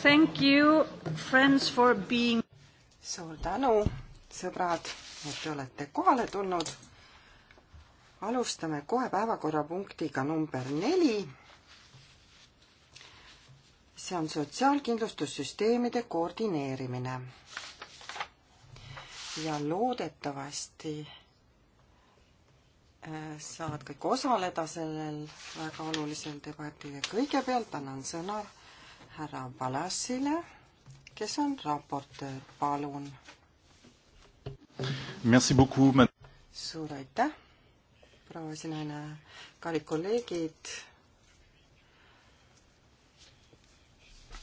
Thank you, friends, for being. suur tänu, sõbrad, et te olete kohale tulnud. alustame kohe päevakorrapunktiga number neli. see on sotsiaalkindlustussüsteemide koordineerimine. ja loodetavasti äh, saavad kõik osaleda sellel väga olulisel debatil ja kõigepealt annan sõna härra Palassile, kes on raportöör, palun. suur aitäh, proua Sinane, kallid kolleegid.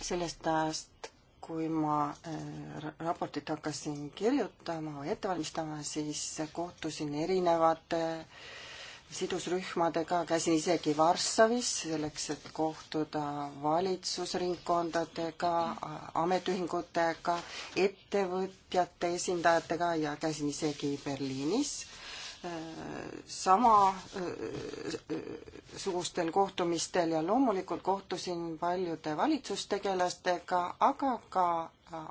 sellest ajast, kui ma äh, raportit hakkasin kirjutama või ette valmistama, siis kohtusin erinevate äh, sidusrühmadega, käisin isegi Varssavis selleks, et kohtuda valitsusringkondadega, ametiühingutega, ettevõtjate esindajatega ja käisin isegi Berliinis sama äh, sugustel kohtumistel ja loomulikult kohtusin paljude valitsustegelastega, aga ka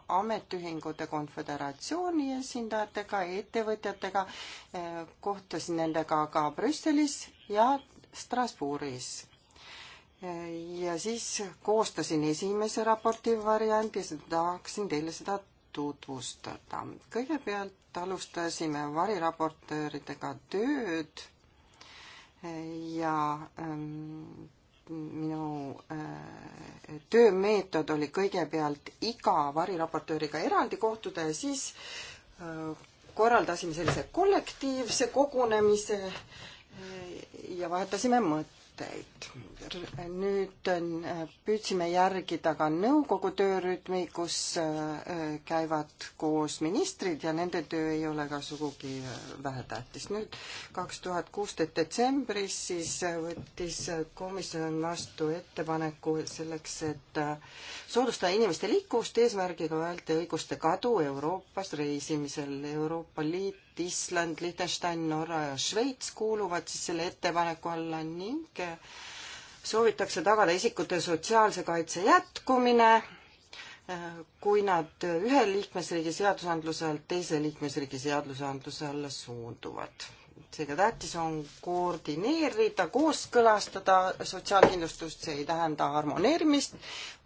Ametiühingute Konföderatsiooni esindajatega, ettevõtjatega, eh, kohtusin nendega ka Brüsselis ja Strasbourgis. Eh, ja siis koostasin esimese raporti variandi, tahaksin teile seda tutvustada. kõigepealt alustasime variraportööridega tööd eh, ja ähm, minu äh, töömeetod oli kõigepealt iga variraportööriga eraldi kohtuda ja siis äh, korraldasime sellise kollektiivse kogunemise äh, ja vahetasime mõtteid reegleid. nüüd on, äh, püüdsime järgida ka nõukogu töörütmi, kus äh, käivad koos ministrid ja nende töö ei ole ka sugugi äh, vähetähtis. nüüd kaks tuhat kuusteist detsembris siis võttis komisjon vastu ettepaneku selleks, et soodustada inimeste liikuvust eesmärgiga vältida õiguste kadu Euroopas reisimisel. Euroopa Liit Island, Liechtenstein, Norra ja Šveits kuuluvad siis selle ettepaneku alla ning soovitakse tagada isikute sotsiaalse kaitse jätkumine, kui nad ühe liikmesriigi seadusandluse alt teise liikmesriigi seadusandluse alla suunduvad. seega tähtis on koordineerida, kooskõlastada sotsiaalkindlustust, see ei tähenda harmoneerimist,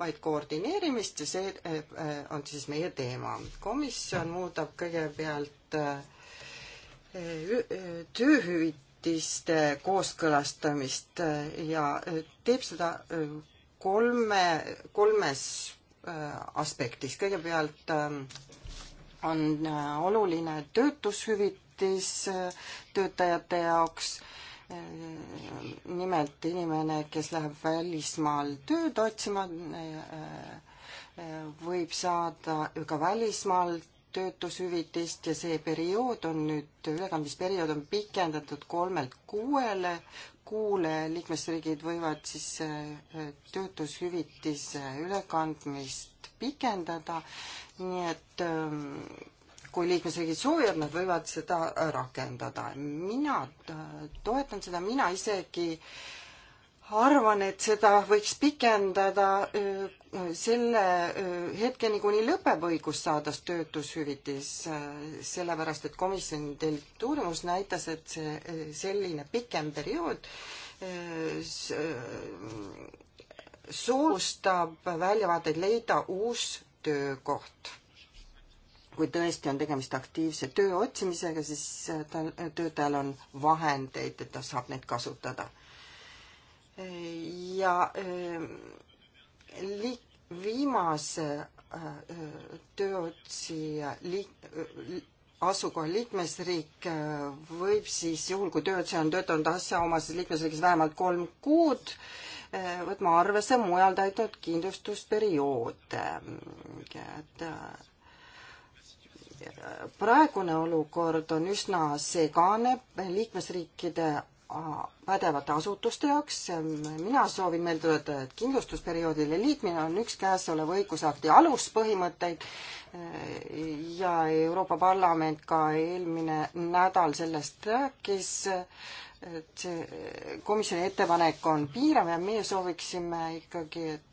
vaid koordineerimist ja see eh, eh, on siis meie teema. komisjon muudab kõigepealt äh, tööhüvitiste kooskõlastamist ja teeb seda kolme, kolmes aspektis. kõigepealt on oluline töötushüvitis töötajate jaoks nimelt inimene, kes läheb välismaal tööd otsima, võib saada ka välismaalt töötushüvitist ja see periood on nüüd, ülekandmisperiood on pikendatud kolmelt kuuele kuule, liikmesriigid võivad siis äh, töötushüvitise ülekandmist pikendada, nii et ähm, kui liikmesriigid soovivad, nad võivad seda äh, rakendada. mina äh, toetan seda, mina isegi äh, arvan, et seda võiks pikendada äh, selle äh, hetkeni, kuni lõpeb õigus saada töötushüvitis, äh, sellepärast et komisjoni tellitud uurimus näitas, et see, selline pikem periood soodustab väljavaateid leida uus töökoht. kui tõesti on tegemist aktiivse töö otsimisega, siis tal, töötajal on vahendeid, et ta saab neid kasutada ja eh, li-, viimase eh, tööotsi li-, eh, asukoha liikmesriik võib siis, juhul kui töötaja on töötanud asjaomases liikmesriigis vähemalt kolm kuud, võtma arvesse mujal täitnud kindlustusperioode. et praegune olukord on üsna segane, liikmesriikide pädevate asutuste jaoks. mina soovin meelde tuletada, et kindlustusperioodile liitmine on üks käesoleva õigusakti aluspõhimõtteid ja Euroopa Parlament ka eelmine nädal sellest rääkis, et see komisjoni ettepanek on piirav ja meie sooviksime ikkagi, et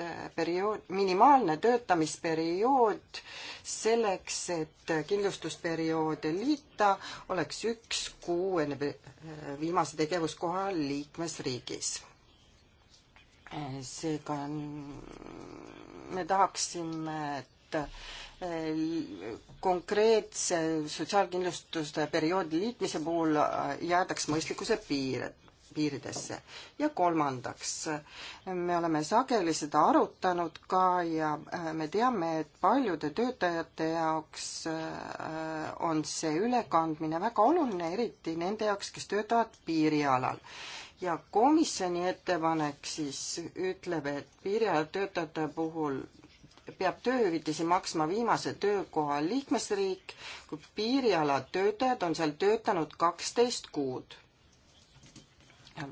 Äh, periood, minimaalne töötamisperiood selleks, et kindlustusperioode liita, oleks üks kuu enne äh, viimase tegevuskoha liikmesriigis. Äh, seega me tahaksime, et konkreetse sotsiaalkindlustuse perioodi liitmise puhul jäädaks mõistlikkuse piired piiridesse. ja kolmandaks, me oleme sageli seda arutanud ka ja äh, me teame, et paljude töötajate jaoks äh, on see ülekandmine väga oluline, eriti nende jaoks, kes töötavad piirialal ja komisjoni ettepanek siis ütleb, et piirialal töötajate puhul peab tööhüvitisi maksma viimase töökoha liikmesriik, kui piiriala töötajad on seal töötanud kaksteist kuud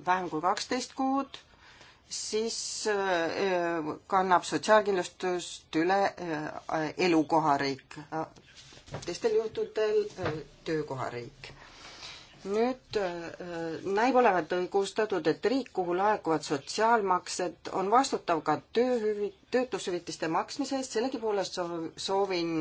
vähem kui kaksteist kuud, siis äh, kannab sotsiaalkindlustust üle äh, elukohariik, teistel juhtudel äh, töökohariik nüüd näib olevat õigustatud, et riik, kuhu laekuvad sotsiaalmaksed, on vastutav ka tööhüvi-, töötushüvitiste maksmise eest, sellegipoolest soovin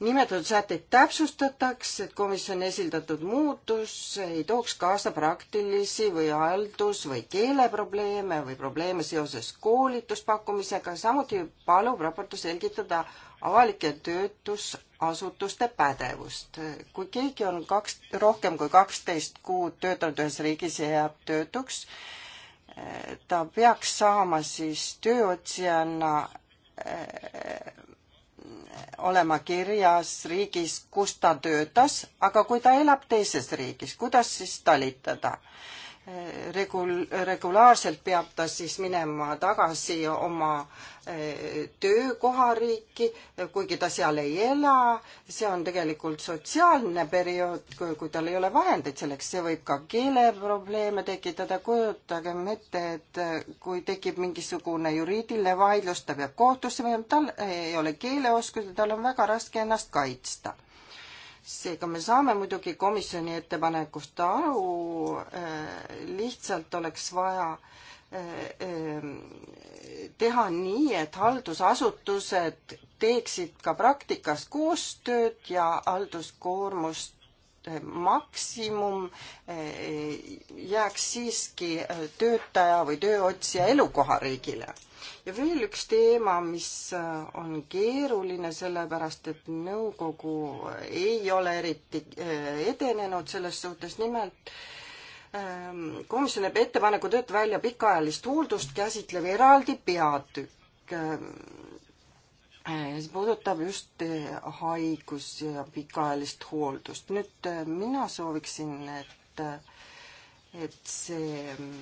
nimetatud sätteid täpsustatakse, et komisjoni esildatud muutus ei tooks kaasa praktilisi või haldus- või keeleprobleeme või probleeme seoses koolituspakkumisega, samuti palub raport selgitada avalike töötusasutuste pädevust. kui keegi on kaks, rohkem kui kaksteist kuud töötanud ühes riigis ja jääb töötuks, ta peaks saama siis tööotsijana olema kirjas riigis, kus ta töötas, aga kui ta elab teises riigis, kuidas siis talitada? regul-, regulaarselt peab ta siis minema tagasi oma eh, töökohariiki, kuigi ta seal ei ela, see on tegelikult sotsiaalne periood, kui, kui tal ei ole vahendeid selleks, see võib ka keeleprobleeme tekitada, kujutagem ette, et eh, kui tekib mingisugune juriidiline vaidlus, ta peab kohtusse minema, tal ei ole keeleoskusi, tal on väga raske ennast kaitsta seega me saame muidugi komisjoni ettepanekust aru, äh, lihtsalt oleks vaja äh, äh, teha nii, et haldusasutused teeksid ka praktikas koostööd ja halduskoormust maksimum eh, jääks siiski eh, töötaja või tööotsija elukohariigile. ja veel üks teema, mis eh, on keeruline, sellepärast et nõukogu ei ole eriti edenenud selles suhtes, nimelt ehm, komisjon teeb ettepaneku töötada välja pikaajalist hooldust käsitlev eraldi peatükk ehm, Äh, see puudutab just äh, haigus ja pikaajalist hooldust. nüüd äh, mina sooviksin, et et see mm,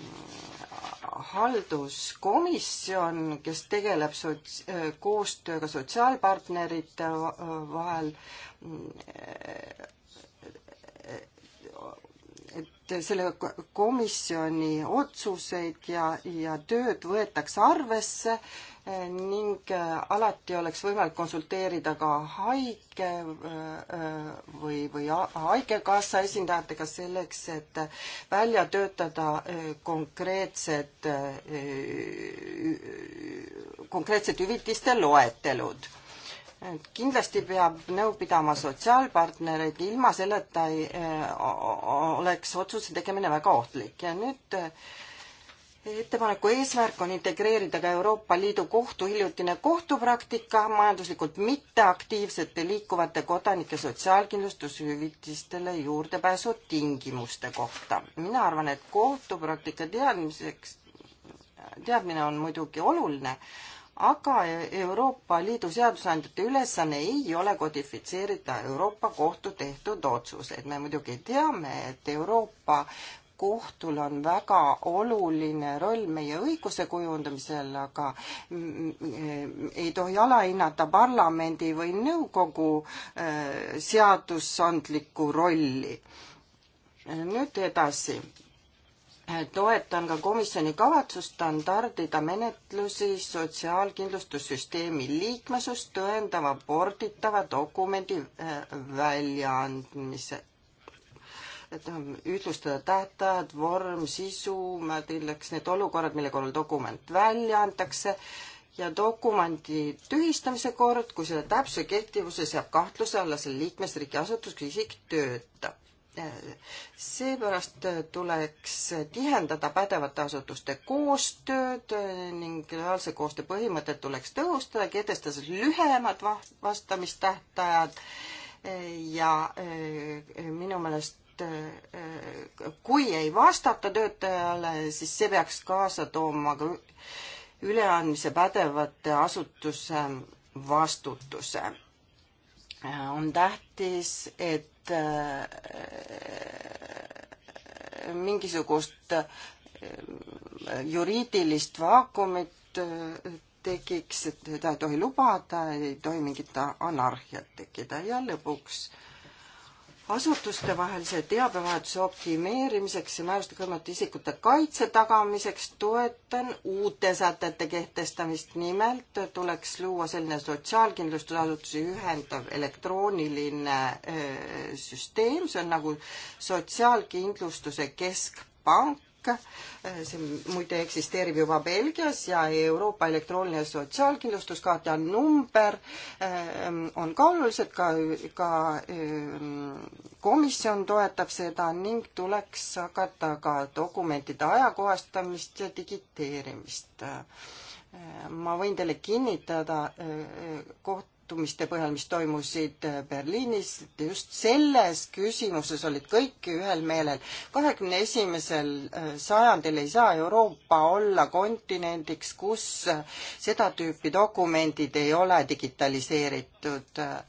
halduskomisjon, kes tegeleb sots-, koostööga sotsiaalpartnerite vahel, mm, selle komisjoni otsuseid ja, ja tööd võetakse arvesse eh, ning eh, alati oleks võimalik konsulteerida ka haige eh, või, või haigekassa esindajatega selleks, et välja töötada konkreetsed, konkreetsed hüvitiste loetelud kindlasti peab nõu pidama sotsiaalpartnereid, ilma selleta ei eh, oleks otsuse tegemine väga ohtlik ja nüüd eh, ettepaneku eesmärk on integreerida ka Euroopa Liidu kohtu hiljutine kohtupraktika majanduslikult mitteaktiivsete liikuvate kodanike sotsiaalkindlustushüvitistele juurdepääsu tingimuste kohta. mina arvan, et kohtupraktika teadmiseks, teadmine on muidugi oluline, aga Euroopa Liidu seadusandjate ülesanne ei ole kodifitseerida Euroopa Kohtu tehtud otsuseid. me muidugi teame, et Euroopa kohtul on väga oluline roll meie õiguse kujundamisel, aga ei tohi alahinnata parlamendi või nõukogu äh, seadusandlikku rolli. nüüd edasi toetan ka komisjoni kavatsust standardida menetlusi sotsiaalkindlustussüsteemi liikmesust tõendava porditava dokumendi äh, väljaandmise. Äh, ühtlustada tähtajad, vorm, sisu, ma teeks need olukorrad, mille korral dokument välja antakse ja dokumendi tühistamise kord, kui selle täpsuse kehtivuse seab kahtluse alla selle liikmesriigi asutus, kui isik töötab seepärast tuleks tihendada pädevate asutuste koostööd ning reaalse koostöö põhimõtet tuleks tõhustada, kehtestades lühemad vastamistähtajad ja eh, minu meelest eh, kui ei vastata töötajale, siis see peaks kaasa tooma ka üleandmise pädevate asutuse vastutuse. on tähtis, et Äh, mingisugust äh, juriidilist vaakumit äh, tekiks, et seda ei tohi lubada, ei tohi mingit anarhiat tekkida ja lõpuks äh, asutustevahelise teabevahetuse optimeerimiseks ja määruste kõrvalt isikute kaitse tagamiseks toetan uute sätete kehtestamist. nimelt tuleks luua selline sotsiaalkindlustusasutusi ühendav elektrooniline öö, süsteem, see on nagu sotsiaalkindlustuse keskpank, võrk, see muide eksisteerib juba Belgias ja Euroopa elektrooniline sotsiaalkindlustuskaart ja number ähm, on ka olulised, ka, ka ähm, komisjon toetab seda ning tuleks hakata ka dokumentide ajakohastamist ja digiteerimist. Äh, ma võin teile kinnitada äh, koht, kohtumiste põhjal, mis toimusid äh, Berliinis, just selles küsimuses olid kõik ühel meelel. kahekümne esimesel äh, sajandil ei saa Euroopa olla kontinendiks, kus äh, seda tüüpi dokumendid ei ole digitaliseeritud tehtud.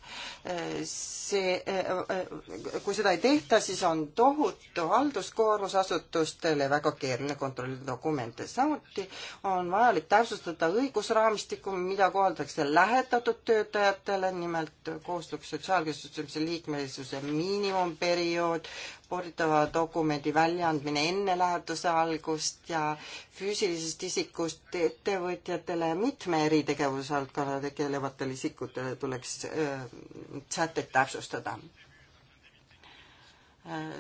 see, kui seda ei tehta, siis on tohutu halduskoormus asutustele, väga keeruline kontrollida dokumente. samuti on vajalik täpsustada õigusraamistikku, mida kohaldatakse lähetatud töötajatele, nimelt koostuks sotsiaalkindlustustamise liikmelisuse miinimumperiood, sporditava dokumendi väljaandmine enne lähetuse algust ja füüsilisest isikust ettevõtjatele mitme eritegevusvaldkonna tegelevatele isikutele tuleks tuleks sätet täpsustada.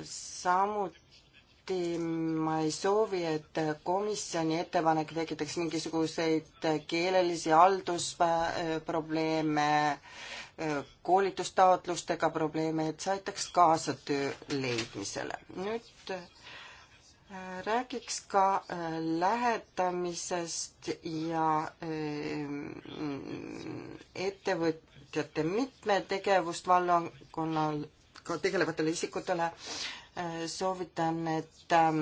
samuti ma ei soovi, et komisjoni ettepanek tekitaks mingisuguseid keelelisi haldusprobleeme, koolitustaotlustega probleeme, et see aitaks kaasa töö leidmisele. nüüd räägiks ka äh, lähetamisest ja äh, ettevõt-, ettevõtjate mitmetegevust vallakonnal ka tegelevatele isikutele äh, soovitan, et ähm,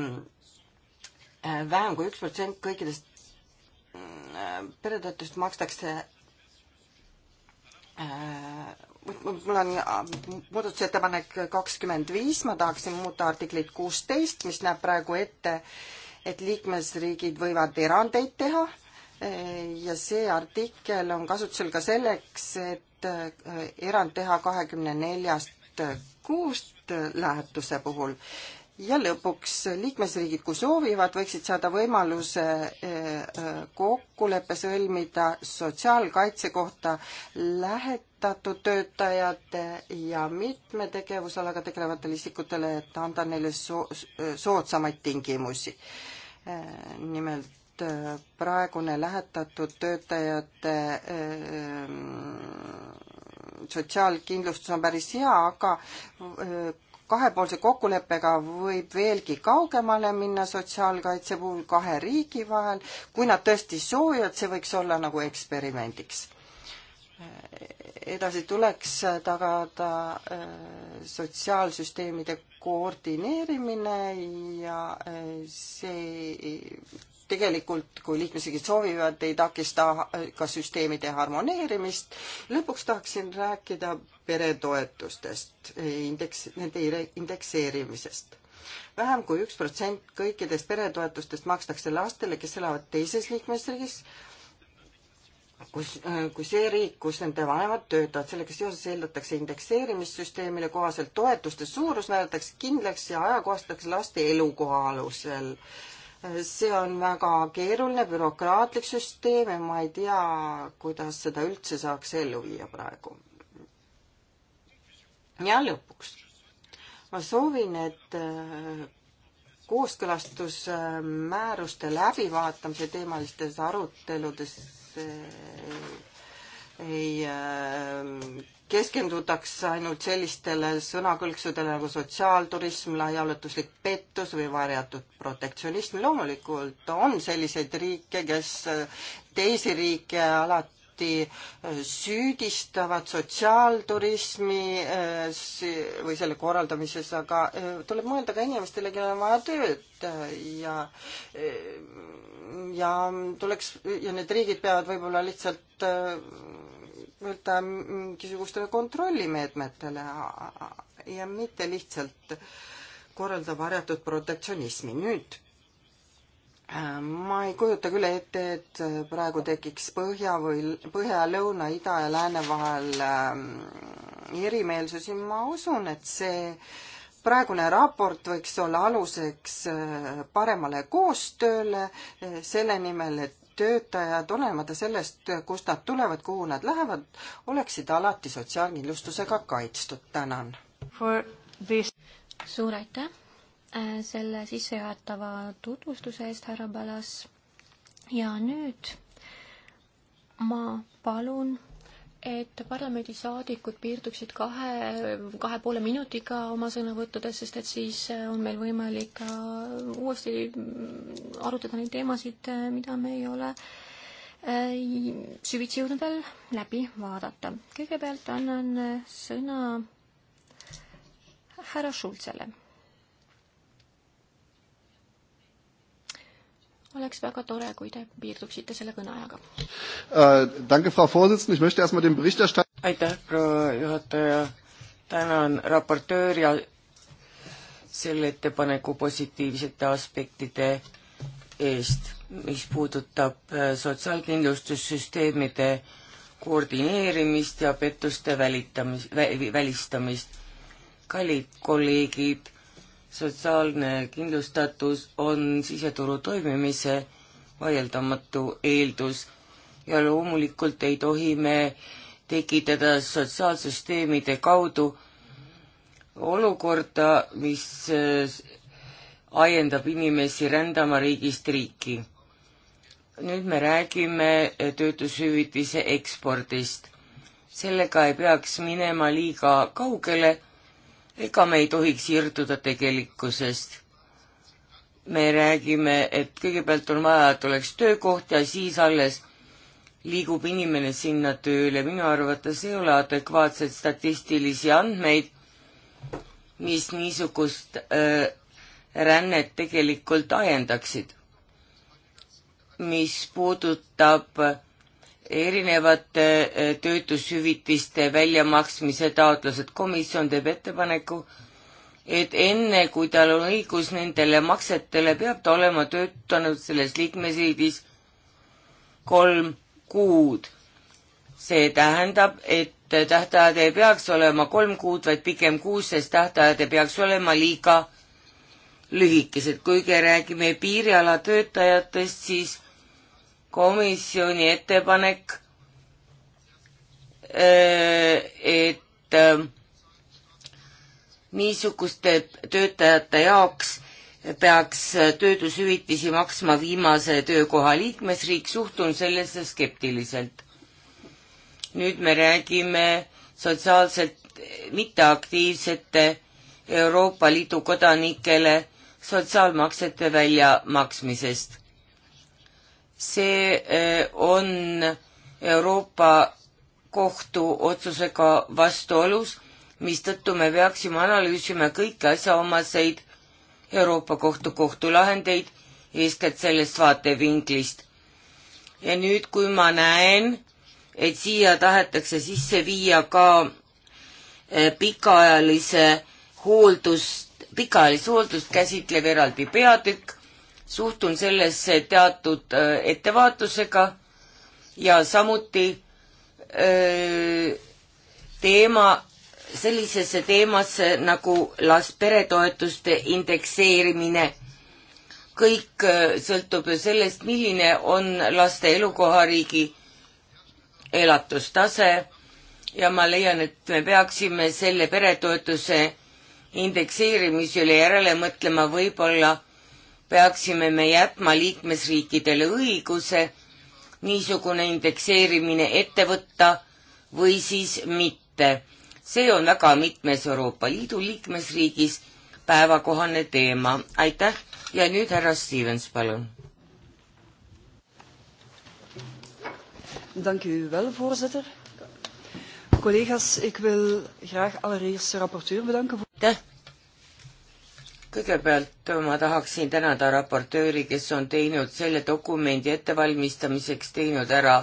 äh, vähem kui üks protsent kõikidest äh, peretoetust makstakse mul on muudatusettepanek kakskümmend viis, ma tahaksin muuta artiklit kuusteist, mis näeb praegu ette, et liikmesriigid võivad erandeid teha ja see artikkel on kasutusel ka selleks, et Äh, erand teha kahekümne neljast äh, kuust äh, lähetuse puhul ja lõpuks liikmesriigid, kui soovivad, võiksid saada võimaluse kokkulepe sõlmida sotsiaalkaitse kohta lähetatud töötajate ja mitme tegevusaladega tegelevatele isikutele, et anda neile so-, soodsamaid tingimusi. nimelt praegune lähetatud töötajate sotsiaalkindlustus on päris hea, aga kahepoolse kokkuleppega võib veelgi kaugemale minna sotsiaalkaitse puhul kahe riigi vahel. kui nad tõesti soovivad, see võiks olla nagu eksperimendiks. edasi tuleks tagada sotsiaalsüsteemide koordineerimine ja see tegelikult, kui liikmesriigid soovivad, ei takista äh, ka süsteemide harmoneerimist. lõpuks tahaksin rääkida peretoetustest, eh, indeks, nende indekseerimisest. vähem kui üks protsent kõikidest peretoetustest makstakse lastele, kes elavad teises liikmesriigis, kus, äh, kui see riik, kus nende vanemad töötavad, sellega seoses eeldatakse indekseerimissüsteemile kohaselt toetuste suurus määratakse kindlaks ja ajakohastatakse laste elukoha alusel äh, see on väga keeruline bürokraatlik süsteem ja ma ei tea, kuidas seda üldse saaks ellu viia praegu. ja lõpuks. ma soovin, et äh, kooskõlastusmääruste läbivaatamise teemalistes aruteludes äh, ei äh, keskendutaks ainult sellistele sõnakõlksudele nagu sotsiaalturism, laiaulatuslik pettus või varjatud protektsionism. loomulikult on selliseid riike, kes äh, teisi riike alati alati äh, süüdistavad sotsiaalturismi või selle korraldamises, aga tuleb mõelda ka inimestele, kellel on vaja tööd ja ja tuleks ja need riigid peavad võib-olla lihtsalt öelda äh, mingisugustele kontrollimeetmetele ja mitte lihtsalt korralda varjatud protektsionismi. nüüd äh, ma ei kujuta küll ette, et praegu tekiks põhja või, põhja ja lõuna, ida ja lääne vahel ähm, erimeelsusi, ma usun, et see äh, praegune raport võiks olla aluseks äh, paremale koostööle äh, selle nimel, et töötajad, olenemata sellest, kust nad tulevad, kuhu nad lähevad, oleksid alati sotsiaalkindlustusega kaitstud. tänan! suur aitäh äh, selle sissejuhatava tutvustuse eest, härra Palas. ja nüüd ma palun et parlamendisaadikud piirduksid kahe, kahe poole minutiga oma sõnavõttudes, sest et siis on meil võimalik uuesti arutada neid teemasid, mida me ei ole äh, süvitsi jõudnud veel läbi vaadata. kõigepealt annan sõna härra Schulzele oleks väga tore, kui te piirduksite selle kõneajaga äh,. aitäh, proua juhataja. tänan raportööri ja selle ettepaneku positiivsete aspektide eest, mis puudutab äh, sotsiaalkindlustussüsteemide koordineerimist ja pettuste välitamis, välistamist. kallid kolleegid, sotsiaalne kindlustatus on siseturu toimimise vaieldamatu eeldus ja loomulikult ei tohi me tekitada sotsiaalsüsteemide kaudu olukorda, mis äh, ajendab inimesi rändama riigist riiki. nüüd me räägime äh, töötushüvitise ekspordist. sellega ei peaks minema liiga kaugele ega me ei tohiks irduda tegelikkusest. me räägime, et kõigepealt on vaja, et oleks töökoht ja siis alles liigub inimene sinna tööle. minu arvates ei ole adekvaatseid statistilisi andmeid, mis niisugust öö, äh, rännet tegelikult ajendaksid. mis puudutab öö, erinevate eh, töötushüvitiste väljamaksmise taotlused. komisjon teeb ettepaneku, et enne, kui tal on õigus nendele maksetele, peab ta olema töötanud selles liikmesriigis kolm kuud. see tähendab, et tähtajad ei peaks olema kolm kuud, vaid pigem kuus, sest tähtajad ei peaks olema liiga lühikesed. kuigi räägime piiriala töötajatest, siis komisjoni ettepanek, äh, et äh, niisuguste töötajate jaoks peaks töötushüvitisi maksma viimase töökoha liikmesriik, suhtun sellesse skeptiliselt. nüüd me räägime sotsiaalselt mitteaktiivsete Euroopa Liidu kodanikele sotsiaalmaksete väljamaksmisest see eh, on Euroopa kohtu otsusega vastuolus, mistõttu me peaksime analüüsima kõiki asjaomaseid Euroopa Kohtu kohtulahendeid, eeskätt sellest vaatevinklist. ja nüüd, kui ma näen, et siia tahetakse sisse viia ka eh, pikaajalise hooldust, pikaajalist hooldust käsitlev eraldi peatükk, suhtun sellesse teatud äh, ettevaatusega ja samuti öö, äh, teema, sellisesse teemasse nagu las peretoetuste indekseerimine. kõik äh, sõltub ju sellest, milline on laste elukohariigi elatustase ja ma leian, et me peaksime selle peretoetuse indekseerimise üle järele mõtlema võib-olla peaksime me jätma liikmesriikidele õiguse niisugune indekseerimine ette võtta või siis mitte. see on väga mitmes Euroopa Liidu liikmesriigis päevakohane teema. aitäh ja nüüd härra Stevens, palun. Dank u wel, voorzitter. Collega's, ik wil graag allereerst de rapporteur bedanken voor... Aitäh kõigepealt ma tahaksin tänada raportööri, kes on teinud selle dokumendi ettevalmistamiseks, teinud ära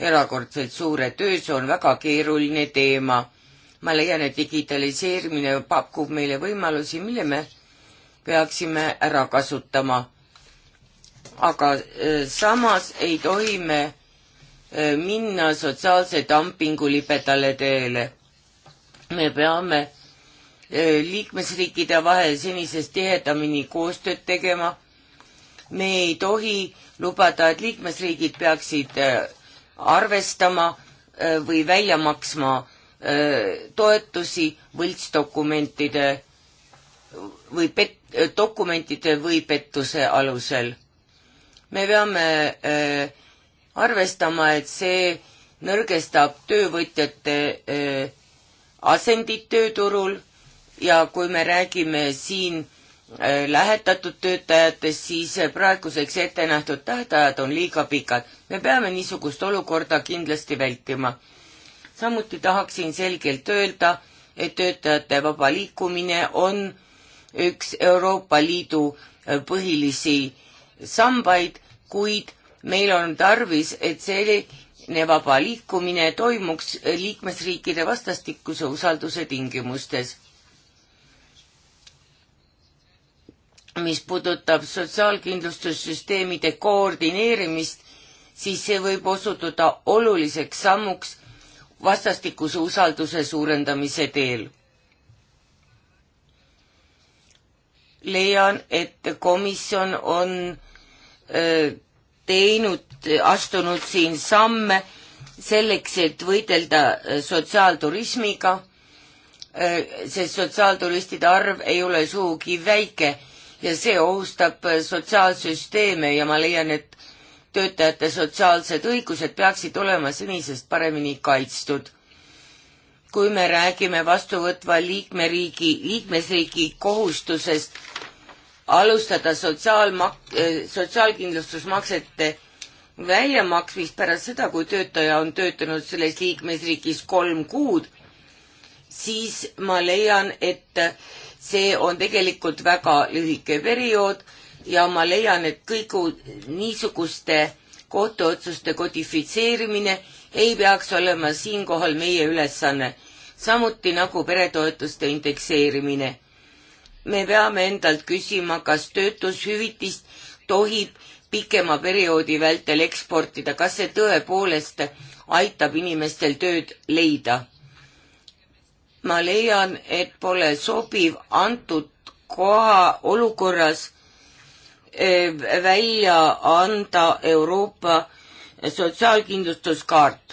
erakordselt suure töö, see on väga keeruline teema. ma leian, et digitaliseerimine pakub meile võimalusi, mille me peaksime ära kasutama. aga äh, samas ei tohi me äh, minna sotsiaalse dumpingu libedale teele. me peame Eh, liikmesriikide vahel senisest tihedamini koostööd tegema. me ei tohi lubada, et liikmesriigid peaksid eh, arvestama eh, või välja maksma toetusi võltsdokumentide või pet-, dokumentide või pettuse alusel. me peame arvestama, et see nõrgestab töövõtjate asendit tööturul ja kui me räägime siin äh, lähetatud töötajatest, siis äh, praeguseks ette nähtud tähtajad on liiga pikad. me peame niisugust olukorda kindlasti vältima. samuti tahaksin selgelt öelda, et töötajate vaba liikumine on üks Euroopa Liidu äh, põhilisi sambaid, kuid meil on tarvis, et selline vaba liikumine toimuks liikmesriikide vastastikuse usalduse tingimustes mis puudutab sotsiaalkindlustussüsteemide koordineerimist, siis see võib osutuda oluliseks sammuks vastastikuse usalduse suurendamise teel. leian, et komisjon on teinud, astunud siin samme selleks, et võidelda sotsiaalturismiga, sest sotsiaalturistide arv ei ole sugugi väike ja see ohustab sotsiaalsüsteeme ja ma leian, et töötajate sotsiaalsed õigused peaksid olema senisest paremini kaitstud. kui me räägime vastuvõtva liikmeriigi, liikmesriigi kohustusest alustada sotsiaalmak-, eh, sotsiaalkindlustusmaksete väljamaksmist pärast seda, kui töötaja on töötanud selles liikmesriigis kolm kuud, siis ma leian, et see on tegelikult väga lühike periood ja ma leian, et kõik niisuguste kohtuotsuste kodifitseerimine ei peaks olema siinkohal meie ülesanne, samuti nagu peretoetuste indekseerimine. me peame endalt küsima, kas töötushüvitist tohib pikema perioodi vältel eksportida, kas see tõepoolest aitab inimestel tööd leida ma leian, et pole sobiv antud koha olukorras e, välja anda Euroopa sotsiaalkindlustuskaart.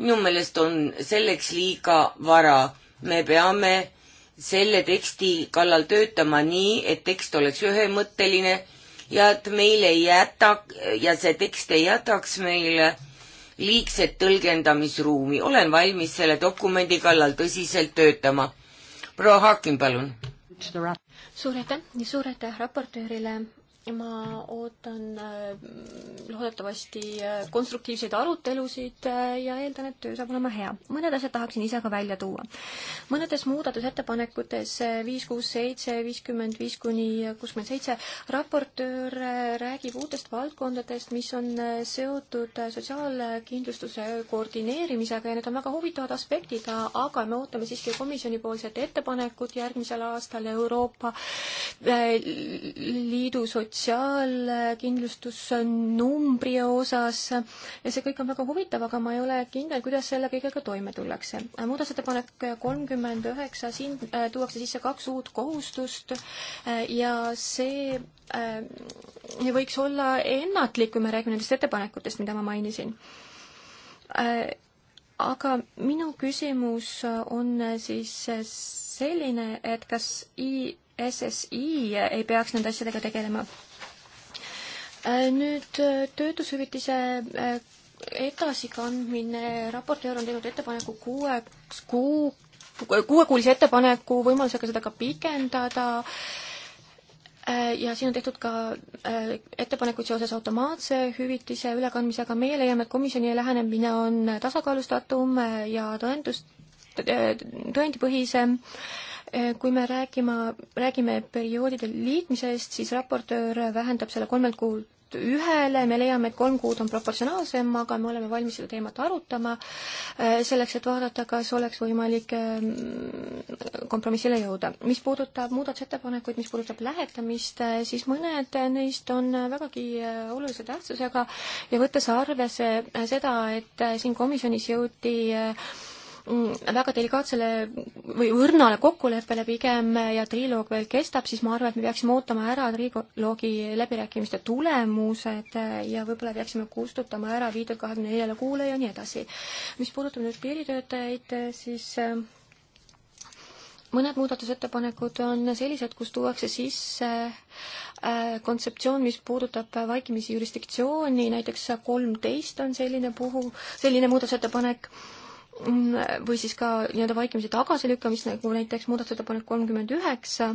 minu meelest on selleks liiga vara. me peame selle teksti kallal töötama nii, et tekst oleks ühemõtteline ja et meile ei jäta ja see tekst ei jätaks meile liigset tõlgendamisruumi. olen valmis selle dokumendi kallal tõsiselt töötama. proua Haakin, palun. suur aitäh ja suur aitäh raportöörile ma ootan äh, loodetavasti äh, konstruktiivseid arutelusid äh, ja eeldan, et töö saab olema hea. mõned asjad tahaksin ise ka välja tuua. mõnedes muudatusettepanekutes viis, kuus, seitse, viiskümmend viis kuni kuuskümmend seitse raportöör räägib uutest valdkondadest, mis on seotud sotsiaalkindlustuse koordineerimisega ja need on väga huvitavad aspektid, aga me ootame siiski komisjonipoolset ettepanekut järgmisel aastal Euroopa Liidu sots-, sotsiaalkindlustusnumbri osas ja see kõik on väga huvitav, aga ma ei ole kindel, kuidas selle kõigega toime tullakse. muudatusettepanek kolmkümmend üheksa, siin äh, tuuakse sisse kaks uut kohustust äh, ja see äh, võiks olla ennatlik, kui me räägime nendest ettepanekutest, mida ma mainisin aga minu küsimus on siis selline, et kas ISSI ei peaks nende asjadega tegelema? Äh, nüüd äh, töötushüvitise äh, edasikandmine, raportöör on teinud ettepaneku kuueks kuu, kuuekuulise ettepaneku võimalusega seda ka pikendada ja siin on tehtud ka ettepanekuid seoses automaatse hüvitise ülekandmisega, meie leiame, et komisjoni lähenemine on tasakaalustatum ja tõendus, tõendipõhisem. kui me räägima, räägime perioodide liitmisest, siis raportöör vähendab selle kolmelt kuult ühele, me leiame, et kolm kuud on proportsionaalsem, aga me oleme valmis seda teemat arutama, äh, selleks, et vaadata, kas oleks võimalik ähm, kompromissile jõuda. mis puudutab muudatusettepanekuid, mis puudutab lähetamist, äh, siis mõned neist on äh, vägagi olulise tähtsusega ja võttes arvesse seda, et siin komisjonis jõuti Mm, väga delikaatsele või õrnale kokkuleppele pigem ja triloog veel kestab, siis ma arvan, et me peaksime ootama ära triloogi läbirääkimiste tulemused ja võib-olla peaksime kustutama ära viidud kahekümne neljale kuule ja nii edasi. mis puudutab nüüd piiritöötajaid, siis äh, mõned muudatusettepanekud on sellised, kus tuuakse sisse äh, kontseptsioon, mis puudutab vaikimisi jurisdiktsiooni, näiteks kolmteist on selline puhu, selline muudatusettepanek Mm, või siis ka nii-öelda vaikimise tagasilükkamist, nagu näiteks muudatusettepanek kolmkümmend üheksa,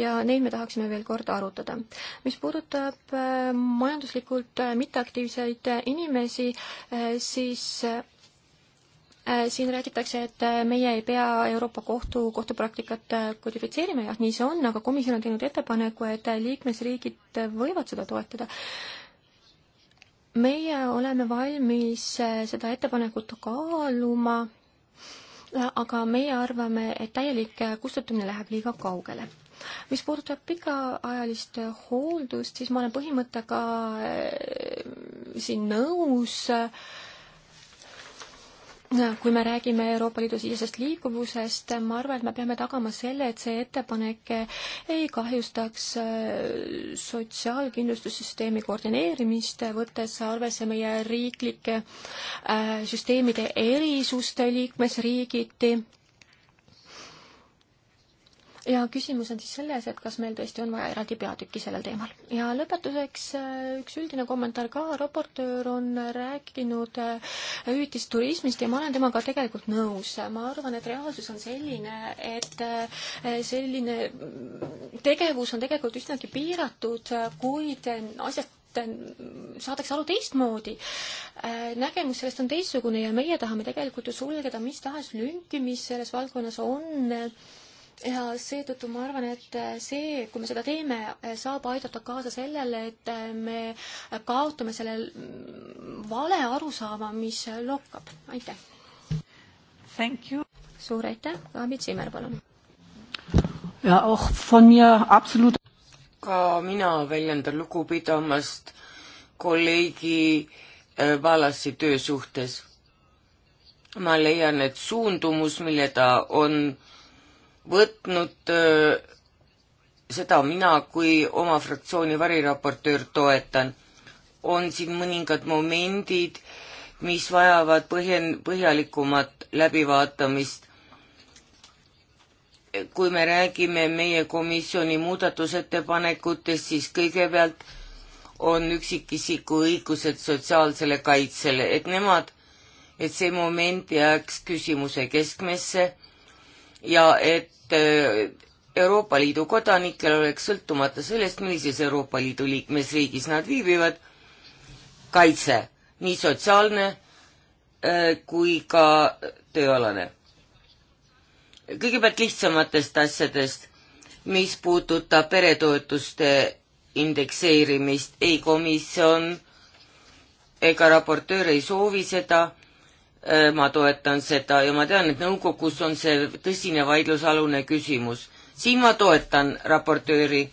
ja neid me tahaksime veel kord arutada. mis puudutab äh, majanduslikult äh, mitteaktiivseid äh, inimesi, siis siin räägitakse, et meie ei pea Euroopa Kohtu kohtupraktikat kodifitseerima, jah, nii see on, aga komisjon on teinud ettepaneku, et liikmesriigid võivad seda toetada meie oleme valmis äh, seda ettepanekut kaaluma, äh, aga meie arvame, et täielik äh, kustutamine läheb liiga kaugele. mis puudutab pikaajalist hooldust, siis ma olen põhimõttega siin nõus äh, kui me räägime Euroopa Liidu sisesest liikuvusest, ma arvan, et me peame tagama selle, et see ettepanek ei kahjustaks äh, sotsiaalkindlustussüsteemi koordineerimist, võttes arvesse meie riiklike äh, süsteemide erisust liikmesriigiti ja küsimus on siis selles, et kas meil tõesti on vaja eraldi peatükki sellel teemal. ja lõpetuseks äh, üks üldine kommentaar ka, raportöör on rääkinud äh, hüvitisturismist ja ma olen temaga tegelikult nõus. ma arvan, et reaalsus on selline, et äh, selline tegevus on tegelikult üsnagi piiratud, kuid asjast saadakse aru teistmoodi. nägemus sellest on teistsugune ja meie tahame tegelikult ju sulgeda mis tahes lünki, mis selles valdkonnas on ja seetõttu ma arvan, et äh, see, kui me seda teeme, äh, saab aidata kaasa sellele, et äh, me kaotame selle mm, vale arusaama, mis lokkab. aitäh! suur aitäh, Gabi Zimmer, palun! ja oh, von mir absoluut ka mina väljendan lugupidamast kolleegi Valasi töö suhtes. ma leian, et suundumus, mille ta on äh, võtnud seda mina kui oma fraktsiooni variraportöör toetan. on siin mõningad momendid, mis vajavad põhjen-, põhjalikumat läbivaatamist. kui me räägime meie komisjoni muudatusettepanekutest, siis kõigepealt on üksikisiku õigused sotsiaalsele kaitsele, et nemad, et see moment jääks küsimuse keskmesse ja et äh, Euroopa Liidu kodanikel oleks sõltumata sellest, millises Euroopa Liidu liikmesriigis nad viibivad, kaitse, nii sotsiaalne äh, kui ka tööalane. kõigepealt lihtsamatest asjadest, mis puudutab peretoetuste indekseerimist, ei komisjon ega raportöör ei soovi seda Äh, ma toetan seda ja ma tean, et nõukogus on see tõsine vaidlusalune küsimus. siin ma toetan raportööri.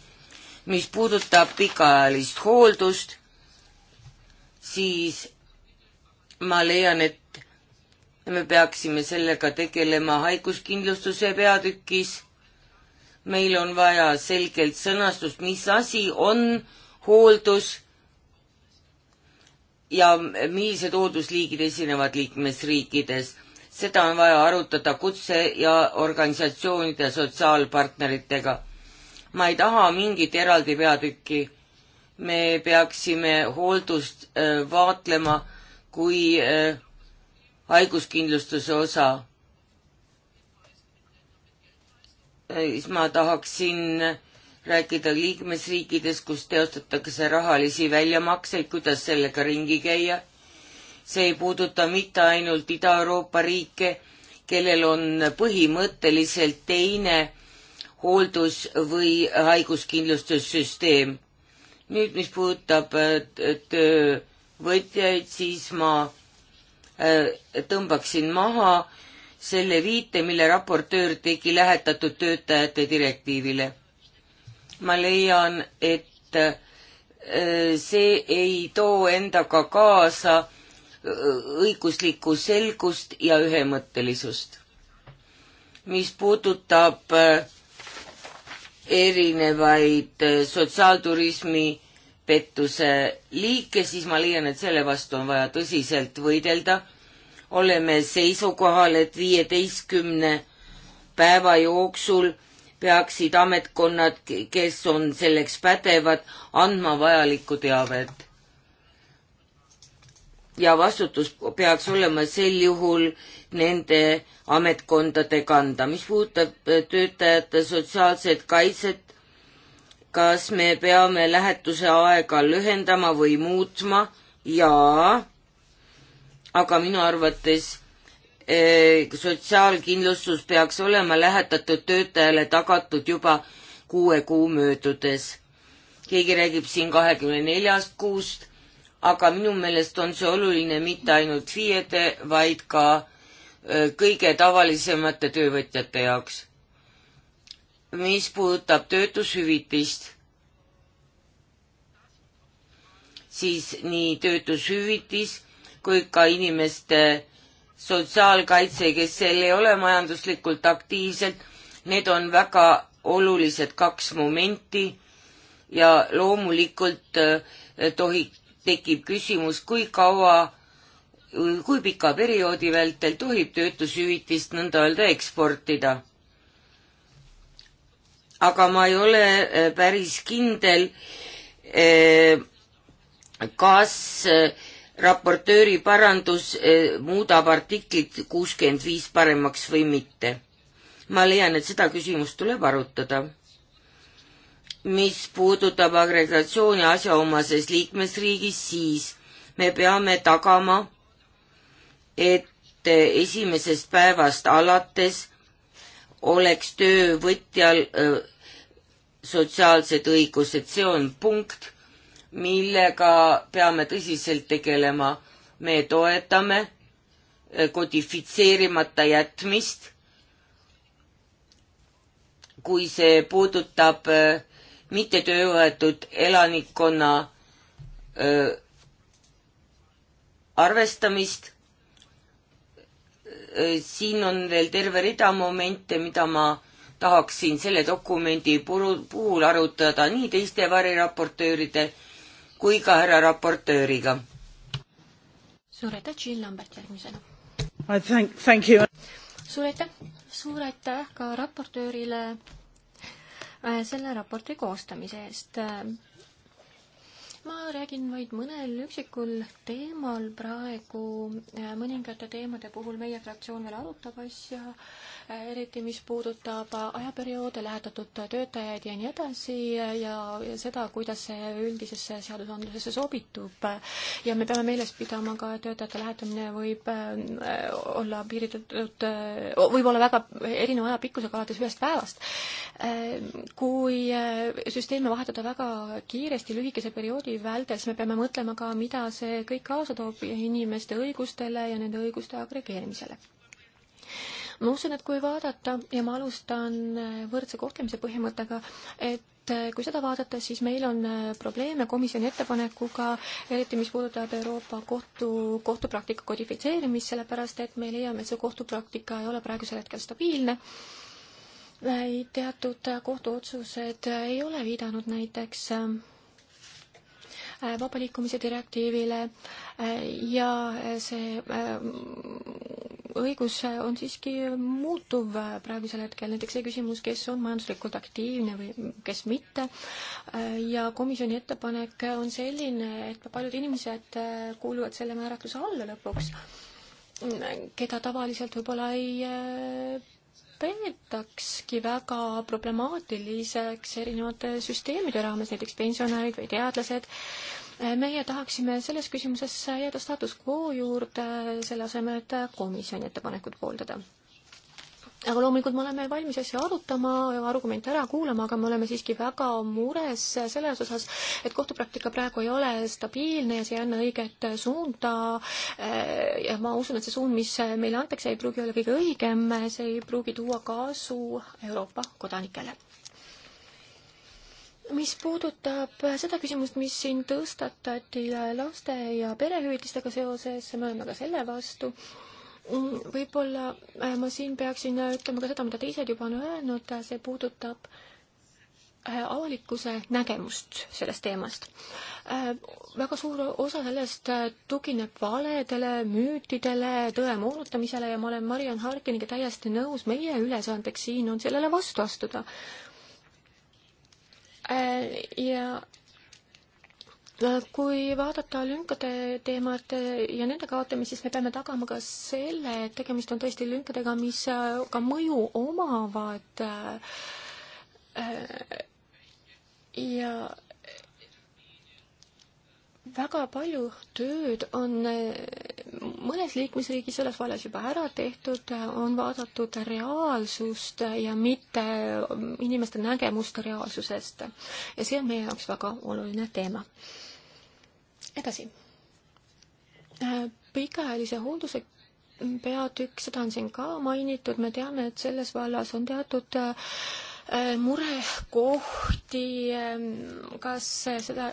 mis puudutab pikaajalist hooldust, siis ma leian, et me peaksime sellega tegelema haiguskindlustuse peatükis. meil on vaja selgelt sõnastust, mis asi on hooldus ja millised loodusliigid esinevad liikmesriikides. seda on vaja arutada kutse- ja organisatsioonide sotsiaalpartneritega. ma ei taha mingit eraldi peatükki. me peaksime hooldust äh, vaatlema kui äh, haiguskindlustuse osa. Äh, siis ma tahaksin rääkida liikmesriikides, kus teostatakse rahalisi väljamakseid, kuidas sellega ringi käia. see ei puuduta mitte ainult Ida-Euroopa riike, kellel on põhimõtteliselt teine hooldus- või haiguskindlustussüsteem. nüüd, mis puudutab äh, töövõtjaid, siis ma äh, tõmbaksin maha selle viite, mille raportöör tegi lähetatud töötajate direktiivile ma leian, et äh, see ei too endaga kaasa äh, õiguslikku selgust ja ühemõttelisust. mis puudutab äh, erinevaid sotsiaalturismi pettuse liike, siis ma leian, et selle vastu on vaja tõsiselt võidelda. oleme seisukohal, et viieteistkümne päeva jooksul peaksid ametkonnad, kes on selleks pädevad, andma vajalikku teavet. ja vastutus peaks olema sel juhul nende ametkondade kanda. mis puudutab eh, töötajate sotsiaalset kaitset, kas me peame lähetuse aega lühendama või muutma? jaa, aga minu arvates Eh, sotsiaalkindlustus peaks olema lähetatud töötajale tagatud juba kuue kuu möödudes. keegi räägib siin kahekümne neljast kuust, aga minu meelest on see oluline mitte ainult FIE-de, vaid ka eh, kõige tavalisemate töövõtjate jaoks. mis puudutab töötushüvitist, siis nii töötushüvitis kui ka inimeste sotsiaalkaitse, kes seal ei ole majanduslikult aktiivsed, need on väga olulised kaks momenti ja loomulikult äh, tohi, tekib küsimus, kui kaua, kui pika perioodi vältel tohib töötushüvitist nõnda öelda eksportida. aga ma ei ole äh, päris kindel, äh, kas äh, raportööri parandus eh, muudab artiklit kuuskümmend viis paremaks või mitte. ma leian, et seda küsimust tuleb arutada. mis puudutab agregatsiooni asjaomases liikmesriigis, siis me peame tagama, et eh, esimesest päevast alates oleks töövõtjal öö, eh, sotsiaalsed õigused, see on punkt millega peame tõsiselt tegelema. me toetame eh, kodifitseerimata jätmist, kui see puudutab eh, mitte tööetud elanikkonna eh, arvestamist. siin on veel terve rida momente, mida ma tahaksin selle dokumendi puhul arutada nii teiste variraportööride kui ka härra raportööriga. suur aitäh, Jill Lambert järgmisena. Thank, thank you. suur aitäh, suur aitäh ka raportöörile äh, selle raporti koostamise eest ma räägin vaid mõnel üksikul teemal praegu, äh, mõningate teemade puhul meie fraktsioon veel arutab asja, äh, eriti mis puudutab äh, ajaperioode, lähetatud töötajaid ja nii edasi ja seda, kuidas see üldisesse seadusandlusesse sobitub. ja me peame meeles pidama ka, et töötajate lähetamine võib olla piiritletud, võib olla väga erineva ajapikkusega alates ühest päevast. kui süsteeme vahetada väga kiiresti, lühikese perioodi direktiiv väldes, me peame mõtlema ka, mida see kõik kaasa toob inimeste õigustele ja nende õiguste agregeerimisele. ma usun, et kui vaadata ja ma alustan võrdse kohtlemise põhimõttega, et et kui seda vaadata, siis meil on probleeme komisjoni ettepanekuga, eriti mis puudutab Euroopa kohtu, kohtupraktika kodifitseerimist, sellepärast et me leiame, et see kohtupraktika ei ole praegusel hetkel stabiilne. teatud kohtuotsused ei ole viidanud näiteks Äh, vaba liikumise direktiivile äh, ja äh, see õigus on siiski muutuv praegusel hetkel, näiteks see küsimus, kes on majanduslikult aktiivne või kes mitte. ja komisjoni ettepanek on selline, et paljud inimesed kuuluvad selle määratluse alla lõpuks, keda tavaliselt võib-olla ei peetakski väga problemaatiliseks erinevate süsteemide raames, näiteks pensionärid või teadlased. meie tahaksime selles küsimuses jääda status quo juurde, selle asemel, et komisjoni ettepanekut pooldada aga loomulikult me oleme valmis asja arutama ja argumente ära kuulama, aga me oleme siiski väga mures selles osas, et kohtupraktika praegu ei ole stabiilne ja see ei anna õiget suunda. ja ma usun, et see suund, mis meile antakse, ei pruugi olla kõige õigem, see ei pruugi tuua kasu Euroopa kodanikele mis puudutab seda küsimust, mis siin tõstatati laste ja perehüvitistega seoses, me oleme ka selle vastu äh, Mm, võib-olla äh, ma siin peaksin äh, ütlema ka seda, mida teised juba on öelnud, äh, see puudutab avalikkuse nägemust sellest teemast. väga suur osa sellest tugineb valedele, müütidele, tõe moonutamisele ja ma olen Mariann Harkiniga täiesti nõus, meie ülesandeks siin on sellele vastu astuda. ja kui vaadata lünkade teemat ja nende kaotamist, siis me peame tagama ka selle, et tegemist on tõesti lünkadega, mis ka mõju omavad. ja väga palju tööd on mõnes liikmesriigis selles vallas juba ära tehtud, on vaadatud reaalsust ja mitte inimeste nägemust reaalsusest. ja see on meie jaoks väga oluline teema. edasi. Äh, pikaajalise hoolduse peatükk, seda on siin ka mainitud, me teame, et selles vallas on teatud äh, Äh, murekohti, ähm, kas seda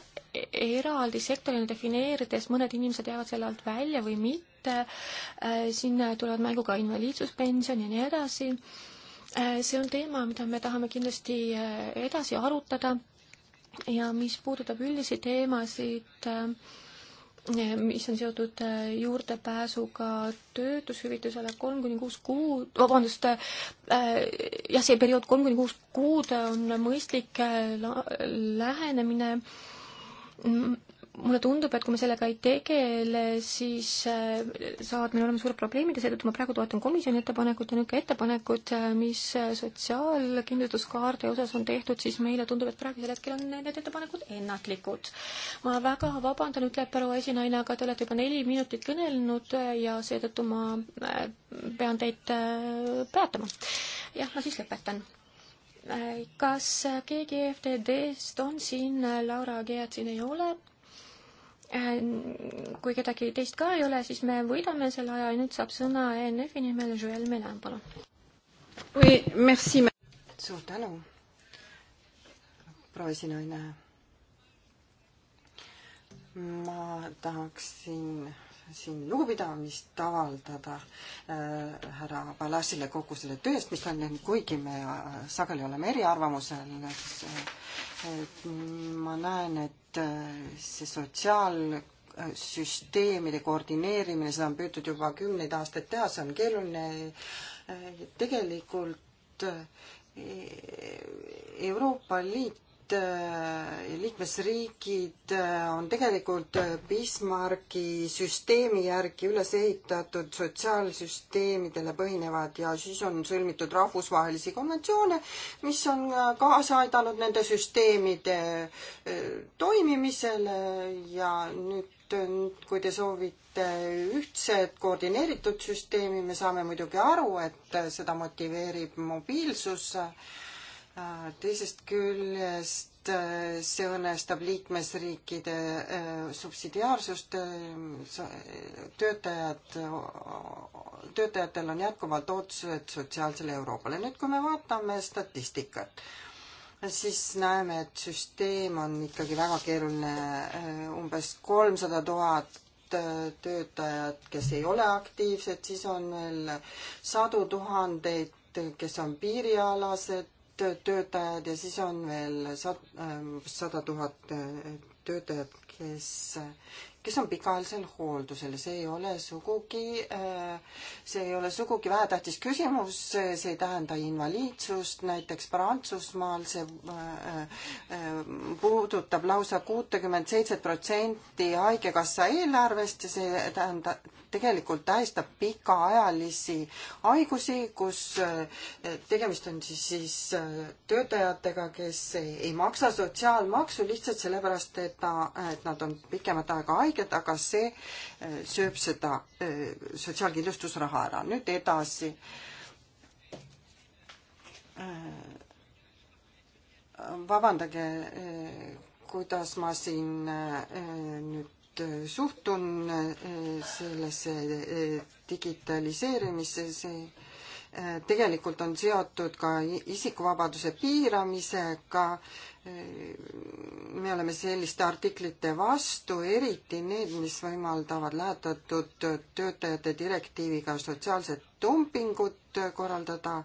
eraldi sektorina defineerides mõned inimesed jäävad selle alt välja või mitte, äh, sinna tulevad mängu ka invaliidsuspension ja nii edasi. Äh, see on teema, mida me tahame kindlasti edasi arutada ja mis puudutab üldisi teemasid äh,, mis on seotud äh, juurdepääsuga töötushüvitisele kolm kuni kuus kuud, vabandust äh,, jah, see periood kolm kuni kuus kuud on mõistlik äh, lähenemine mulle tundub, et kui me sellega ei tegele, siis äh, saavad meil olema suured probleemid ja seetõttu ma praegu toetan komisjoni ettepanekut ja nüüd ka ettepanekut, äh, mis äh, sotsiaalkindlustuskaardi osas on tehtud, siis meile tundub, et praegusel hetkel on need ettepanekud ennatlikud. ma väga vabandan, ütleb proua esinaine, aga te olete juba neli minutit kõnelenud ja seetõttu ma pean teid peatama. jah, ma siis lõpetan kas keegi EFTD-st on siin, Laura Geat siin ei ole, Äh, kui kedagi teist ka ei ole, siis me võidame selle aja ja nüüd saab sõna ENF-i nimel Joel Melan, palun. Oui, merci. suur tänu, proua esinaine. ma tahaksin siin lugupidamist avaldada äh, härra Palasile kogu selle töö eest, mis ta on teinud, kuigi me äh, sageli oleme eriarvamusel, äh, et ma näen, et äh, see sotsiaalsüsteemide koordineerimine, seda on püütud juba kümneid aastaid teha, see on keeruline. tegelikult Euroopa Liit Äh, liikmesriigid äh, on tegelikult äh, Bismarcki süsteemi järgi üles ehitatud sotsiaalsüsteemidele põhinevad ja siis on sõlmitud rahvusvahelisi konventsioone, mis on kaasa aidanud nende süsteemide toimimisele ja nüüd kui te soovite ühtset koordineeritud süsteemi, me saame muidugi aru, et seda motiveerib mobiilsus Äh, teisest küljest äh, see õõnestab liikmesriikide äh, subsidiaarsust, töötajad, töötajatel on jätkuvalt ootused sotsiaalsele Euroopale. nüüd, kui me vaatame statistikat, siis näeme, et süsteem on ikkagi väga keeruline, umbes kolmsada tuhat töötajat, kes ei ole aktiivsed, siis on veel sadu tuhandeid, kes on piirialased, töötajad ja siis on veel ähm, sada tuhat äh, töötajat, kes, kes on pikaajalisel hooldusel ja see ei ole sugugi, äh, see ei ole sugugi vähetähtis küsimus, see ei tähenda invaliidsust, näiteks Prantsusmaal see äh, puudutab lausa kuutekümmet seitset protsenti Haigekassa eelarvest ja see tähendab, tegelikult tähistab pikaajalisi haigusi, kus eh, tegemist on siis, siis eh, töötajatega, kes ei maksa sotsiaalmaksu lihtsalt sellepärast, et ta, et nad on pikemat aega haiged, aga see eh, sööb seda sotsiaalkindlustusraha ära. nüüd edasi vabandage, kuidas ma siin nüüd Äh, suhtun äh, sellesse äh, digitaliseerimisse, see tegelikult on seotud ka isikuvabaduse piiramisega, me oleme selliste artiklite vastu, eriti need, mis võimaldavad lähetatud töötajate direktiiviga sotsiaalset dumpingut korraldada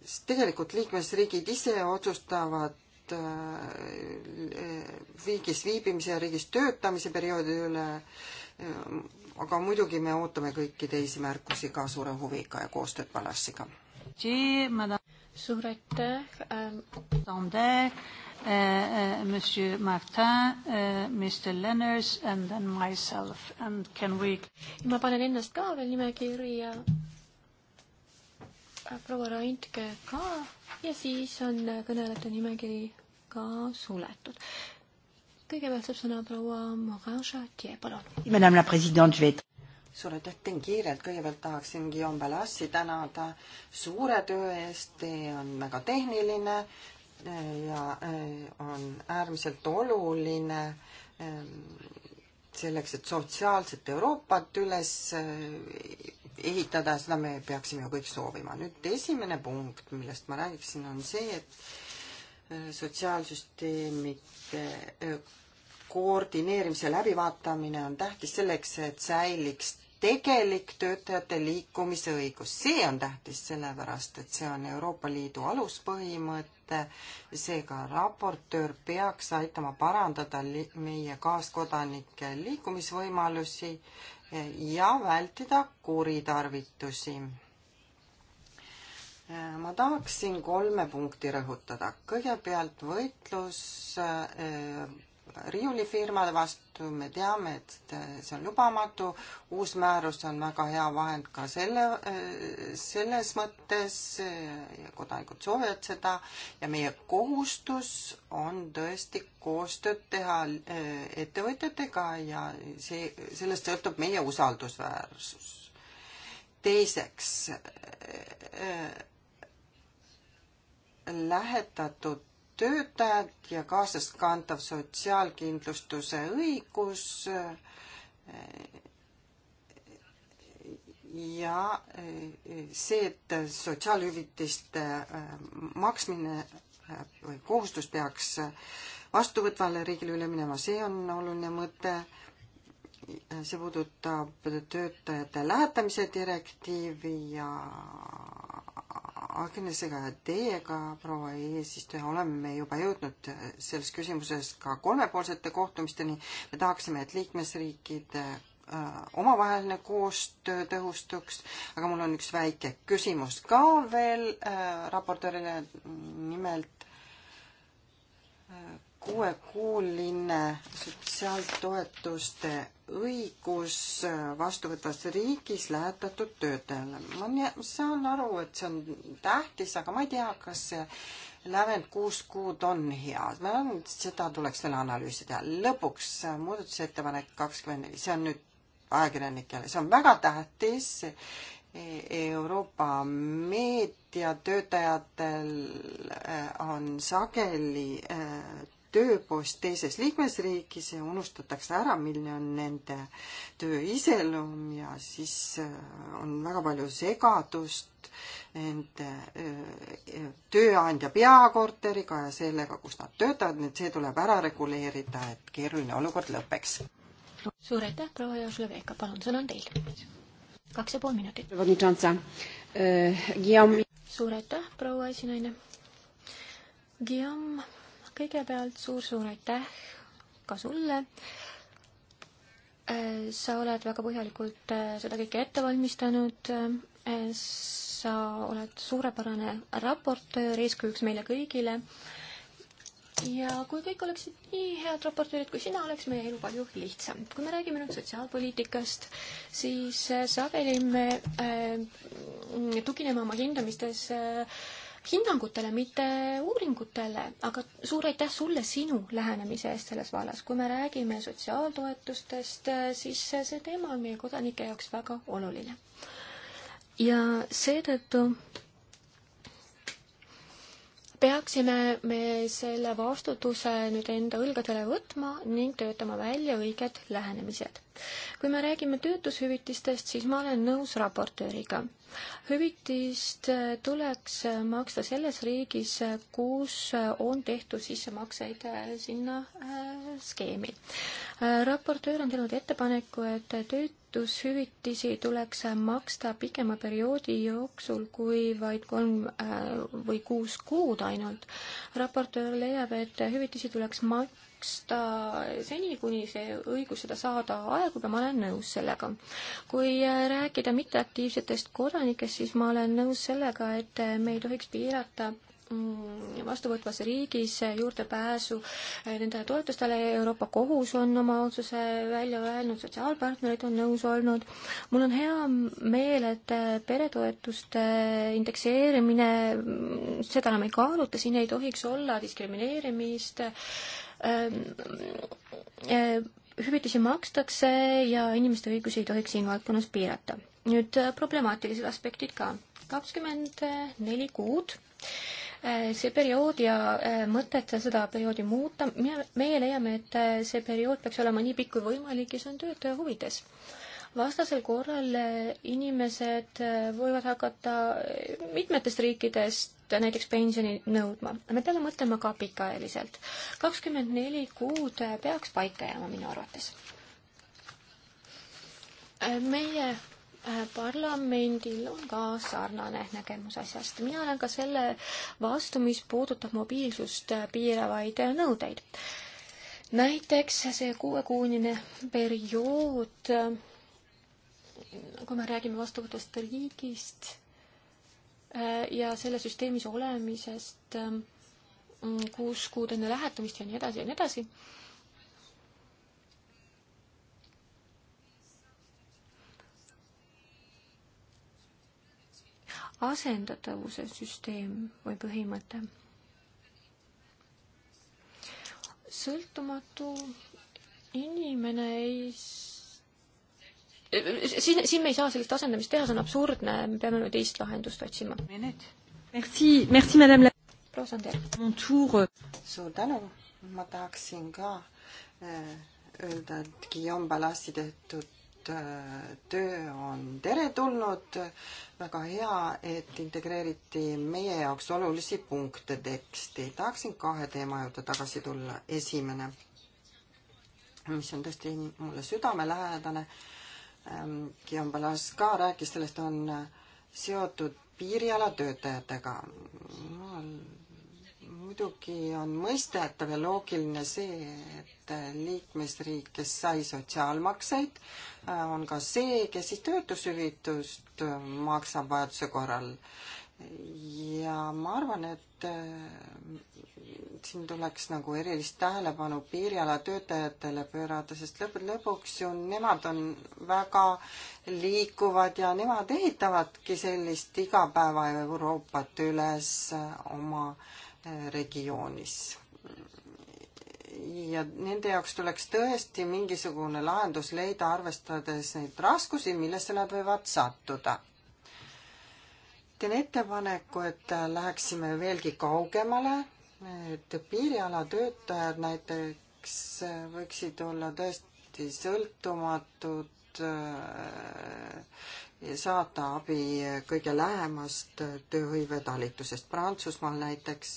sest tegelikult liikmesriigid ise otsustavad just äh, riigis viibimise ja riigis töötamise perioodi üle. Äh, aga muidugi me ootame kõiki teisi märkusi ka suure huviga ja koostööd Palassiga. suur aitäh ähm.. Uh, uh, Monsieur Martin, uh, Mr. Lenners and then myself and can we ma panen ennast ka veel nimekirja proua Raidke ka ja siis on kõnelejate nimekiri ka suletud. kõigepealt saab sõna proua Morin Chartier, palun. suur aitäh, teen kiirelt, kõigepealt tahaksin Guillaume Balassi tänada suure töö eest, tee on väga tehniline ja äh, on äärmiselt oluline ähm, selleks, et sotsiaalset Euroopat üles äh, ehitada, seda me peaksime ju kõik soovima. nüüd esimene punkt, millest ma räägiksin, on see, et äh, sotsiaalsüsteemide äh, koordineerimise läbivaatamine on tähtis selleks, et säiliks tegelik töötajate liikumisõigus, see on tähtis, sellepärast et see on Euroopa Liidu aluspõhimõte, seega raportöör peaks aitama parandada li meie kaaskodanike liikumisvõimalusi ja vältida kuritarvitusi. ma tahaksin kolme punkti rõhutada. kõigepealt võitlus eh, riiulifirmade vastu, me teame, et see on lubamatu, uus määrus on väga hea vahend ka selle, selles mõttes ja kodanikud soovivad seda ja meie kohustus on tõesti koostööd teha eh, ettevõtjatega ja see, sellest sõltub meie usaldusväärsus. teiseks, eh, lähetatud töötajad ja kaasaskantav sotsiaalkindlustuse õigus ja eh, see, et sotsiaalhüvitiste eh, maksmine eh, või kohustus peaks vastuvõtvale riigile üle minema, see on oluline mõte see puudutab töötajate lähetamise direktiivi ja Agnesega ja teiega, proua eesistuja, oleme me juba jõudnud selles küsimuses ka kolmepoolsete kohtumisteni. me tahaksime, et liikmesriikide äh, omavaheline koostöö tõhustuks, aga mul on üks väike küsimus ka veel äh, raportöörile, nimelt äh, kuuekuuline sotsiaaltoetuste õigus vastuvõtvas riigis lähetatud töötajale. ma saan aru, et see on tähtis, aga ma ei tea, kas see lävend kuus kuud on hea. ma arvan, et seda tuleks veel analüüsida. lõpuks muudatusettepanek kakskümmend neli, see on nüüd ajakirjanikele, see on väga tähtis Euroopa meediatöötajatel on sageli äh, tööpost teises liikmesriigis ja unustatakse ära, milline on nende töö iseloom ja siis äh, on väga palju segadust nende äh, tööandja peakorteriga ja sellega, kus nad töötavad, nii et see tuleb ära reguleerida, et keeruline olukord lõpeks. suur aitäh, proua Jožlevenka, palun, sõna on teil. kaks ja pool minutit. E, suur aitäh, proua esinaine Guillaume kõigepealt suur-suur aitäh ka sulle. sa oled väga põhjalikult äh, seda kõike ette valmistanud. Äh, sa oled suurepärane raportöör, eeskujuks meile kõigile. ja kui kõik oleksid nii head raportöörid kui sina, oleks meie elu palju lihtsam. kui me räägime nüüd sotsiaalpoliitikast, siis äh, sageli me tugineme oma hindamistes äh, hinnangutele, mitte uuringutele, aga suur aitäh sulle sinu lähenemise eest selles vallas. kui me räägime sotsiaaltoetustest, siis see teema on meie kodanike jaoks väga oluline. ja seetõttu peaksime me selle vastutuse nüüd enda õlgadele võtma ning töötama välja õiged lähenemised kui me räägime töötushüvitistest, siis ma olen nõus raportööriga. hüvitist äh, tuleks äh, maksta selles riigis, äh, kus on tehtud sissemakseid sinna skeemi. raportöör on teinud ettepaneku, et töötushüvitisi tuleks maksta pikema perioodi jooksul kui vaid kolm või kuus kuud ainult. raportöör leiab, et hüvitisi tuleks mak-, maksta seni, kuni see õigus seda saada aegub ja ma olen nõus sellega. kui äh, rääkida mitteaktiivsetest kodanikest, siis ma olen nõus sellega, et äh, me ei tohiks piirata mm, vastuvõtvas riigis juurdepääsu äh, nendele toetustele, Euroopa Kohus on oma otsuse välja öelnud, sotsiaalpartnerid on nõus olnud. mul on hea meel, et peretoetuste indekseerimine, mm, seda enam ei kaaluta, siin ei tohiks olla diskrimineerimist Ähm, äh, hüvitisi makstakse ja inimeste õigusi ei tohiks siin valdkonnas piirata. nüüd äh, problemaatilised aspektid ka. kakskümmend neli kuud äh, see periood ja mõtet seda perioodi muuta, meie leiame, et see periood peaks olema nii pikk kui võimalik ja see on töötaja huvides vastasel korral eh, inimesed eh, võivad hakata eh, mitmetest riikidest näiteks pensioni nõudma. me peame mõtlema ka pikaajaliselt. kakskümmend neli kuud peaks paika jääma minu arvates. meie parlamendil on ka sarnane nägemus asjast. mina olen ka selle vastu, mis puudutab mobiilsust piiravaid nõudeid. näiteks see kuuekuunine periood kui me räägime vastuvõtust riigist äh, ja selle süsteemis olemisest ähm, kuus kuud enne lähetamist ja nii edasi ja nii edasi. asendatavuse süsteem või põhimõte. sõltumatu inimene ei siin, siin me ei saa sellist asendamist teha, see on absurdne, me peame nüüd teist lahendust otsima. Merci, merci madame la-. proua Sander. suur tänu, ma tahaksin ka äh, öelda, et Guillaume Balassi tehtud äh, töö on teretulnud, väga hea, et integreeriti meie jaoks olulisi punkte teksti. tahaksin kahe teema juurde tagasi tulla. esimene, mis on tõesti mulle südamelähedane Kiambalas ähm, ka rääkis, sellest on äh, seotud piiriala töötajatega no,. muidugi on mõistetav ja loogiline see, et äh, liikmesriik, kes sai sotsiaalmakseid, äh, on ka see, kes siis töötushüvitust maksab vajaduse korral ja ma arvan, et äh, siin tuleks nagu erilist tähelepanu piiriala töötajatele pöörata, sest lõppude lõpuks ju nemad on väga liikuvad ja nemad ehitavadki sellist igapäeva Euroopat üles oma äh, regioonis. ja nende jaoks tuleks tõesti mingisugune lahendus leida, arvestades neid raskusi, millesse nad võivad sattuda teen ettepaneku, et läheksime veelgi kaugemale, et piiriala töötajad näiteks võiksid olla tõesti sõltumatud äh, saada abi kõige lähemast tööhõivetalitusest. Prantsusmaal näiteks,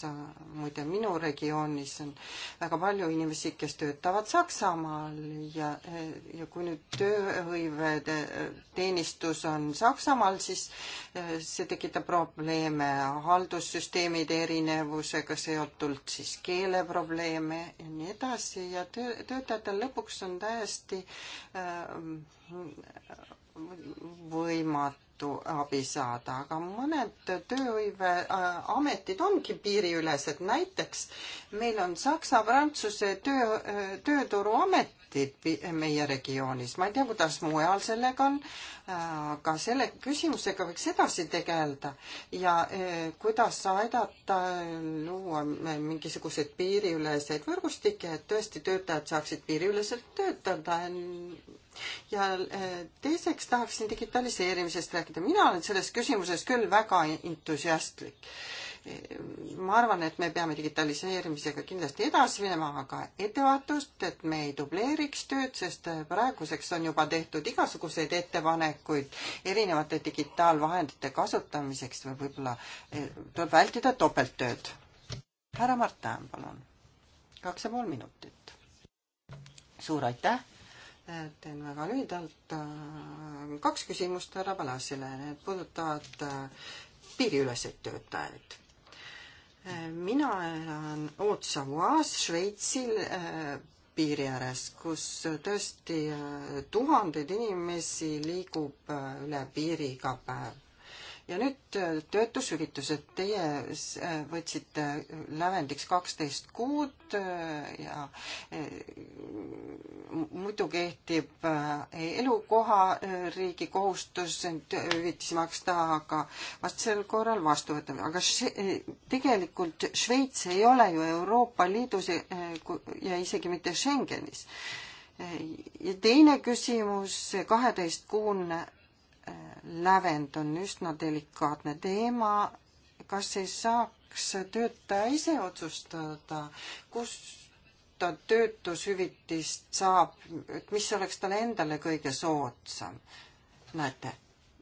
muide minu regioonis on väga palju inimesi, kes töötavad Saksamaal ja, ja kui nüüd tööhõiveteenistus on Saksamaal, siis eh, see tekitab probleeme haldussüsteemide erinevusega seotult, siis keeleprobleeme ja nii edasi ja töö, töötajatel lõpuks on täiesti äh, võimatu abi saada, aga mõned tööhõiveametid äh, ongi piiriülesed, näiteks meil on Saksa-Prantsuse töö, äh, tööturuametid meie regioonis, ma ei tea, kuidas mujal sellega on, äh, aga selle küsimusega võiks edasi tegeleda ja kuidas aidata luua mingisuguseid piiriüleseid võrgustikke, et tõesti töötajad saaksid piiriüleselt töötada ja äh, teiseks tahaksin digitaliseerimisest rääkida. mina olen selles küsimuses küll väga entusiastlik. Äh, ma arvan, et me peame digitaliseerimisega kindlasti edasi minema, aga ettevaatust, et me ei dubleeriks tööd, sest äh, praeguseks on juba tehtud igasuguseid ettepanekuid erinevate digitaalvahendite kasutamiseks või võib-olla tuleb vältida topelttööd. härra Mart Tähem, palun. kaks ja pool minutit. suur aitäh teen väga lühidalt. Äh, kaks küsimust härra Palasile, need puudutavad äh, piiriüleseid töötajaid. Äh, mina elan Haute-Savoi's, Šveitsil piiri ääres, kus tõesti tuhandeid inimesi liigub üle piiri iga päev ja nüüd äh, töötushüvitused, teie äh, võtsite lävendiks kaksteist kuud äh, ja muidu kehtib elukoha riigi kohustus hüvitisi maksta, aga vast sel korral vastu võtame, aga see, tegelikult Šveits ei ole ju Euroopa Liidus ja isegi mitte Schengenis ja teine küsimus, see kaheteistkuune lävend on üsna delikaatne teema. kas ei saaks töötaja ise otsustada, kus ta töötushüvitist saab, et mis oleks talle endale kõige soodsam? näete,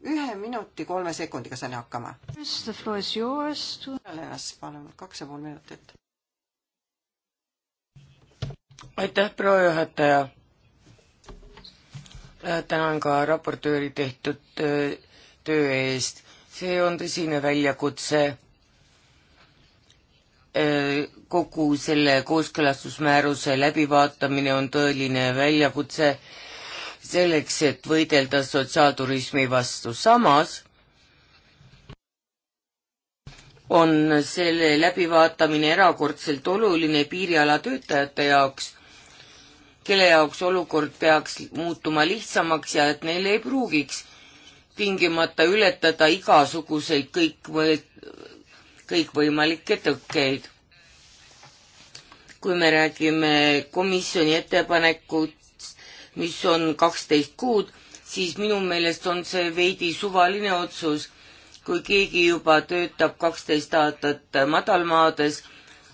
ühe minuti kolme sekundiga sain hakkama. Lennast palun, kaks ja pool minutit. aitäh, proua juhataja tänan ka raportööri tehtud töö eest. see on tõsine väljakutse äh, kogu selle kooskõlastusmääruse läbivaatamine on tõeline väljakutse selleks, et võidelda sotsiaalturismi vastu. samas on selle läbivaatamine erakordselt oluline piiriala töötajate jaoks, kelle jaoks olukord peaks muutuma lihtsamaks ja et neil ei pruugiks tingimata ületada igasuguseid kõik või, kõikvõimalikke tõkkeid. kui me räägime komisjoni ettepanekut, mis on kaksteist kuud, siis minu meelest on see veidi suvaline otsus. kui keegi juba töötab kaksteist aastat madalmaades,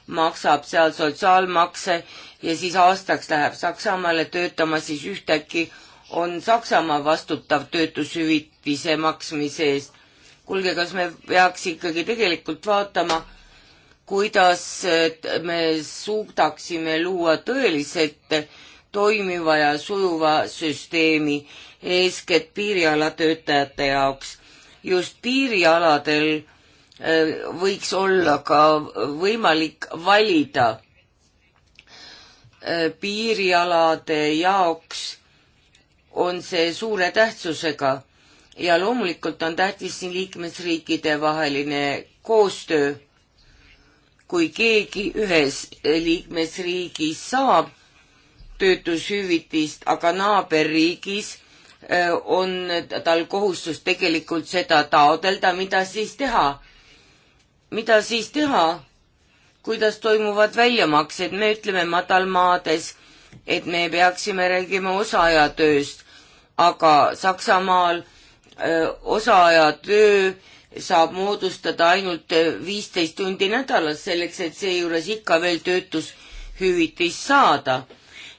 maksab seal sotsiaalmakse ja siis aastaks läheb Saksamaale töötama, siis ühtäkki on Saksamaa vastutav töötushüvitise maksmise eest. kuulge, kas me peaks ikkagi tegelikult vaatama, kuidas me suudaksime luua tõeliselt toimiva ja sujuva süsteemi, eeskätt piiriala töötajate jaoks. just piirialadel äh, võiks olla ka võimalik valida Äh, piirialade jaoks on see suure tähtsusega ja loomulikult on tähtis siin liikmesriikide vaheline koostöö. kui keegi ühes liikmesriigis saab töötushüvitist, aga naaberriigis äh, on tal kohustus tegelikult seda taodelda, mida siis teha? mida siis teha? kuidas toimuvad väljamaksed, me ütleme madalmaades, et me peaksime räägima osaajatööst, aga Saksamaal öö, osaajatöö saab moodustada ainult viisteist tundi nädalas, selleks et seejuures ikka veel töötushüvitist saada.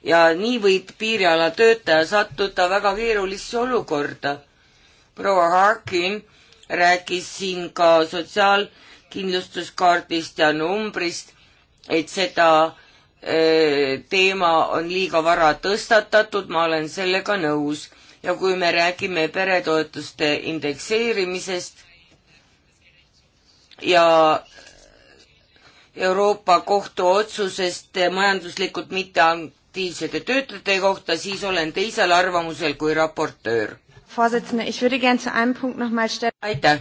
ja nii võib piiriala töötaja sattuda väga keerulisse olukorda. proua Harkin rääkis siin ka sotsiaal- kindlustuskaardist ja numbrist, et seda eh, teema on liiga vara tõstatatud, ma olen sellega nõus. ja kui me räägime peretoetuste indekseerimisest ja Euroopa Kohtu otsusest majanduslikult mitteaktiivsete töötajate kohta, siis olen teisel arvamusel kui raportöör. aitäh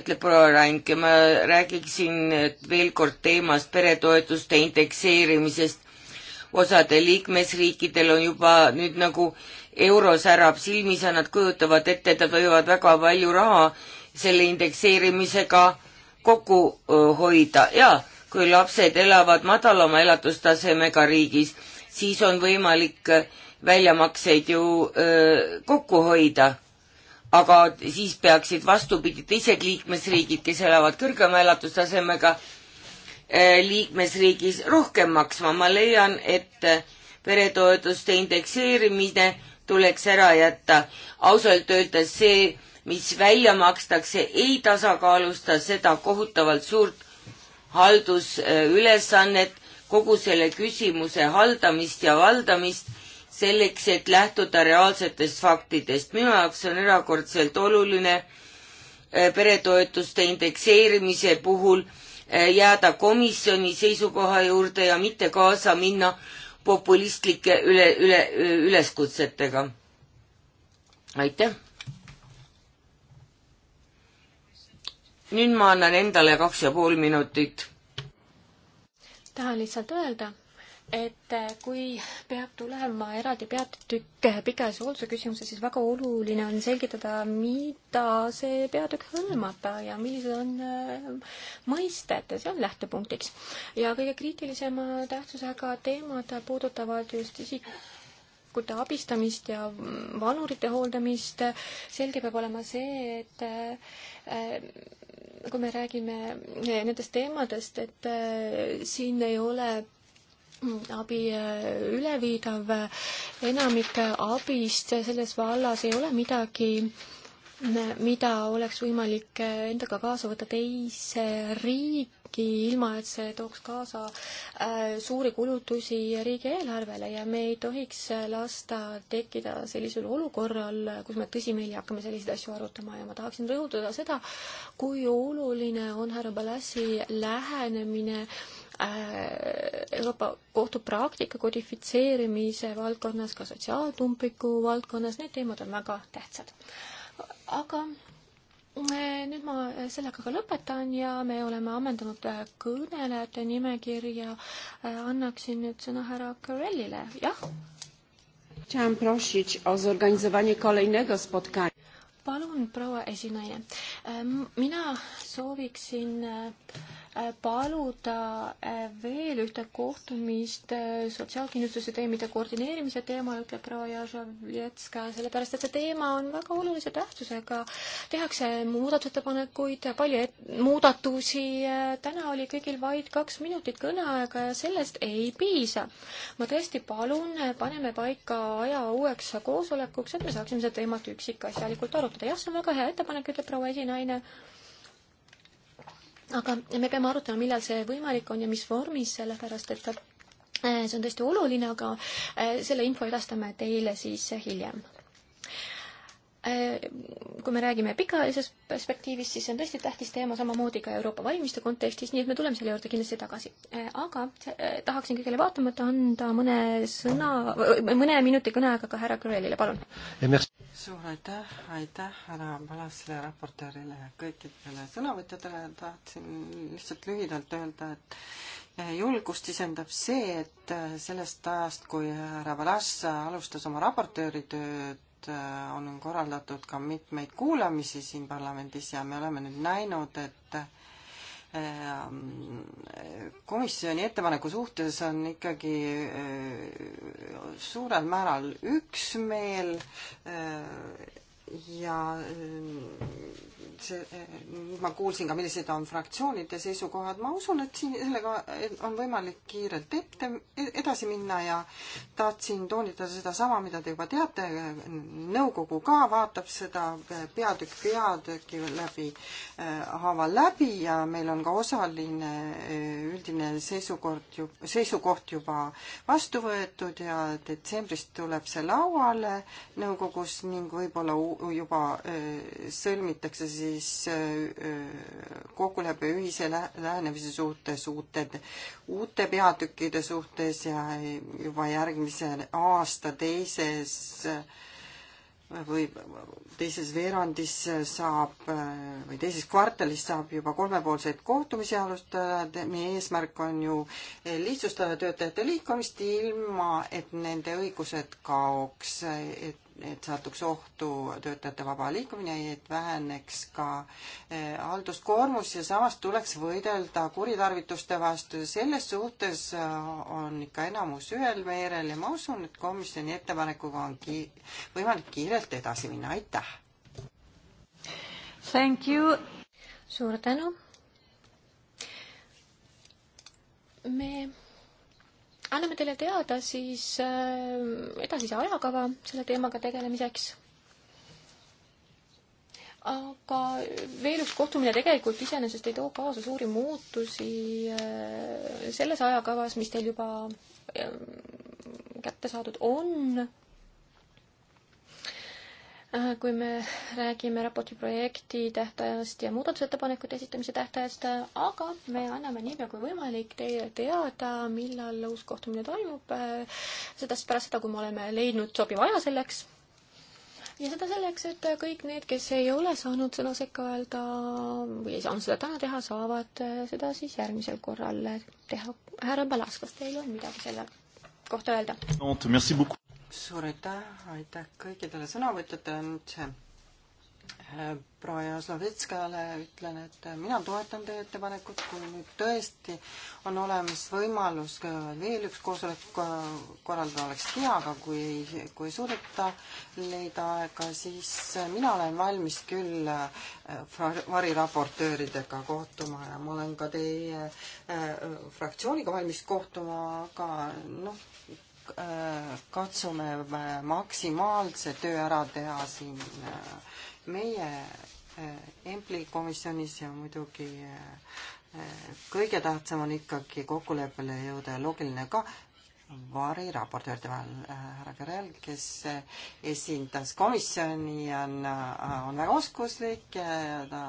ütleb proua Rank ja ma räägiksin veel kord teemast peretoetuste indekseerimisest. osade liikmesriikidel on juba nüüd nagu euro särab silmis ja nad kujutavad ette, et nad võivad väga palju raha selle indekseerimisega kokku hoida ja kui lapsed elavad madalama elatustasemega riigis, siis on võimalik äh, väljamakseid ju öö, kokku hoida aga siis peaksid vastupidi teised liikmesriigid, kes elavad kõrgema elatustasemega, eh, liikmesriigis rohkem maksma, ma leian, et eh, peretoetuste indekseerimine tuleks ära jätta. ausalt öeldes see, mis välja makstakse, ei tasakaalusta seda kohutavalt suurt haldusülesannet, kogu selle küsimuse haldamist ja valdamist selleks, et lähtuda reaalsetest faktidest. minu jaoks on erakordselt oluline eh, peretoetuste indekseerimise puhul eh, jääda komisjoni seisukoha juurde ja mitte kaasa minna populistlike üle, üle, üleskutsetega. aitäh. nüüd ma annan endale kaks ja pool minutit. tahan lihtsalt öelda, et äh, kui peab tulema eraldi peatükk äh, pikaajalise hoolduse küsimuse, siis väga oluline on selgitada, mida see peatükk hõlmab ja millised on äh, mõisted, see on lähtepunktiks. ja kõige kriitilisema tähtsusega teemad puudutavad just isik-, isikute abistamist ja vanurite hooldamist, selge peab olema see, et kui me räägime nendest teemadest, et siin ei ole abi äh, üleviidav, äh, enamik abist selles vallas ei ole midagi, mida oleks võimalik äh, endaga kaasa võtta teise riiki, ilma et see tooks kaasa suuri kulutusi riigieelarvele ja me ei tohiks lasta tekkida sellisel olukorral, kus me tõsimeeli hakkame selliseid asju arutama ja ma tahaksin rõhutada seda, kui oluline on härra Balassi lähenemine äh, Äh, Euroopa Kohtu praktika kodifitseerimise valdkonnas, ka sotsiaaltumpiku valdkonnas, need teemad on väga tähtsad. aga äh, nüüd ma sellega ka lõpetan ja me oleme ammendanud äh, kõnelejate nimekirja. annaksin nüüd sõna härra Carellile, jah. palun, proua esinaine. mina sooviksin paluda äh, veel ühte kohtumist äh, sotsiaalkindlustussüsteemide koordineerimise teemal, ütleb proua Žavjetska, sellepärast et see teema on väga olulise tähtsusega. tehakse muudatusettepanekuid, palju et-, muudatusi, äh, täna oli kõigil vaid kaks minutit kõneaega ja sellest ei piisa. ma tõesti palun, paneme paika aja uueks koosolekuks, et me saaksime seda teemat üksikasjalikult arutada. jah, see on väga hea ettepanek, ütleb proua esinaine aga me peame arutama, millal see võimalik on ja mis vormis, sellepärast et äh, see on tõesti oluline, aga äh, selle info edastame teile siis äh, hiljem kui me räägime pikaajalises perspektiivis, siis see on tõesti tähtis teema, samamoodi ka Euroopa valimiste kontekstis, nii et me tuleme selle juurde kindlasti tagasi. Äh, aga äh, tahaksin kõigele vaatamata anda mõne sõna, mõne minuti kõneaega ka härra Kõrvelile, palun. suur aitäh, aitäh härra Palasele, raportöörile ja kõikidele sõnavõtjatele, tahtsin lihtsalt lühidalt öelda, et äh, julgust sisendab see, et sellest ajast, kui härra Palas alustas oma raportööri tööd, Äh, on korraldatud ka mitmeid kuulamisi siin parlamendis ja me oleme nüüd näinud, et äh, komisjoni ettepaneku suhtes on ikkagi äh, suurel määral üksmeel ja äh, see, nüüd äh, ma kuulsin ka, millised on fraktsioonide seisukohad, ma usun, et siin sellega on võimalik kiirelt ette, e-, edasi minna ja tahtsin toonitada sedasama, mida te juba teate, nõukogu ka vaatab seda peatükk peatüki läbi, äh, haaval läbi ja meil on ka osaline üldine seisukord ju, seisukoht juba vastu võetud ja detsembris tuleb see lauale nõukogus ning võib-olla juba eh, sõlmitakse siis eh, kokkulepe ühise lähenemise suhtes, uute, uute peatükkide suhtes ja juba järgmise aasta teises eh, või teises veerandis saab või teises kvartalis saab juba kolmepoolseid kohtumisi alustada. meie eesmärk on ju lihtsustada töötajate liikumist ilma, et nende õigused kaoks, et et satuks ohtu töötajate vaba liikumine, et väheneks ka eh, halduskoormus ja samas tuleks võidelda kuritarvituste vastu ja selles suhtes eh, on ikka enamus ühel meelel ja ma usun, et komisjoni ettepanekuga on ki-, võimalik kiirelt edasi minna, aitäh! Thank you! suur tänu! me anname teile teada siis äh, edasise ajakava selle teemaga tegelemiseks. aga veel üks kohtumine tegelikult iseenesest ei too kaasa suuri muutusi äh, selles ajakavas, mis teil juba äh, kätte saadud on Äh, kui me räägime raporti projekti tähtajast ja muudatusettepanekute esitamise tähtajast, aga me anname niipea kui võimalik teile teada, millal uus kohtumine toimub, äh, seda siis pärast seda, kui me oleme leidnud sobiva aja selleks. ja seda selleks, et kõik need, kes ei ole saanud sõna sekka öelda või ei saanud seda täna teha, saavad äh, seda siis järgmisel korral teha. härra Palas, kas teil on midagi selle kohta öelda? suur aitäh, aitäh kõikidele sõnavõtjatele, nüüd see eh, proua Jaslovetskajale ütlen, et eh, mina toetan teie ettepanekut, kui nüüd tõesti on olemas võimalus veel üks koosolek korraldada, oleks hea, aga kui ei, kui ei suudeta leida aega, siis eh, mina olen valmis küll variraportööridega kohtuma ja ma olen ka teie fraktsiooniga valmis kohtuma, aga noh, katsume äh, maksimaalse töö ära teha siin äh, meie äh, Empli komisjonis ja muidugi kõige tähtsam on ikkagi kokkuleppele jõuda ja loogiline ka variraportööride vahel härra Karel, kes esindas komisjoni, on, on väga oskuslik ja ta,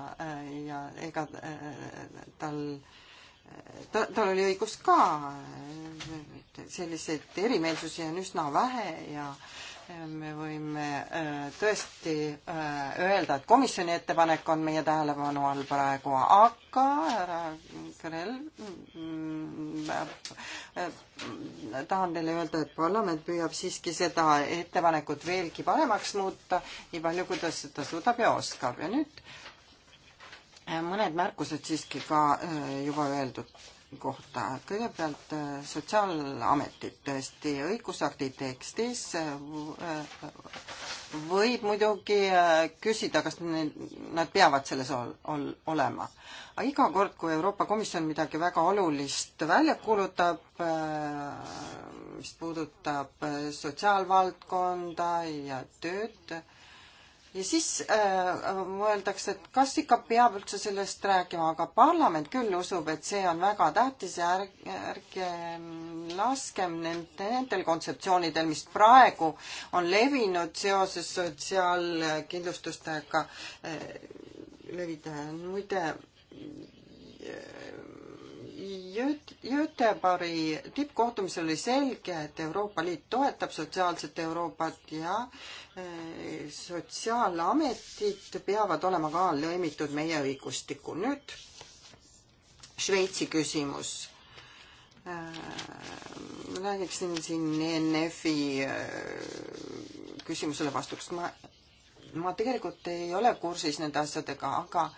ja ega tal äh, ta, tal oli õigus ka, selliseid erimeelsusi on üsna vähe ja me võime äh, tõesti äh, öelda, et komisjoni ettepanek on meie tähelepanu all praegu, aga härra Krell, mm, äh, tahan teile öelda, et parlament püüab siiski seda ettepanekut veelgi paremaks muuta, nii palju, kuidas ta suudab ja oskab ja nüüd Äh, mõned märkused siiski ka äh, juba öeldud kohta. kõigepealt äh, Sotsiaalametit tõesti õigusakti tekstis võib muidugi küsida, kas nad peavad selles ol, ol, olema. aga iga kord, kui Euroopa Komisjon midagi väga olulist välja kuulutab, mis puudutab sotsiaalvaldkonda ja tööd, ja siis äh, äh, mõeldakse, et kas ikka peab üldse sellest rääkima, aga parlament küll usub, et see on väga tähtis ja ärge, ärge laskem nend, nendel kontseptsioonidel, mis praegu on levinud seoses sotsiaalkindlustustega äh, levida. muide äh, Göteborgi tippkohtumisel oli selge, et Euroopa Liit toetab sotsiaalset Euroopat ja eh, sotsiaalametid peavad olema ka lõimitud meie õigustikku. nüüd Šveitsi küsimus. Eh, räägiksin siin ENF-i eh, küsimusele vastuks. ma, ma tegelikult ei ole kursis nende asjadega, aga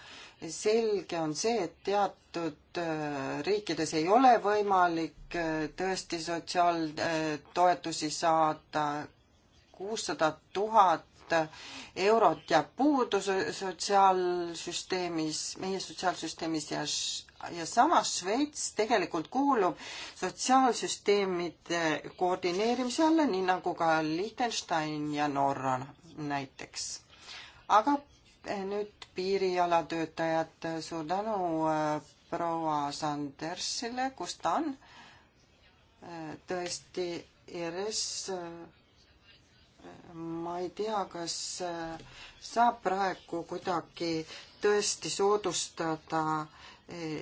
selge on see, et teatud äh, riikides ei ole võimalik äh, tõesti sotsiaaltoetusi saada, kuussada tuhat äh, eurot jääb puudu sotsiaalsüsteemis, meie sotsiaalsüsteemis ja, ja samas Šveits tegelikult kuulub sotsiaalsüsteemide koordineerimise alla, nii nagu ka Liechtenstein ja Norra näiteks. aga nüüd piiriala töötajad, suur tänu äh, proua Sandersile, kus ta on? Äh, tõesti, ERS, äh, ma ei tea, kas saab praegu kuidagi tõesti soodustada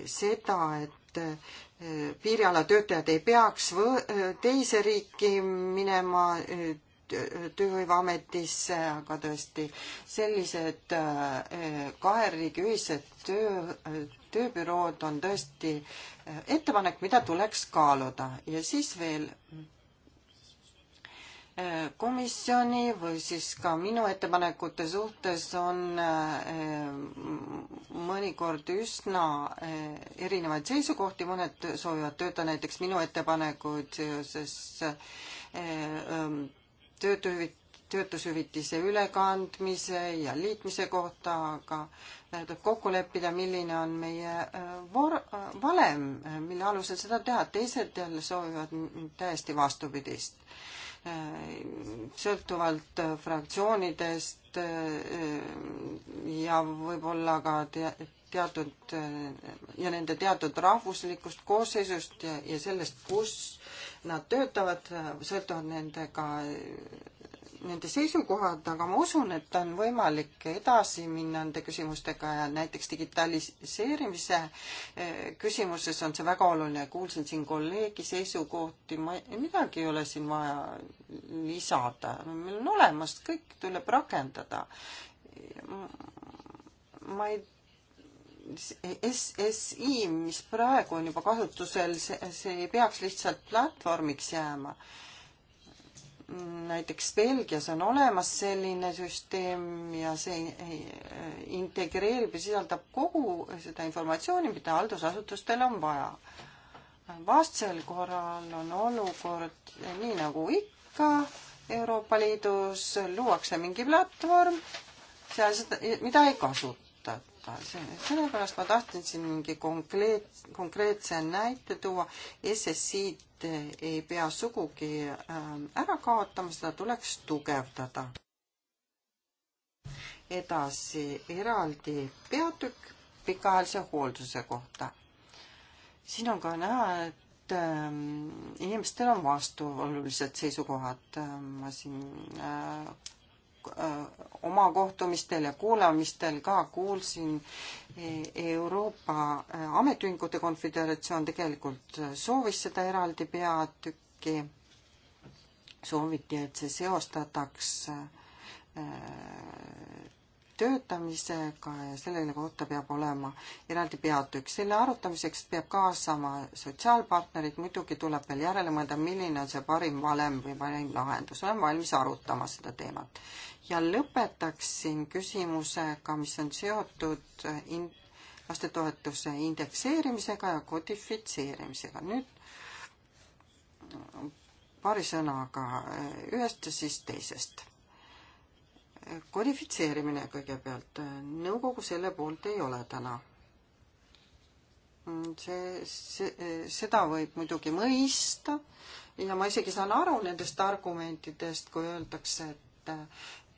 seda, et piiriala töötajad ei peaks teise riiki minema Tööhõiveametisse, aga tõesti sellised äh, kahe riigi ühised töö, tööbürood on tõesti äh, ettepanek, mida tuleks kaaluda ja siis veel äh, komisjoni või siis ka minu ettepanekute suhtes on mõnikord üsna erinevaid seisukohti, mõned soovivad töötada näiteks minu ettepanekuid seoses töötuhüvit-, töötushüvitise ülekandmise ja liitmise kohta, aga äh, tuleb kokku leppida, milline on meie äh, vor-, äh, valem, mille alusel seda teha, teised jälle soovivad täiesti vastupidist. sõltuvalt fraktsioonidest ja võib-olla ka te-, teatud ja nende teatud rahvuslikust koosseisust ja, ja sellest, kus nad töötavad, sõltuvad nendega, nende seisukohad, aga ma usun, et on võimalik edasi minna nende küsimustega ja näiteks digitaliseerimise eh, küsimuses on see väga oluline, kuulsin siin kolleegi seisukohti, ma, midagi ei ole siin vaja lisada, meil on olemas, kõik tuleb rakendada. ma ei SSI, mis praegu on juba kasutusel, see, see ei peaks lihtsalt platvormiks jääma. näiteks Belgias on olemas selline süsteem ja see integreerib ja sisaldab kogu seda informatsiooni, mida haldusasutustel on vaja. vastasel korral on olukord nii nagu ikka Euroopa Liidus, luuakse mingi platvorm, seal seda, mida ei kasuta võtta. sellepärast ma tahtsin siin mingi konkreet-, konkreetse näite tuua. SSI-d ei pea sugugi ähm, ära kaotama, seda tuleks tugevdada. edasi eraldi peatükk pikaajalise hoolduse kohta. siin on ka näha, et ähm, inimestel on vastuolulised seisukohad. Äh, ma siin äh, Äh, oma kohtumistel ja kuulamistel ka kuulsin, äh, Euroopa äh, Ametiühingute Konföderatsioon tegelikult soovis seda eraldi peatükki, sooviti, et see seostataks töötamisega ja sellele kohta peab olema eraldi peatükk. selle arutamiseks peab kaasama sotsiaalpartnerid, muidugi tuleb veel järele mõelda, milline on see parim valem või parim lahendus. olen valmis arutama seda teemat. ja lõpetaksin küsimusega, mis on seotud in-, lastetoetuse indekseerimisega ja kodifitseerimisega. nüüd paari sõnaga ühest ja siis teisest kodifitseerimine kõigepealt, nõukogu selle poolt ei ole täna. see, see, seda võib muidugi mõista ja ma isegi saan aru nendest argumentidest, kui öeldakse, et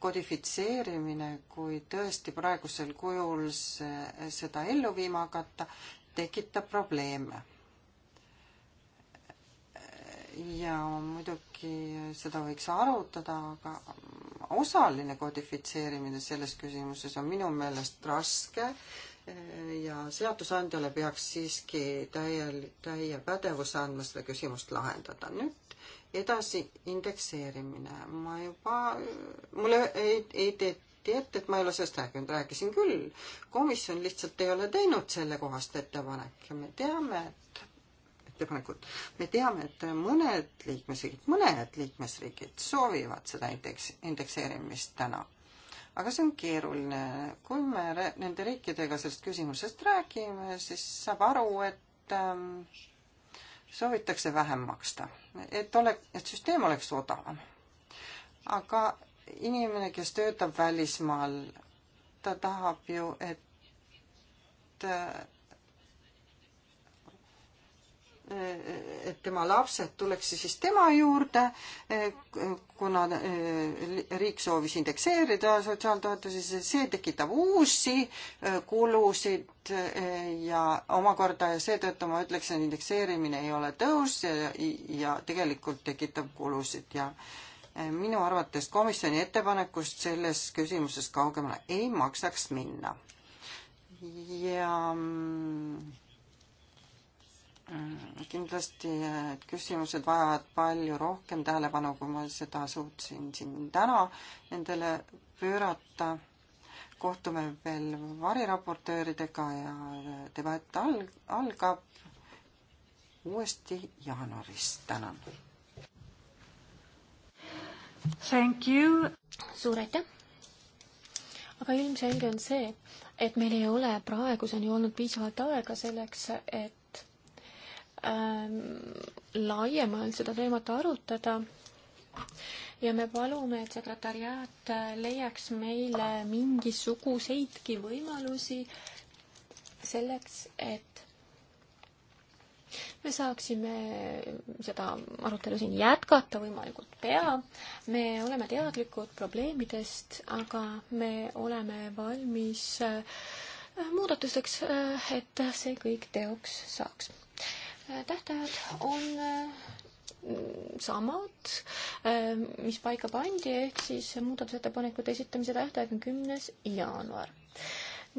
kodifitseerimine, kui tõesti praegusel kujul see, seda ellu viima hakata, tekitab probleeme. ja muidugi seda võiks arutada, aga osaline kodifitseerimine selles küsimuses on minu meelest raske eh, ja seadusandjale peaks siiski täiel, täie pädevuse andma seda küsimust lahendada. nüüd edasi indekseerimine. ma juba, mulle ei, ei teeta ette, et ma ei ole sellest rääkinud, rääkisin küll. komisjon lihtsalt ei ole teinud sellekohast ettepanek ja me teame, et ettepanekut. me teame, et mõned liikmesriigid, mõned liikmesriigid soovivad seda indeks, indekseerimist täna. aga see on keeruline. kui me nende riikidega sellest küsimusest räägime, siis saab aru, et ähm, soovitakse vähem maksta, et ole, et süsteem oleks odavam. aga inimene, kes töötab välismaal, ta tahab ju, et äh, et tema lapsed tuleksid siis tema juurde, kuna eh, riik soovis indekseerida sotsiaaltoetusi, see tekitab uusi eh, kulusid eh, ja omakorda ja seetõttu ma ütleksin, indekseerimine ei ole tõus ja, ja tegelikult tekitab kulusid ja minu arvates komisjoni ettepanekust selles küsimuses kaugemale ei maksaks minna. ja mm, kindlasti äh, küsimused vajavad palju rohkem tähelepanu, kui ma seda suutsin siin täna nendele pöörata. kohtume veel variraportööridega ja äh, debatt alg-, algab uuesti jaanuaris, tänan. Thank you. suur aitäh. aga ilmselge on see, et meil ei ole praeguseni olnud piisavalt aega selleks, et Ähm, laiemalt seda teemat arutada ja me palume, et sekretariaat leiaks meile mingisuguseidki võimalusi selleks, et me saaksime seda arutelu siin jätkata võimalikult pea. me oleme teadlikud probleemidest, aga me oleme valmis äh, muudatusteks, äh, et see kõik teoks saaks tähtajad on äh, samad, äh, mis paika pandi, ehk siis muudatusettepanekute esitamise tähtaeg on kümnes jaanuar.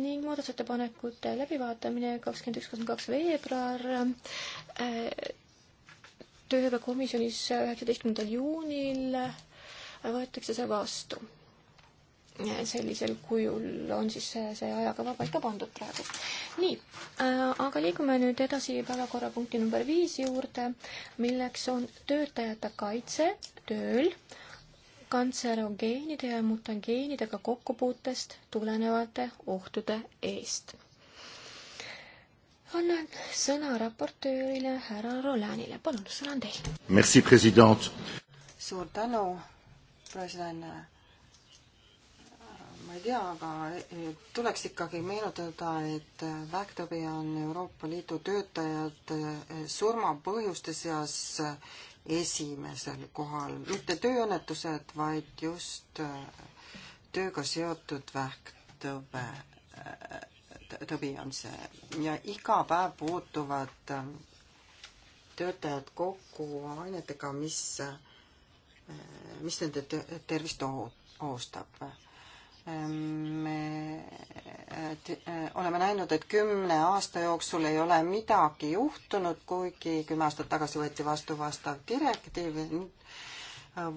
ning muudatusettepanekute läbivaatamine kakskümmend üks, kakskümmend kaks veebruar, äh, tööhõivekomisjonis üheksateistkümnendal juunil võetakse see vastu sellisel kujul on siis see, see ajakava paika pandud praegu. nii äh,, aga liigume nüüd edasi päevakorrapunkti number viis juurde, milleks on töötajate kaitse tööl kantserogeenide ja mutageenidega kokkupuutest tulenevate ohtude eest. annan sõna raportöörile härra Rolanile, palun, sõna on teil. suur tänu, president ma ei tea, aga eh, tuleks ikkagi meenutada, et eh, vähktõbi on Euroopa Liidu töötajad eh, surmapõhjuste seas esimesel kohal, mitte tööõnnetused, vaid just tööga seotud vähktõbe, tõbi on see. ja iga päev puutuvad töötajad kokku ainetega, mis, mis nende tervist ohustab me äh, äh, oleme näinud, et kümne aasta jooksul ei ole midagi juhtunud, kuigi kümme aastat tagasi võeti vastu vastav direktiiv.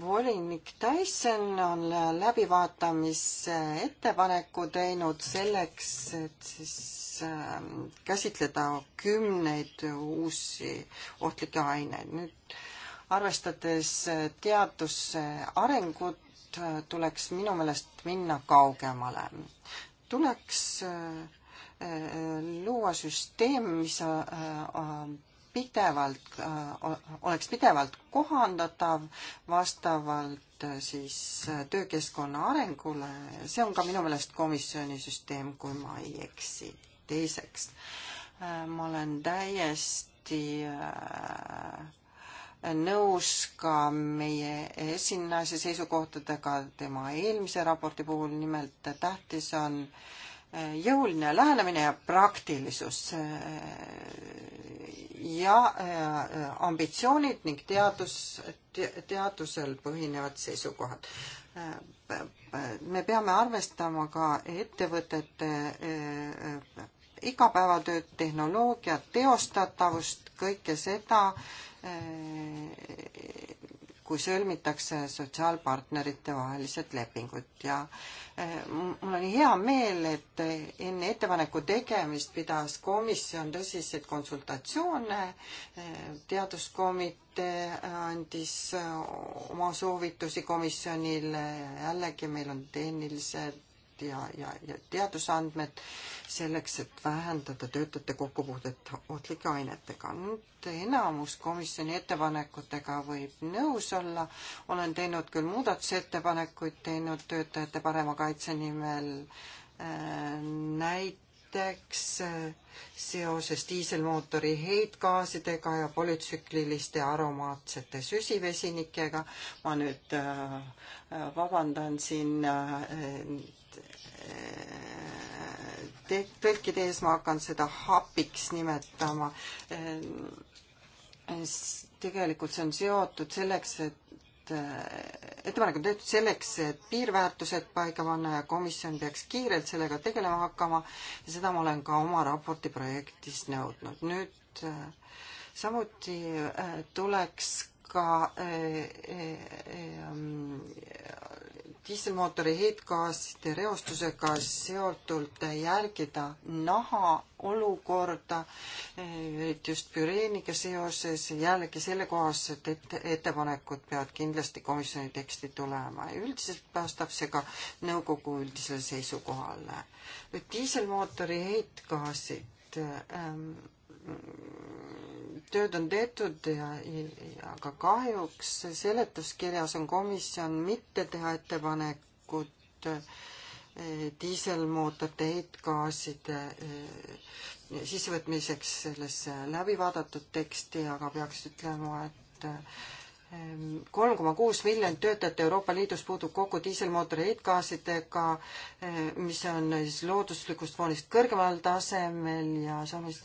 volinik Tyson on läbivaatamise ettepaneku teinud selleks, et siis äh, käsitleda kümneid uusi ohtlikke aineid. nüüd arvestades teaduse arengut, Äh, tuleks minu meelest minna kaugemale. tuleks äh, äh, luua süsteem, mis pidevalt, oleks pidevalt kohandatav vastavalt siis töökeskkonna arengule, see on ka minu meelest komisjoni süsteem, kui ma ei eksi. teiseks, ma olen täiesti nõus ka meie esinaise seisukohtadega tema eelmise raporti puhul, nimelt tähtis on eh, jõuline lähenemine ja praktilisus eh, ja eh, ambitsioonid ning teadus, teadusel põhinevad seisukohad. me peame arvestama ka ettevõtete igapäevatööd, tehnoloogiat, teostatavust, kõike seda, eh, kui sõlmitakse sotsiaalpartnerite vahelised lepingud ja eh, mul on hea meel, et enne ettepaneku tegemist pidas komisjon tõsiseid konsultatsioone, eh, teaduskomitee andis oma soovitusi komisjonile, jällegi meil on tehnilised ja, ja, ja teadusandmed selleks, et vähendada töötajate kokkupuudet ohtlike ainetega. nüüd enamus komisjoni ettepanekutega võib nõus olla, olen teinud küll muudatusettepanekuid, teinud töötajate parema kaitse nimel äh, näite, näiteks äh, seoses diiselmootori heitgaasidega ja polütsükliliste aromaatsete süsivesinikega. ma nüüd äh, äh, vabandan siin tõlkide ees ma hakkan seda hapiks nimetama. tegelikult see on seotud selleks, et ettepanek on tehtud selleks, et piirväärtused paika panna ja komisjon peaks kiirelt sellega tegelema hakkama ja seda ma olen ka oma raporti projektis nõudnud. nüüd samuti äh, tuleks ka äh, äh, ähm, diiselmootori heitgaaside reostusega seotult jälgida naha olukorda, eriti just püreeniga seoses, jällegi sellekohased et, ettepanekud peavad kindlasti komisjoni teksti tulema ja üldiselt vastab see ka nõukogu üldisele seisukohale. nüüd diiselmootori heitgaasid ähm, tööd on tehtud ja, ja aga kahjuks seletuskirjas on komisjon mitte teha ettepanekut eh, diiselmootorite heitgaaside eh, sissevõtmiseks sellesse läbivaadatud teksti, aga peaks ütlema, et kolm koma kuus miljonit töötajat Euroopa Liidus puudub kokku diiselmootori heitgaasidega, mis on siis looduslikust foonist kõrgemal tasemel ja samas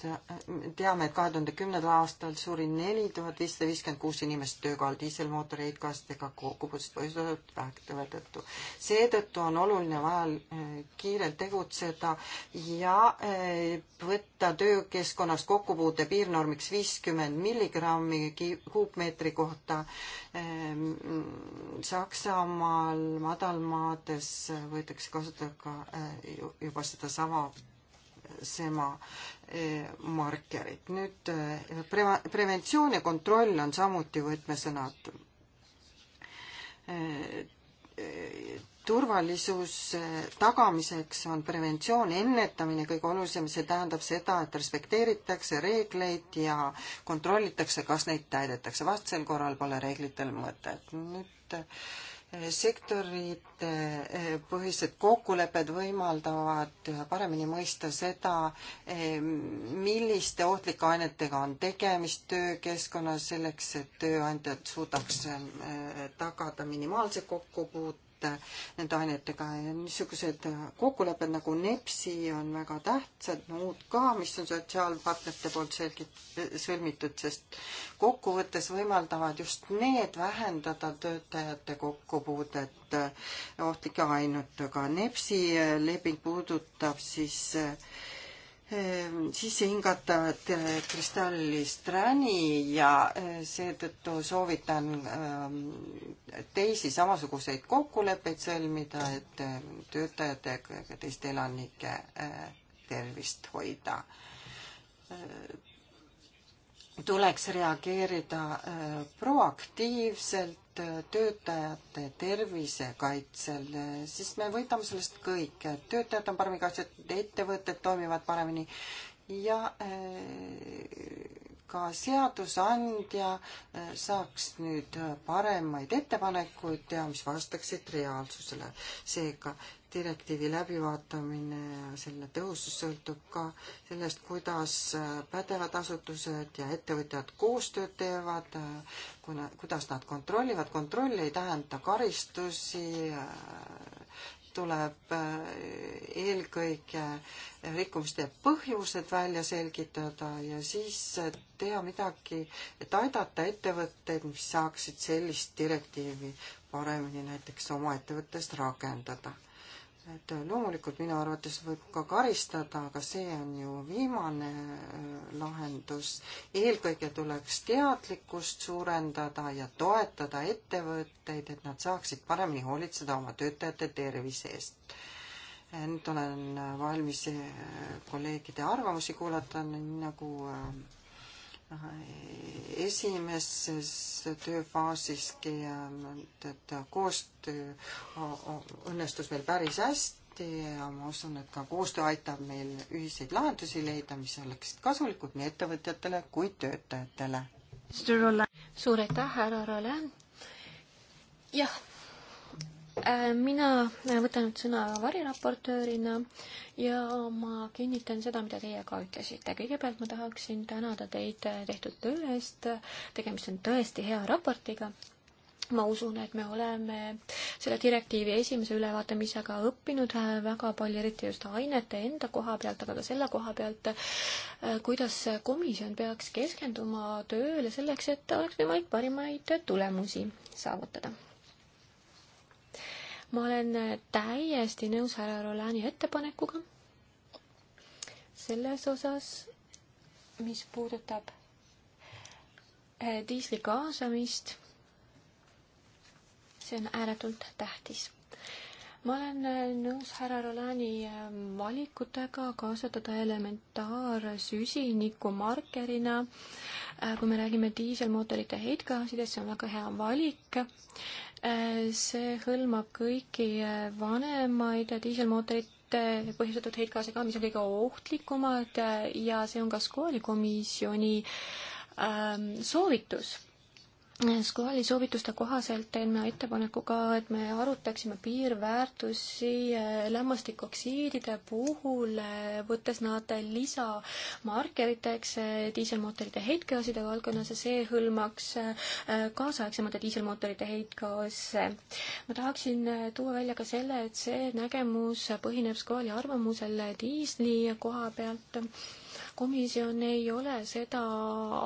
teame, et kahe tuhande kümnendal aastal suri neli tuhat viissada viiskümmend kuus inimest töökohal diiselmootori heitgaasidega kokkupuutest põhjustatud vähktõve tõttu. seetõttu on oluline vajal eh, kiirelt tegutseda ja eh, võtta töökeskkonnas kokkupuute piirnormiks viiskümmend milligrammi kuupmeetri kohta Ehm, Saksamaal, madalmaades võetakse kasutada ka eh, juba sedasama eh, sema eh, markerit. nüüd preva-, preventsioon ja kontroll on samuti võtmesõnad turvalisuse tagamiseks on preventsioon, ennetamine kõige olulisem, see tähendab seda, et respekteeritakse reegleid ja kontrollitakse, kas neid täidetakse, vastasel korral pole reeglitel mõtet. nüüd eh, sektorite eh, põhised kokkulepped võimaldavad paremini mõista seda, eh, milliste ohtlike ainetega on tegemist töökeskkonnas, selleks et tööandjad suudaks tagada minimaalse kokkupuute ainete, nende ainetega ja niisugused kokkulepped nagu NEPSi on väga tähtsad, muud ka, mis on sotsiaalpartnerite poolt selgit-, sõlmitud, sest kokkuvõttes võimaldavad just need vähendada töötajate kokkupuudet äh, ohtlike ainetega. NEPSi äh, leping puudutab siis äh, Ehm, sisse hingatavad eh, kristallist räni ja eh, seetõttu soovitan ehm, teisi samasuguseid kokkuleppeid sõlmida, et eh, töötajatega ja teiste elanike tervist hoida. tuleks reageerida proaktiivselt töötajate tervise kaitsel, siis me võidame sellest kõik. töötajad on paremini kaitstud, ettevõtted toimivad paremini ja äh, ka seadusandja äh, saaks nüüd äh, paremaid ettepanekuid teha, mis vastaksid reaalsusele. seega direktiivi läbivaatamine ja selle tõhusus sõltub ka sellest, kuidas äh, pädevad asutused ja ettevõtjad koostööd teevad, kuna, kuidas nad kontrollivad. kontroll ei tähenda karistusi äh, tuleb äh, eelkõige rikkumiste põhjused välja selgitada ja siis äh, teha midagi, et aidata ettevõtteid, mis saaksid sellist direktiivi paremini näiteks oma ettevõttes rakendada et loomulikult minu arvates võib ka karistada, aga see on ju viimane äh, lahendus. eelkõige tuleks teadlikkust suurendada ja toetada ettevõtteid, et nad saaksid paremini hoolitseda oma töötajate tervise eest. nüüd olen valmis äh, kolleegide arvamusi kuulata, nii nagu äh, esimeses tööfaasiski et koostöö õnnestus meil päris hästi ja ma usun, et ka koostöö aitab meil ühiseid lahendusi leida, mis oleksid kasulikud nii ettevõtjatele kui töötajatele. suur aitäh, härra Roland! jah Äh, mina äh, võtan nüüd sõna variraportöörina ja ma kinnitan seda, mida teie ka ütlesite. kõigepealt ma tahaksin tänada teid äh, tehtud töö eest, tegemist on tõesti hea raportiga. ma usun, et me oleme selle direktiivi esimese ülevaatamisega õppinud väga palju, eriti just ainete enda koha pealt, aga ka selle koha pealt, kuidas komisjon peaks keskenduma tööle selleks, et oleks võimalik parimaid tulemusi saavutada ma olen äh, täiesti nõus härra Rolani ettepanekuga selles osas, mis puudutab äh, diisli kaasamist. see on ääretult tähtis. ma olen äh, nõus härra Rolani valikutega kaasatada elementaarsüsiniku markerina. kui me räägime diiselmootorite heitgaasidest, see on väga hea valik Äh, see hõlmab kõiki äh, vanemaid diiselmootorite põhjustatud heitgaasiga, mis on kõige ohtlikumad äh, ja see on ka skoolikomisjoni ähm, soovitus SKOAL-i soovituste kohaselt teen ma ettepaneku ka, et me arutaksime piirväärtusi eh, lämmastikoksiidide puhul, eh, võttes nad lisamarkeriteks eh, diiselmootorite heitgaaside valdkonnas ja see hõlmaks kaasaegsemate diiselmootorite heitgaase. ma tahaksin tuua välja ka selle, et see nägemus põhineb SKOAL-i arvamusel diisli koha pealt komisjon ei ole seda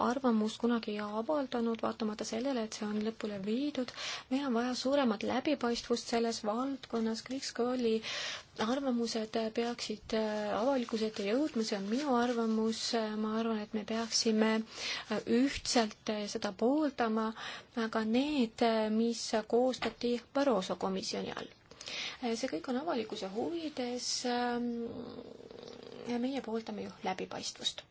arvamust kunagi avaldanud, vaatamata sellele, et see on lõpule viidud. meil on vaja suuremat läbipaistvust selles valdkonnas, kõik skooli arvamused peaksid äh, avalikkuse ette jõudma, see on minu arvamus, ma arvan, et me peaksime äh, ühtselt äh, seda pooldama, aga need, mis koostati Barroso komisjoni all see kõik on avalikkuse huvides ähm, meie pooldame ju läbipaistvust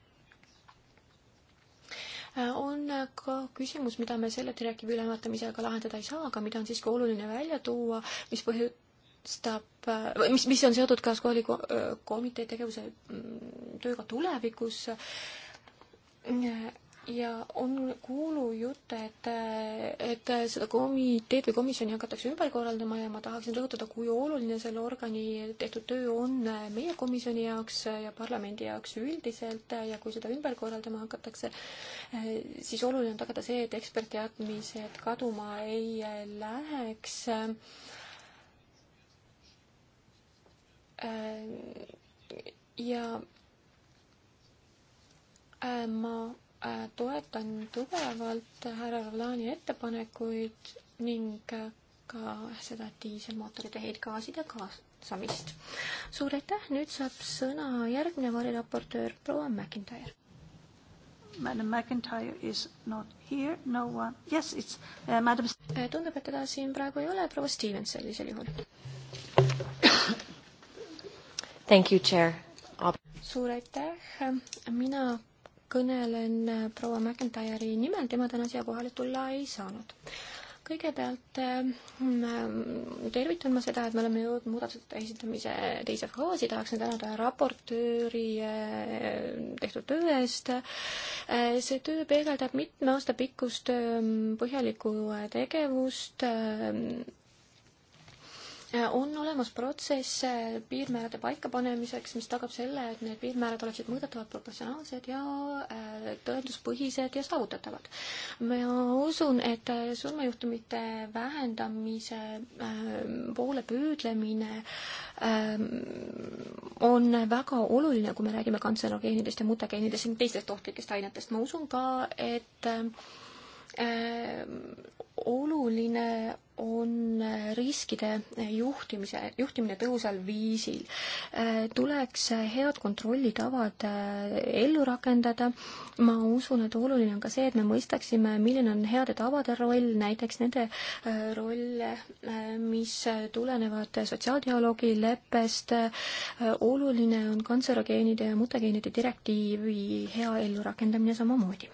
äh, on ka küsimus, mida me selle direktiivi ülevaatamisega lahendada ei saa, aga mida on siiski oluline välja tuua, mis põhjustab, äh, mis, mis on seotud ka koolikomitee äh, tegevuse mm, tööga tulevikus ja on kuulujutte, et, et seda komiteed või komisjoni hakatakse ümber korraldama ja ma tahaksin rõhutada, kui oluline selle organi tehtud töö on meie komisjoni jaoks ja parlamendi jaoks üldiselt ja kui seda ümber korraldama hakatakse, siis oluline on tagada see, et ekspertteadmised kaduma ei läheks ja äh, ma Äh, toetan tugevalt härra Lavlani ettepanekuid ning ka seda, et diiselmootorid ja heitgaasid ja kaasamist. suur aitäh, nüüd saab sõna järgmine variraportöör proua McIntyre. Madam McIntyre is not here, no one, yes, it's uh, madam. Äh, tundub, et teda siin praegu ei ole, proua Stevens sellisel juhul. Thank you, chair. suur aitäh, mina kõnelen äh, proua McIntyre'i nimel, tema täna siia kohale tulla ei saanud. kõigepealt äh, tervitan ma seda, et me oleme jõudnud muudatuste esitamise teise faasi, tahaksin tänada raportööri äh, tehtud töö eest. see töö peegeldab mitme aasta pikkust põhjalikku tegevust on olemas protsess äh, piirmäärade paikapanemiseks, mis tagab selle, et need piirmäärad oleksid mõõdetavad, proportsionaalsed ja äh, tõenduspõhised ja saavutatavad. ma usun, et äh, surmajuhtumite vähendamise poole püüdlemine ähm, on väga oluline, kui me räägime kantserogeenidest ja mutageenidest ja teistest ohtlikest ainetest. ma usun ka, et Ehm, oluline on riskide juhtimise, juhtimine tõhusal viisil. Ehm, tuleks head kontrollitavad ehm, ellu rakendada. ma usun, et oluline on ka see, et me mõistaksime, milline on heade tavade roll, näiteks nende roll, mis tulenevad sotsiaaldialoogi leppest. oluline on kantserogeenide ja mutageenide direktiivi hea ellurakendamine samamoodi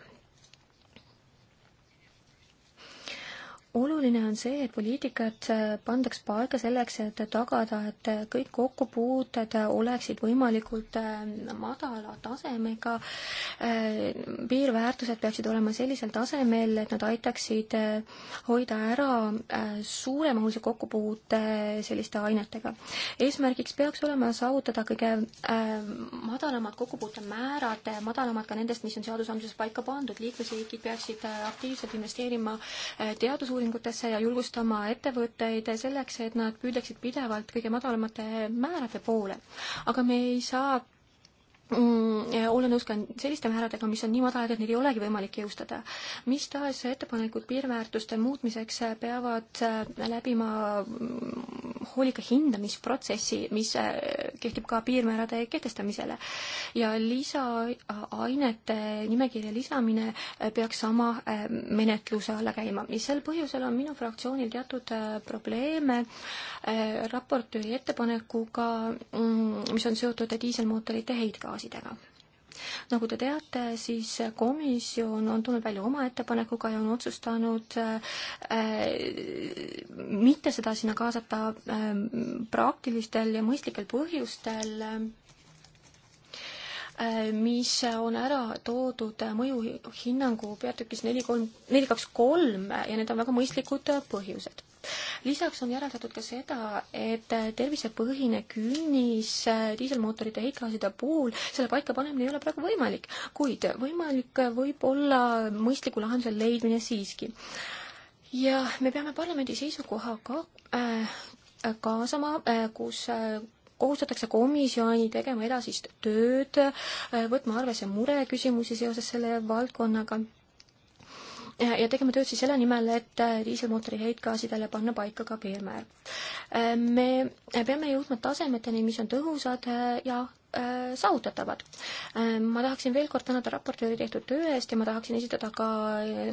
oluline on see, et poliitikat äh, pandaks paika selleks, et tagada, et kõik kokkupuuted äh, oleksid võimalikult äh, madala tasemega. piirväärtused peaksid olema sellisel tasemel, et nad aitaksid hoida ära suuremahulise kokkupuute selliste ainetega. eesmärgiks peaks olema saavutada kõige madalamad kokkupuutemäärad, madalamad ka nendest, mis on seadusandluses paika pandud. liikmesriigid peaksid aktiivselt investeerima teadusuuringutesse, teadusuuringutesse ja julgustama ettevõtteid selleks, et nad püüdleksid pidevalt kõige madalamate määrade poole. aga me ei saa Mm, olen nõus ka selliste määradega, mis on nii madalad, et neid ei olegi võimalik jõustada. mis tahes ettepanekud piirväärtuste muutmiseks peavad äh, läbima mm, hoolika hindamisprotsessi, mis äh, kehtib ka piirmäärade kehtestamisele. ja lisaainete nimekirja lisamine äh, peaks sama menetluse alla käima. sel põhjusel on minu fraktsioonil teatud probleeme raportööri ettepanekuga, mm, mis on seotud diiselmootorite heitgaasiga faasidega. nagu te teate, siis komisjon on tulnud välja oma ettepanekuga ja on otsustanud äh, mitte seda sinna kaasata äh, praktilistel ja mõistlikel põhjustel äh,, mis on ära toodud mõjuhinnangu peatükis neli kolm, neli kaks kolm ja need on väga mõistlikud põhjused lisaks on järeldatud ka seda, et tervisepõhine künnis äh, diiselmootorite heitgaaside puhul, selle paikapanemine ei ole praegu võimalik, kuid võimalik võib olla mõistliku lahenduse leidmine siiski. ja me peame parlamendi seisukoha ka äh, kaasama äh,, kus äh, kohustatakse komisjoni tegema edasist tööd, äh, võtma arvesse mureküsimusi seoses selle valdkonnaga ja tegema tööd siis selle nimel, et äh, diiselmootori heitgaasidele panna paika ka piirmäär. Äh, me peame jõudma tasemeteni, mis on tõhusad äh, ja saavutatavad. ma tahaksin veel kord tänada raportööri tehtud töö eest ja ma tahaksin esitada ka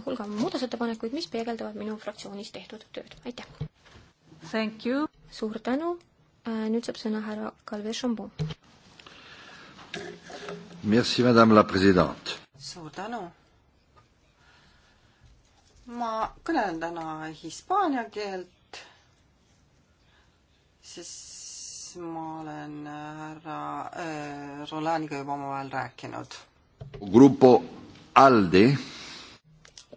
hulga muudatusettepanekuid, mis peegeldavad minu fraktsioonis tehtud tööd. aitäh! Thank you! suur tänu! nüüd saab sõna härra Kalvi Šambu. Merci, madame la présidente! suur tänu! ma kõnelen täna hispaania keelt, sest ma olen härra äh, Rolaniga juba omavahel rääkinud. Grupo Alde.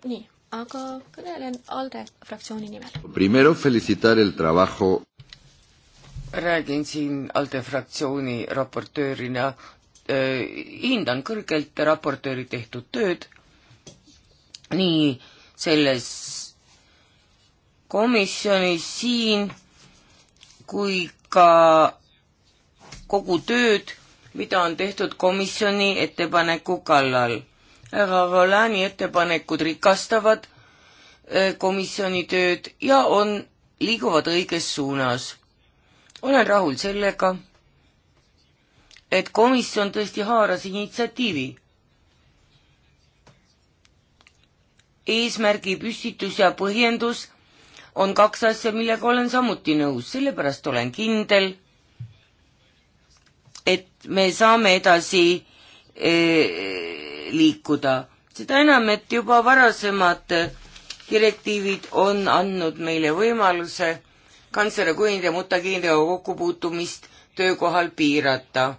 nii, aga kõnelen Alde fraktsiooni nimel. Primero felicitar el trabajo. räägin siin Alde fraktsiooni raportöörina äh,. hindan kõrgelt raportööri tehtud tööd. nii äh, selles komisjonis siin kui ka kogu tööd, mida on tehtud komisjoni ettepaneku kallal. härra Rolani ettepanekud rikastavad äh, komisjoni tööd ja on, liiguvad õiges suunas. olen rahul sellega, et komisjon tõesti haaras initsiatiivi eesmärgi püstitus ja põhjendus on kaks asja, millega olen samuti nõus, sellepärast olen kindel, et me saame edasi eh, liikuda. seda enam, et juba varasemad direktiivid on andnud meile võimaluse kantslerikuningide mutageenidega kokkupuutumist töökohal piirata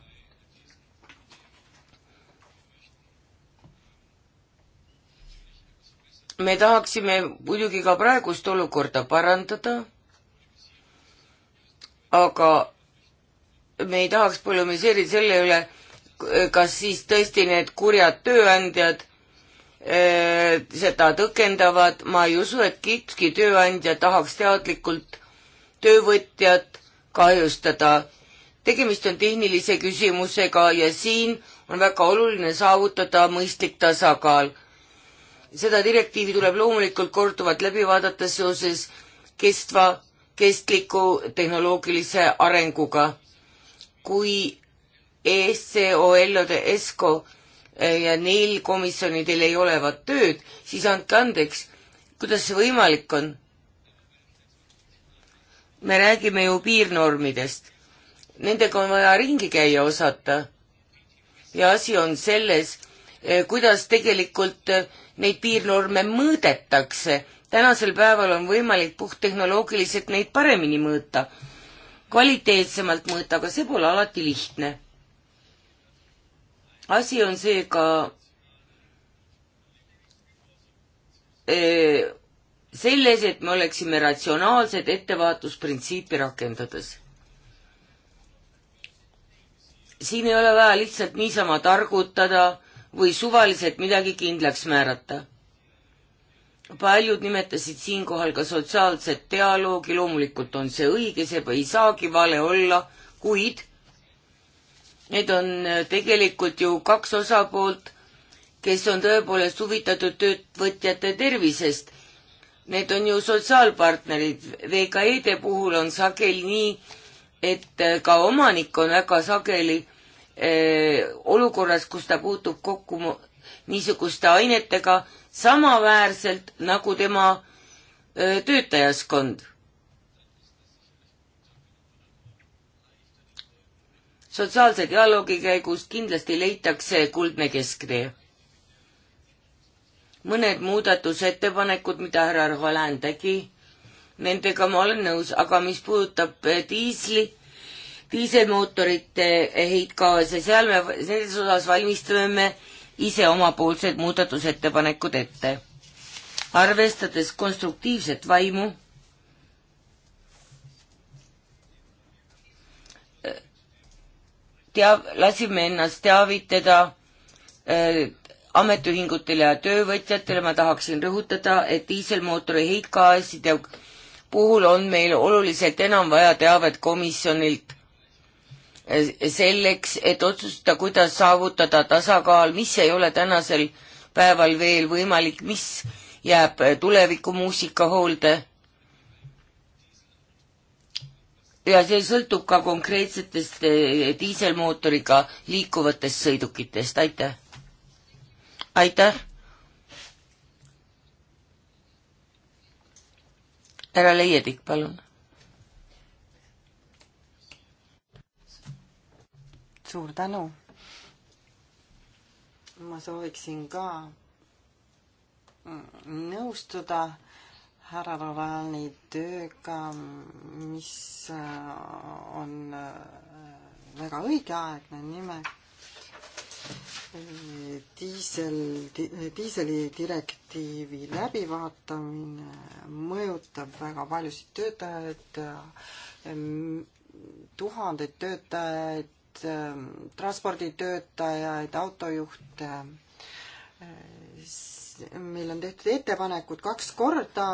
me tahaksime muidugi ka praegust olukorda parandada, aga me ei tahaks polemiseerida selle üle, kas siis tõesti need kurjad tööandjad öö, eh, seda tõkendavad, ma ei usu, et ükski tööandja tahaks teadlikult töövõtjat kahjustada. tegemist on tehnilise küsimusega ja siin on väga oluline saavutada mõistlik tasakaal seda direktiivi tuleb loomulikult korduvalt läbi vaadata seoses kestva, kestliku tehnoloogilise arenguga. kui ESCO, Ellode, ESCO ja neil komisjonidel ei olevat tööd, siis andke andeks, kuidas see võimalik on? me räägime ju piirnormidest. Nendega on vaja ringi käia osata. ja asi on selles, Eh, kuidas tegelikult eh, neid piirnorme mõõdetakse. tänasel päeval on võimalik puhttehnoloogiliselt neid paremini mõõta, kvaliteetsemalt mõõta, aga see pole alati lihtne. asi on seega eh, selles, et me oleksime ratsionaalsed ettevaatusprintsiipi rakendades. siin ei ole vaja lihtsalt niisama targutada või suvaliselt midagi kindlaks määrata. paljud nimetasid siinkohal ka sotsiaalset dialoogi, loomulikult on see õige, see ei saagi vale olla, kuid need on äh, tegelikult ju kaks osapoolt, kes on tõepoolest huvitatud töövõtjate tervisest. Need on ju sotsiaalpartnerid, VKE-de puhul on sageli nii, et äh, ka omanik on väga sageli äh, Äh, olukorras, kus ta puutub kokku niisuguste ainetega samaväärselt nagu tema äh, töötajaskond. sotsiaalse dialoogi käigus kindlasti leitakse kuldne kesktee. mõned muudatusettepanekud, mida härra Roland tegi, nendega ma olen nõus, aga mis puudutab äh, diislit, diiselmootorite heitgaase, seal me, selles osas valmistame me ise omapoolsed muudatusettepanekud ette. arvestades konstruktiivset vaimu, teav-, lasime ennast teavitada äh, ametiühingutele ja töövõtjatele, ma tahaksin rõhutada, et diiselmootori heitgaaside puhul on meil oluliselt enam vaja teavet komisjonilt selleks, et otsustada, kuidas saavutada tasakaal, mis ei ole tänasel päeval veel võimalik, mis jääb tulevikumuusika hoolde. ja see sõltub ka konkreetsetest eh, diiselmootoriga liikuvatest sõidukitest, aitäh. aitäh. härra Leiedik, palun suur tänu. ma sooviksin ka nõustuda härra Rovani tööga, mis äh, on äh, väga õigeaegne nimelt diisel, diiseli direktiivi läbivaatamine mõjutab väga paljusid töötajaid, äh, tuhandeid töötajaid Ähm, transporditöötajaid, autojuhte. Äh, meil on tehtud ettepanekud kaks korda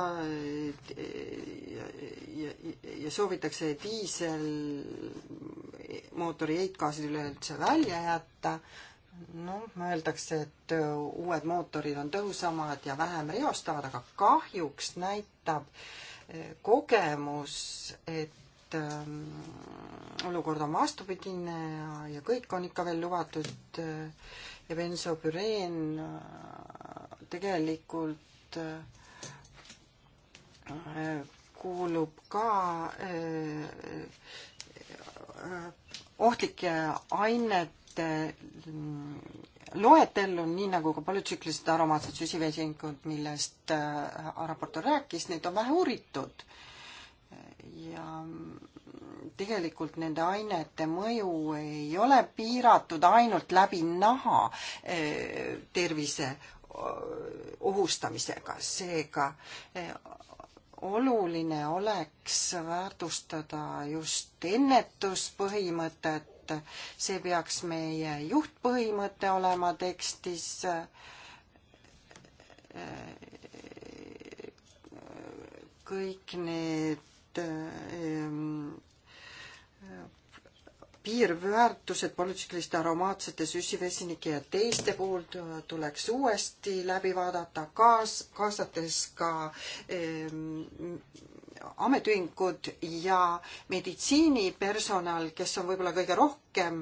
ja, ja, ja soovitakse diiselmootori heitgaasid üleüldse välja jätta. noh, öeldakse, et äh, uued mootorid on tõhusamad ja vähem reostavad, aga kahjuks näitab äh, kogemus, et et ähm, olukord on vastupidine ja kõik on ikka veel lubatud äh, ja bensopüreen äh, tegelikult äh, kuulub ka ohtlike ainete mm, loetellu, nii nagu ka polütsüklilised aromaatsed süsivesinikud, millest raportöör rääkis, neid on vähe uuritud ja tegelikult nende ainete mõju ei ole piiratud ainult läbi naha eh, tervise eh, ohustamisega, seega eh, oluline oleks väärtustada just ennetuspõhimõtet, see peaks meie juhtpõhimõte olema tekstis kõik need Ehm, piirväärtused polütsükliliste aromaatsete süsivesinike ja teiste puhul tuleks uuesti läbi vaadata, kaas-, kaasates ka ähm, ametiühingud ja meditsiinipersonal, kes on võib-olla kõige rohkem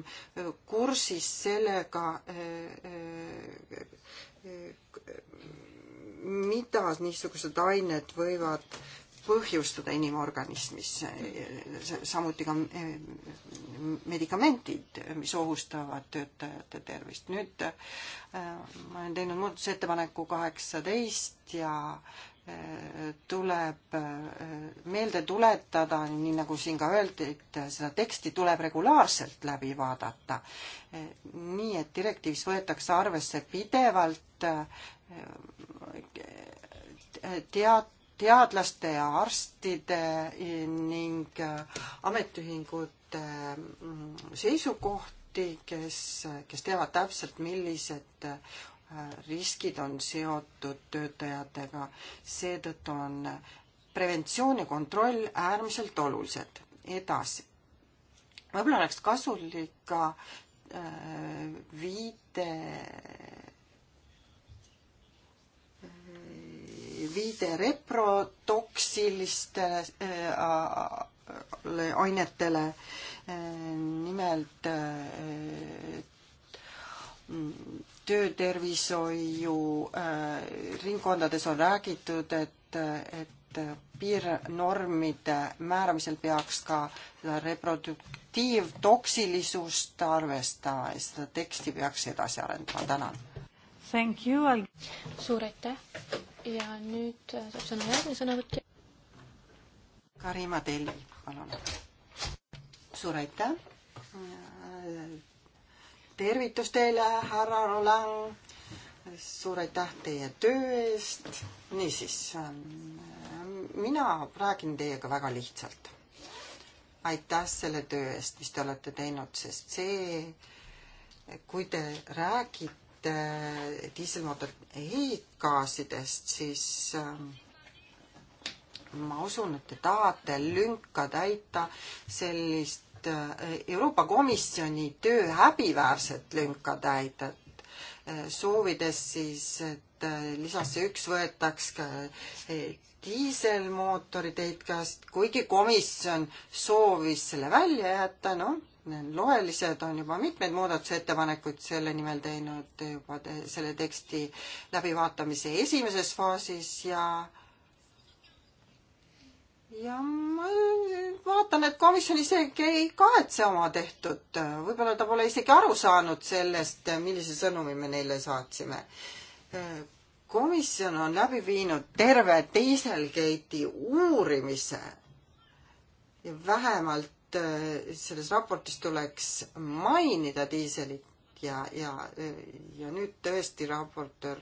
kursis sellega äh,, äh, mida niisugused ained võivad põhjustada inimorganismis. samuti ka eh, medikamentid, mis ohustavad töötajate tervist. nüüd eh, ma olen teinud muudatusettepaneku kaheksateist ja eh, tuleb meelde tuletada, nii nagu siin ka öeldi, et seda teksti tuleb regulaarselt läbi vaadata. nii et direktiivis võetakse arvesse pidevalt tead-, teadlaste ja arstide ning ametiühingute mm, seisukohti, kes, kes teavad täpselt, millised äh, riskid on seotud töötajatega. seetõttu on preventsioon ja kontroll äärmiselt olulised. edasi. võib-olla oleks kasulik ka äh, viide viide reprotoksilistele äh, äh, ainetele, äh, nimelt töötervishoiu ringkondades on räägitud, et, et piirnormide määramisel peaks ka seda reproduktiivtoksilisust arvestama ja seda teksti peaks edasi arendama. tänan. suur aitäh ja nüüd äh, saab sõna järgmine sõnavõtja. Karima Telli, palun. suur aitäh. tervitus teile, härra Roland. suur aitäh teie töö eest. niisiis, ähm, mina räägin teiega väga lihtsalt. aitäh selle töö eest, mis te olete teinud, sest see, kui te räägite Äh, diiselmootori heitgaasidest, siis ähm, ma usun, et te tahate lünka täita sellist äh, Euroopa Komisjoni töö häbiväärset lünka täita, et äh, soovides siis, et lisasse üks võetaks ka diiselmootorid heitgaast, kuigi komisjon soovis selle välja jätta, noh rohelised on juba mitmeid muudatusettepanekuid selle nimel teinud juba te, selle teksti läbivaatamise esimeses faasis ja ja ma vaatan, et komisjon isegi ei kahetse oma tehtut, võib-olla ta pole isegi aru saanud sellest, millise sõnumi me neile saatsime. komisjon on läbi viinud terve Dieselgate'i uurimise ja vähemalt Äh, selles raportis tuleks mainida diiselit ja, ja, ja nüüd tõesti, raportöör,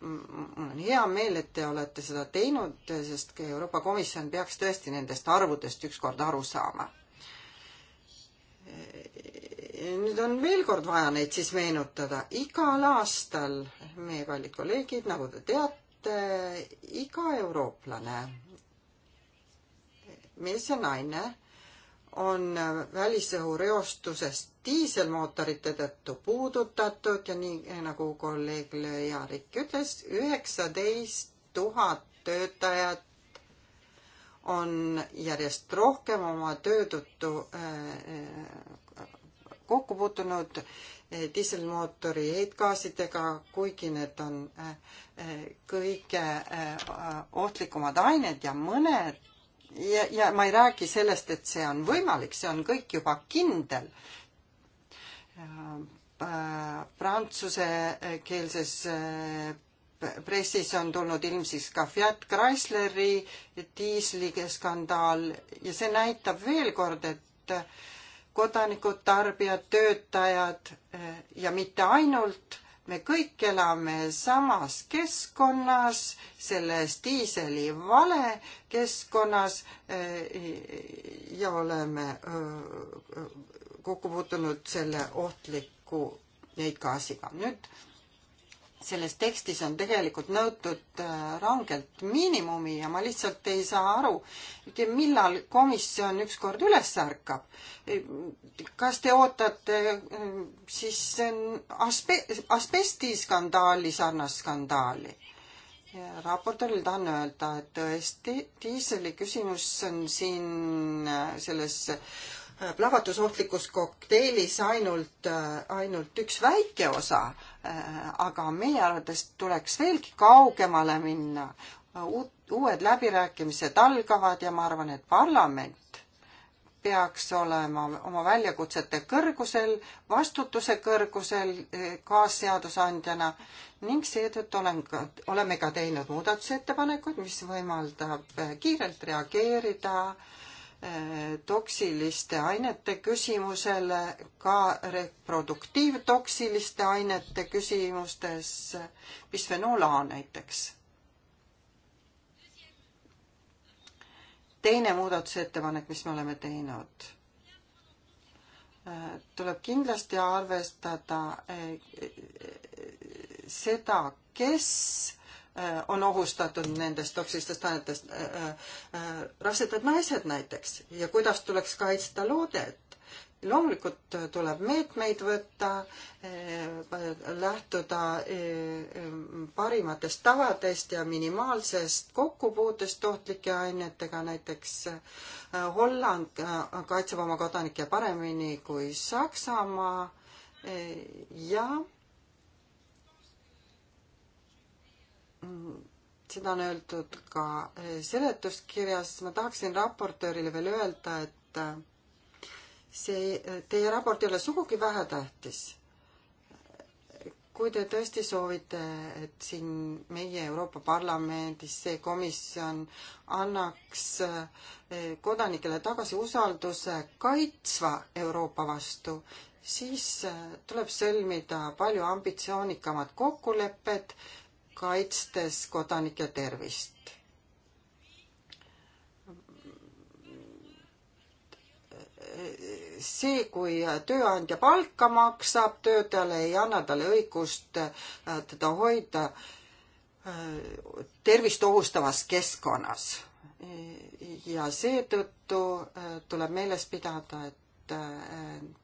mul on hea meel, et te olete seda teinud, sest Euroopa Komisjon peaks tõesti nendest arvudest ükskord aru saama. nüüd on veel kord vaja neid siis meenutada. igal aastal, meie kallid kolleegid, nagu te teate, iga eurooplane, mees ja naine on välisõhu reostusest diiselmootorite tõttu puudutatud ja nii nagu kolleeg Jaarik ütles, üheksateist tuhat töötajat on järjest rohkem oma töö tõttu äh, äh, kokku puutunud äh, diiselmootori heitgaasidega, kuigi need on kõige ohtlikumad ained ja mõned ja, ja ma ei räägi sellest, et see on võimalik, see on kõik juba kindel. Äh, prantsusekeelses äh, pressis on tulnud ilmsiks ka Fiat Chrysleri diisliskandaal ja see näitab veel kord, et äh, kodanikud, tarbijad, töötajad ja mitte ainult me kõik elame samas keskkonnas, selles diiseli vale keskkonnas eh, ja oleme eh, kokku puutunud selle ohtliku neid gaasiga. nüüd selles tekstis on tegelikult nõutud äh, rangelt miinimumi ja ma lihtsalt ei saa aru, millal komisjon ükskord üles ärkab. kas te ootate äh, siis aspe-, asbestiskandaali sarnast skandaali? raportööril tahan öelda, et tõesti, diiseli küsimus on siin äh, selles Äh, plahvatusohtlikus kokteilis ainult, äh, ainult üks väike osa, äh, aga meie arvates tuleks veelgi kaugemale minna. uued läbirääkimised algavad ja ma arvan, et parlament peaks olema oma väljakutsete kõrgusel, vastutuse kõrgusel kaasseadusandjana ning seetõttu olen ka, oleme ka teinud muudatusettepanekuid, mis võimaldab kiirelt reageerida äh, toksiliste ainete küsimusele ka reproduktiivtoksiliste ainete küsimustes, bisfenool A näiteks. teine muudatusettepanek, mis me oleme teinud, tuleb kindlasti arvestada eh, eh, seda, kes Äh, on ohustatud nendest toksistest ainetest äh, äh, rasedad naised näiteks ja kuidas tuleks kaitsta loodet. loomulikult tuleb meetmeid võtta, lähtuda parimatest tavadest ja minimaalsest kokkupuutest ohtlike ainetega, näiteks Holland kaitseb oma kodanikke paremini kui Saksamaa ja seda on öeldud ka eh, seletuskirjas, ma tahaksin raportöörile veel öelda, et eh, see, eh, teie raport ei ole sugugi vähetähtis. kui te tõesti soovite, et siin meie Euroopa Parlamendis see komisjon annaks kodanikele tagasi usalduse kaitsva Euroopa vastu, siis tuleb sõlmida palju ambitsioonikamad kokkulepped kaitstes kodanike tervist. see, kui tööandja palka maksab töötajale, ei anna talle õigust äh, teda hoida äh, tervist ohustavas keskkonnas. ja seetõttu äh, tuleb meeles pidada, et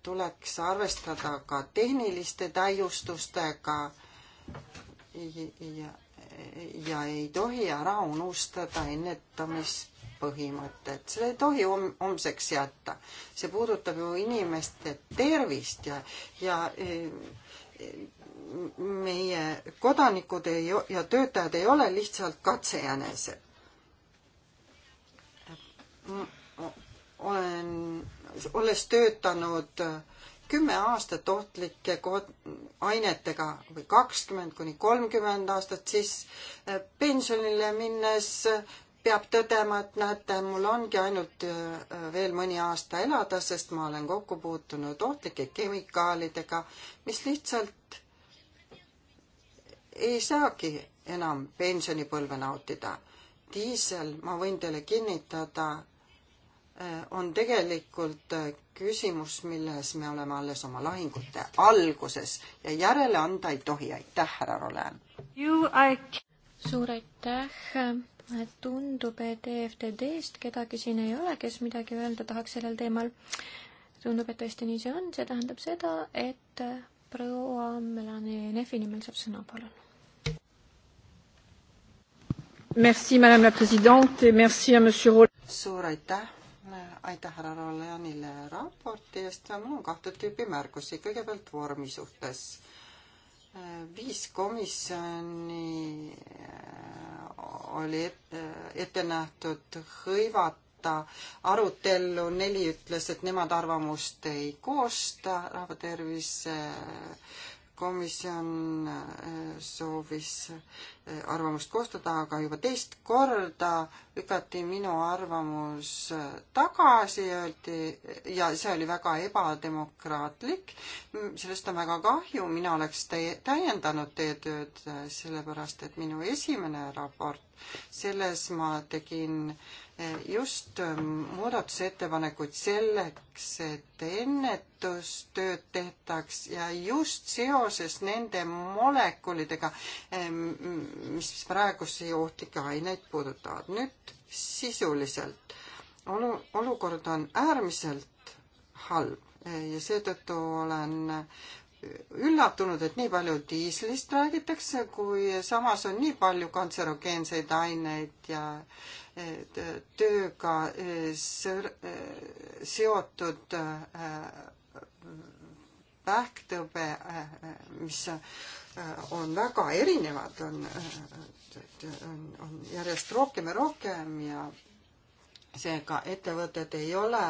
tuleks arvestada ka tehniliste täiustustega ja, ja ei tohi ära unustada ennetamispõhimõtet, seda ei tohi hom-, homseks jätta. see puudutab ju inimeste tervist ja, ja e, meie kodanikud ei, ja töötajad ei ole lihtsalt katsejänesed. olen, olles töötanud äh, kümme aastat ohtlike ainetega või kakskümmend kuni kolmkümmend aastat, siis äh, pensionile minnes peab tõdema, et näete, mul ongi ainult äh, veel mõni aasta elada, sest ma olen kokku puutunud ohtlike kemikaalidega, mis lihtsalt ei saagi enam pensionipõlve nautida. diisel, ma võin teile kinnitada, äh, on tegelikult küsimus, milles me oleme alles oma lahingute alguses ja järele anda ei tohi. aitäh, härra Rolen! suur aitäh! tundub, et EFTD-st kedagi siin ei ole, kes midagi öelda tahaks sellel teemal. tundub, et tõesti nii see on, see tähendab seda, et proua Melanie Neffi nimel saab sõna, palun. Merci, madame la présidente et merci à monsieur Roland. suur aitäh aitäh härra Roljanile raporti eest, mul on kahte tüüpi märkusi, kõigepealt vormi suhtes. viis komisjoni äh, oli ette nähtud hõivata arutellu, neli ütles, et nemad arvamust ei koosta, rahvatervise äh, komisjon äh, soovis arvamust koostada, aga juba teist korda lükati minu arvamus tagasi, öeldi ja see oli väga ebademokraatlik. sellest on väga kahju, mina oleks teie, täiendanud teie tööd, sellepärast et minu esimene raport, selles ma tegin eh, just eh, muudatusettepanekuid selleks, et ennetustööd tehtaks ja just seoses nende molekulidega, eh, mis praegusi ohtlikke aineid puudutavad. nüüd sisuliselt. olu-, olukord on äärmiselt halb ja seetõttu olen üllatunud, et nii palju diislist räägitakse, kui samas on nii palju kantserogeenseid aineid ja tööga eh, eh, seotud eh, vähktõbe, mis äh, on väga erinevad, on, äh, on, on järjest rohkem ja rohkem ja seega ettevõtted ei ole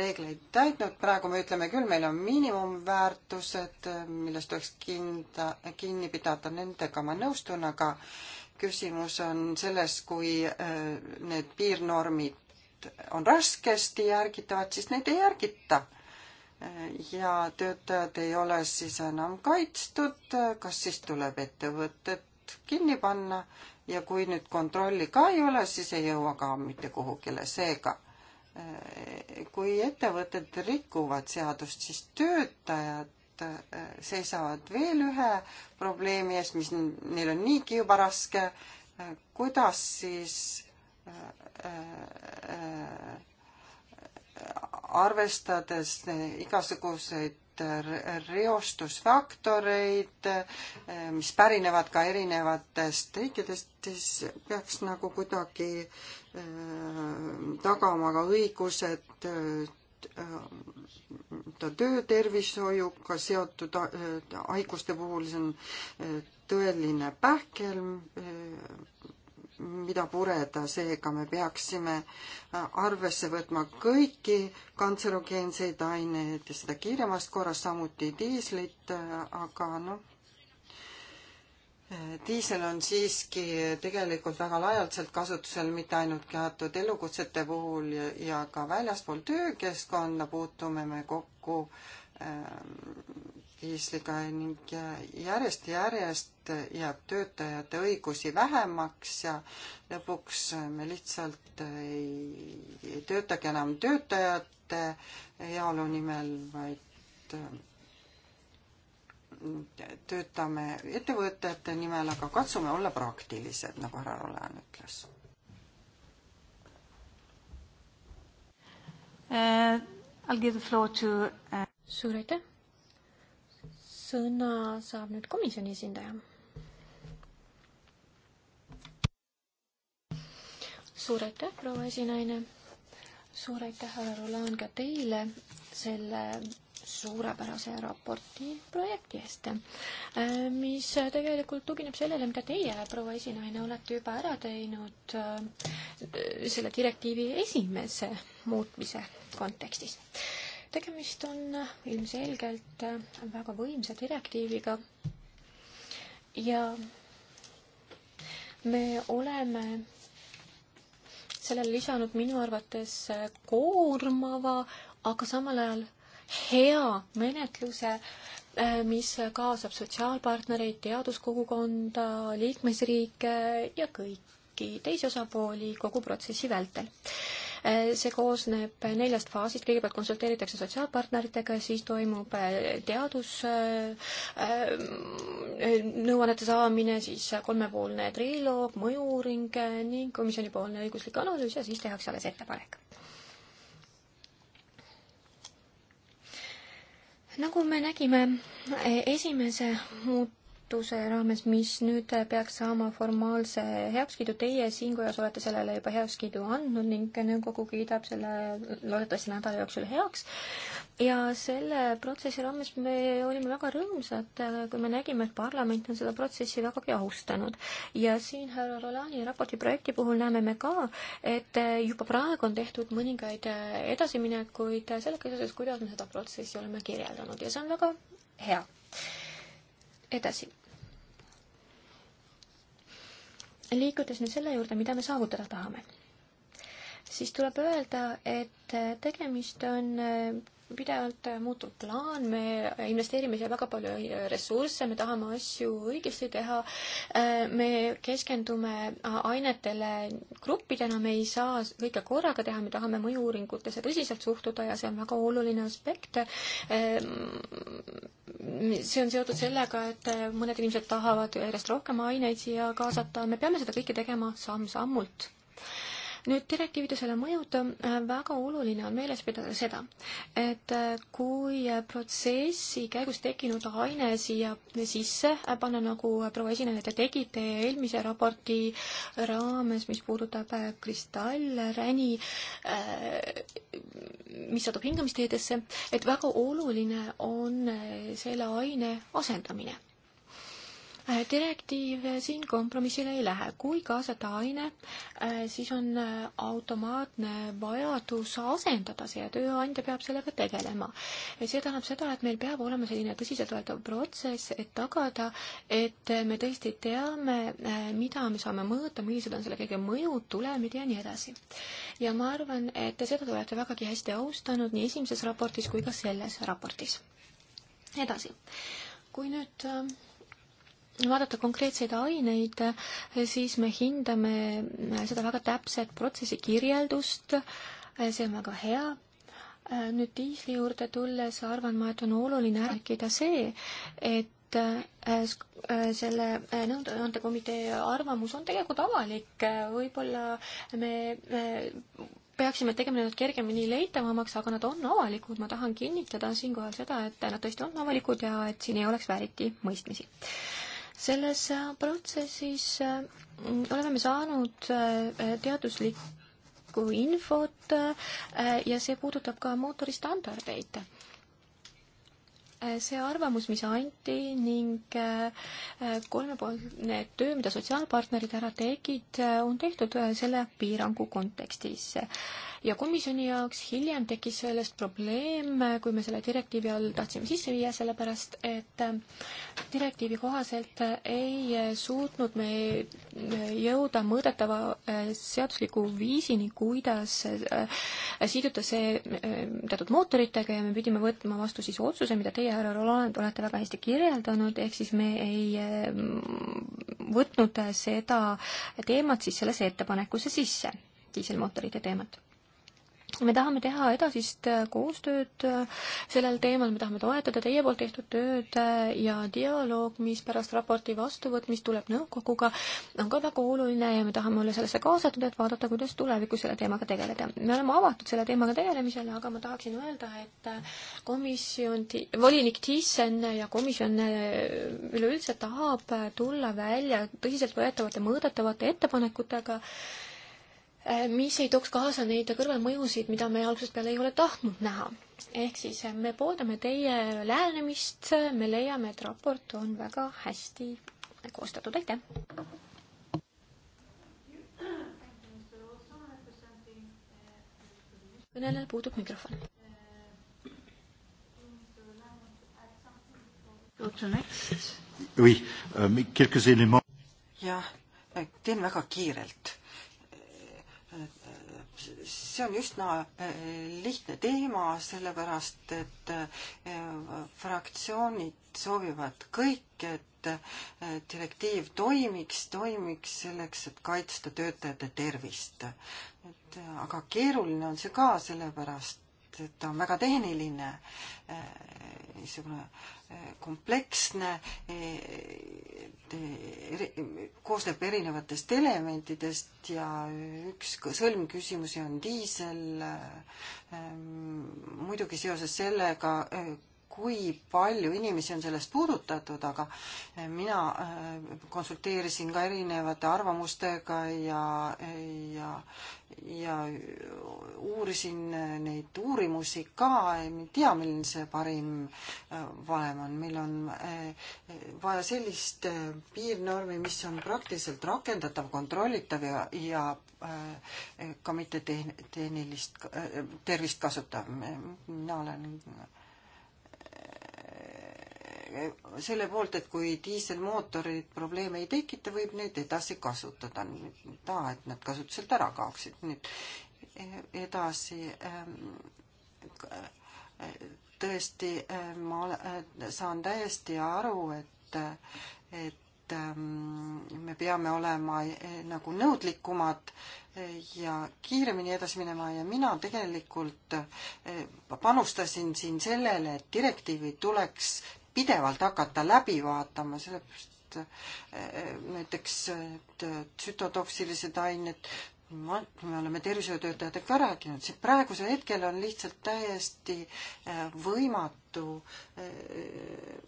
reegleid täitnud, praegu me ütleme küll, meil on miinimumväärtused, millest tuleks kinda, kinni pidada, nendega ma nõustun, aga küsimus on selles, kui äh, need piirnormid on raskesti järgitavad, siis neid ei järgita ja töötajad ei ole siis enam kaitstud, kas siis tuleb ettevõtted kinni panna ja kui nüüd kontrolli ka ei ole, siis ei jõua ka mitte kuhugile, seega kui ettevõtted rikuvad seadust, siis töötajad seisavad veel ühe probleemi ees, mis neil on niigi juba raske, kuidas siis äh, äh, arvestades igasuguseid reostusfaktoreid, eh, mis pärinevad ka erinevatest riikidest, siis peaks nagu kuidagi eh, tagama ka õigused eh, töötervishoiuga seotud haiguste puhul, see on tõeline pähkel, mida pureda, seega me peaksime äh, arvesse võtma kõiki kantserogeenseid aineid ja seda kiiremas korras, samuti diislit, äh, aga noh, äh, diisel on siiski tegelikult väga laialdaselt kasutusel, mitte ainult teatud elukutsete puhul ja, ja ka väljaspool töökeskkonda puutume me kokku ähm, ISL-iga ning järjest-järjest jääb töötajate õigusi vähemaks ja lõpuks me lihtsalt ei, ei töötagi enam töötajate heaolu nimel, vaid äh, töötame ettevõtjate nimel, aga katsume olla praktilised, nagu härra Rolan ütles uh,. I'll give the floor to uh... suur aitäh sõna saab nüüd komisjoni esindaja. suur aitäh, proua esinaine. suur aitäh, härra Roland, ka teile selle suurepärase raporti projekti eest, mis tegelikult tugineb sellele, mida teie, proua esinaine, olete juba ära teinud äh, selle direktiivi esimese muutmise kontekstis tegemist on ilmselgelt väga võimsa direktiiviga ja me oleme sellele lisanud minu arvates koormava, aga samal ajal hea menetluse, mis kaasab sotsiaalpartnereid, teaduskogukonda, liikmesriike ja kõiki teisi osapooli kogu protsessi vältel see koosneb neljast faasist, kõigepealt konsulteeritakse sotsiaalpartneritega, siis toimub äh, teadusnõuannete äh, äh, saamine, siis kolmepoolne triloog, mõju-uuring ning komisjonipoolne õiguslik analüüs ja siis tehakse alles ettepanek nagu me nägime e-, esimese muut-, algatuse raames, mis nüüd peaks saama formaalse heakskiidu. Teie siinkohas olete sellele juba heakskiidu andnud ning nõukogu kiidab selle loodetavasti nädala jooksul heaks. ja selle protsessi raames me olime väga rõõmsad, kui me nägime, et parlament on seda protsessi vägagi austanud. ja siin härra Rolani raporti projekti puhul näeme me ka, et juba praegu on tehtud mõningaid edasiminekuid sellega seoses, kuidas me seda protsessi oleme kirjeldanud ja see on väga hea edasi. liikudes nüüd selle juurde, mida me saavutada tahame, siis tuleb öelda, et tegemist on pidevalt äh, muutub plaan, me investeerime siia väga palju ressursse, me tahame asju õigesti teha, äh, me keskendume äh, ainetele gruppidena, me ei saa kõike korraga teha, me tahame mõju-uuringutesse tõsiselt suhtuda ja see on väga oluline aspekt. see on seotud sellega, et mõned inimesed tahavad järjest rohkem aineid siia kaasata, me peame seda kõike tegema samm-sammult nüüd direktiivide selle mõjud, äh, väga oluline on meeles pidada seda, et äh, kui äh, protsessi käigus tekkinud aine siia sisse panna, nagu proua esineja, te tegite eelmise raporti raames, mis puudutab kristallräni, mis satub hingamisteedesse, et väga oluline on selle aine asendamine Äh, direktiiv äh, siin kompromissile ei lähe. kui kaasata aine, äh, siis on automaatne vajadus asendada see ja tööandja peab sellega tegelema. see tähendab seda, et meil peab olema selline tõsiseltvõetav protsess, et tagada, et me tõesti teame, mida me saame mõõta, millised on selle kõige mõjud, tulemid ja nii edasi. ja ma arvan, et seda te olete vägagi hästi austanud nii esimeses raportis kui ka selles raportis. edasi kui nüüd vaadata konkreetseid aineid, siis me hindame seda väga täpset protsessi kirjeldust, see on väga hea. nüüd diisli juurde tulles arvan ma, et on oluline rääkida see, et äh, äh, selle äh, nõuandja komitee arvamus on tegelikult avalik, võib-olla me, me peaksime tegema nad kergemini leitavamaks, aga nad on avalikud, ma tahan kinnitada siinkohal seda, et nad tõesti on avalikud ja et siin ei oleks vääriti mõistmisi selles äh, protsessis äh, oleme me saanud äh, teaduslikku infot ja see puudutab ka mootoristandardeid. see arvamus, mis anti ning kolmepoolne töö, mida sotsiaalpartnerid ära tegid, on tehtud selle piirangu kontekstis ja komisjoni jaoks hiljem tekkis sellest probleem, kui me selle direktiivi all tahtsime sisse viia, sellepärast et äh, direktiivi kohaselt äh, ei äh, suutnud me jõuda mõõdetava seadusliku viisini, kuidas siduda see teatud mootoritega ja me pidime võtma vastu siis otsuse, mida teie, härra Roland, olete väga hästi kirjeldanud, ehk siis me ei võtnud seda teemat siis sellesse ettepanekusse sisse, diiselmootorite teemat me tahame teha edasist äh, koostööd äh, sellel teemal, me tahame toetada teie poolt tehtud tööd äh, ja dialoog, mis pärast raporti vastuvõtmist tuleb nõukoguga, on ka väga oluline ja me tahame olla sellesse kaasatud, et vaadata, kuidas tulevikus selle teemaga tegeleda. me oleme avatud selle teemaga tegelemisele, aga ma tahaksin öelda, et komisjon, volinik Thyssen ja komisjon üleüldse tahab tulla välja tõsiseltvõetavate mõõdetavate ettepanekutega Äh, mis ei tooks kaasa neid kõrvalmõjusid, mida me algusest peale ei ole tahtnud näha. ehk siis äh, me pooldame teie lähenemist, äh, me leiame, et raport on väga hästi koostatud, aitäh! kõnelejal puudub mikrofon. Euh, jah, teen väga kiirelt see on üsna eh, lihtne teema, sellepärast et eh, fraktsioonid soovivad kõik, et eh, direktiiv toimiks, toimiks selleks, et kaitsta töötajate tervist. et aga keeruline on see ka sellepärast, et ta on väga tehniline niisugune äh, kompleksne, eh, koosneb erinevatest elementidest ja üks sõlmküsimusi on diisel, eh, muidugi seoses sellega, eh, kui palju inimesi on sellest puudutatud, aga mina äh, konsulteerisin ka erinevate arvamustega ja, ja, ja uurisin neid uurimusi ka, ei tea, milline see parim äh, valem on, meil on äh, vaja sellist piirnormi, mis on praktiliselt rakendatav, kontrollitav ja, ja ka mitte tehn-, tehnilist, tervist kasutav. mina olen selle poolt, et kui diiselmootorid probleeme ei tekita, võib neid edasi kasutada. ei taha, et nad kasutuselt ära kaoksid. nüüd eh, edasi ehm, eh, tõesti, eh, ma saan täiesti aru, et, et ehm, me peame olema nagu nõudlikumad ja kiiremini edasi minema ja mina tegelikult panustasin siin sellele, et direktiivi tuleks pidevalt hakata läbi vaatama, sellepärast äh, näiteks tsütotoksilised ained, ma, me oleme tervishoiutöötajatega rääkinud, siin praegusel hetkel on lihtsalt täiesti äh, võimatu. Äh,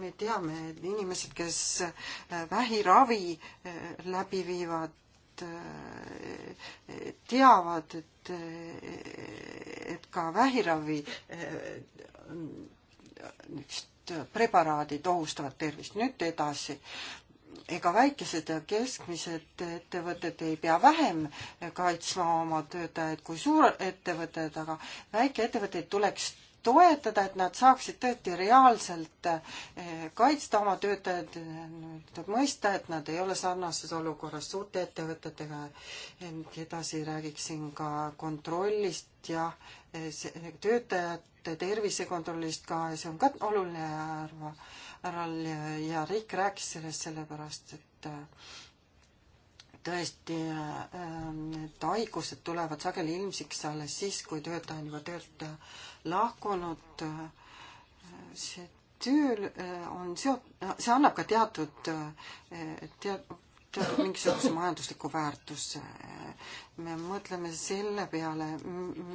me teame, et inimesed, kes vähiravi läbi viivad, teavad, et, et ka vähiravi üks preparaadid ohustavad tervist. nüüd edasi. ega väikesed ja keskmised ettevõtted ei pea vähem kaitsma oma töötajaid kui suurettevõtted, aga väikeettevõtteid tuleks toetada, et nad saaksid tõesti reaalselt eh, kaitsta oma töötajaid, mõista, et nad ei ole sarnases olukorras suurte ettevõtetega. edasi räägiksin ka kontrollist ja eh, töötajad tervisekontrollist ka ja see on ka oluline härra, härral ja Riik rääkis sellest sellepärast, et äh, tõesti äh, need haigused tulevad sageli ilmsiks alles siis, kui töötaja on juba töölt äh, lahkunud. see töö on seot-, see annab ka teatud, tead-, mingisuguse majandusliku väärtuse. me mõtleme selle peale,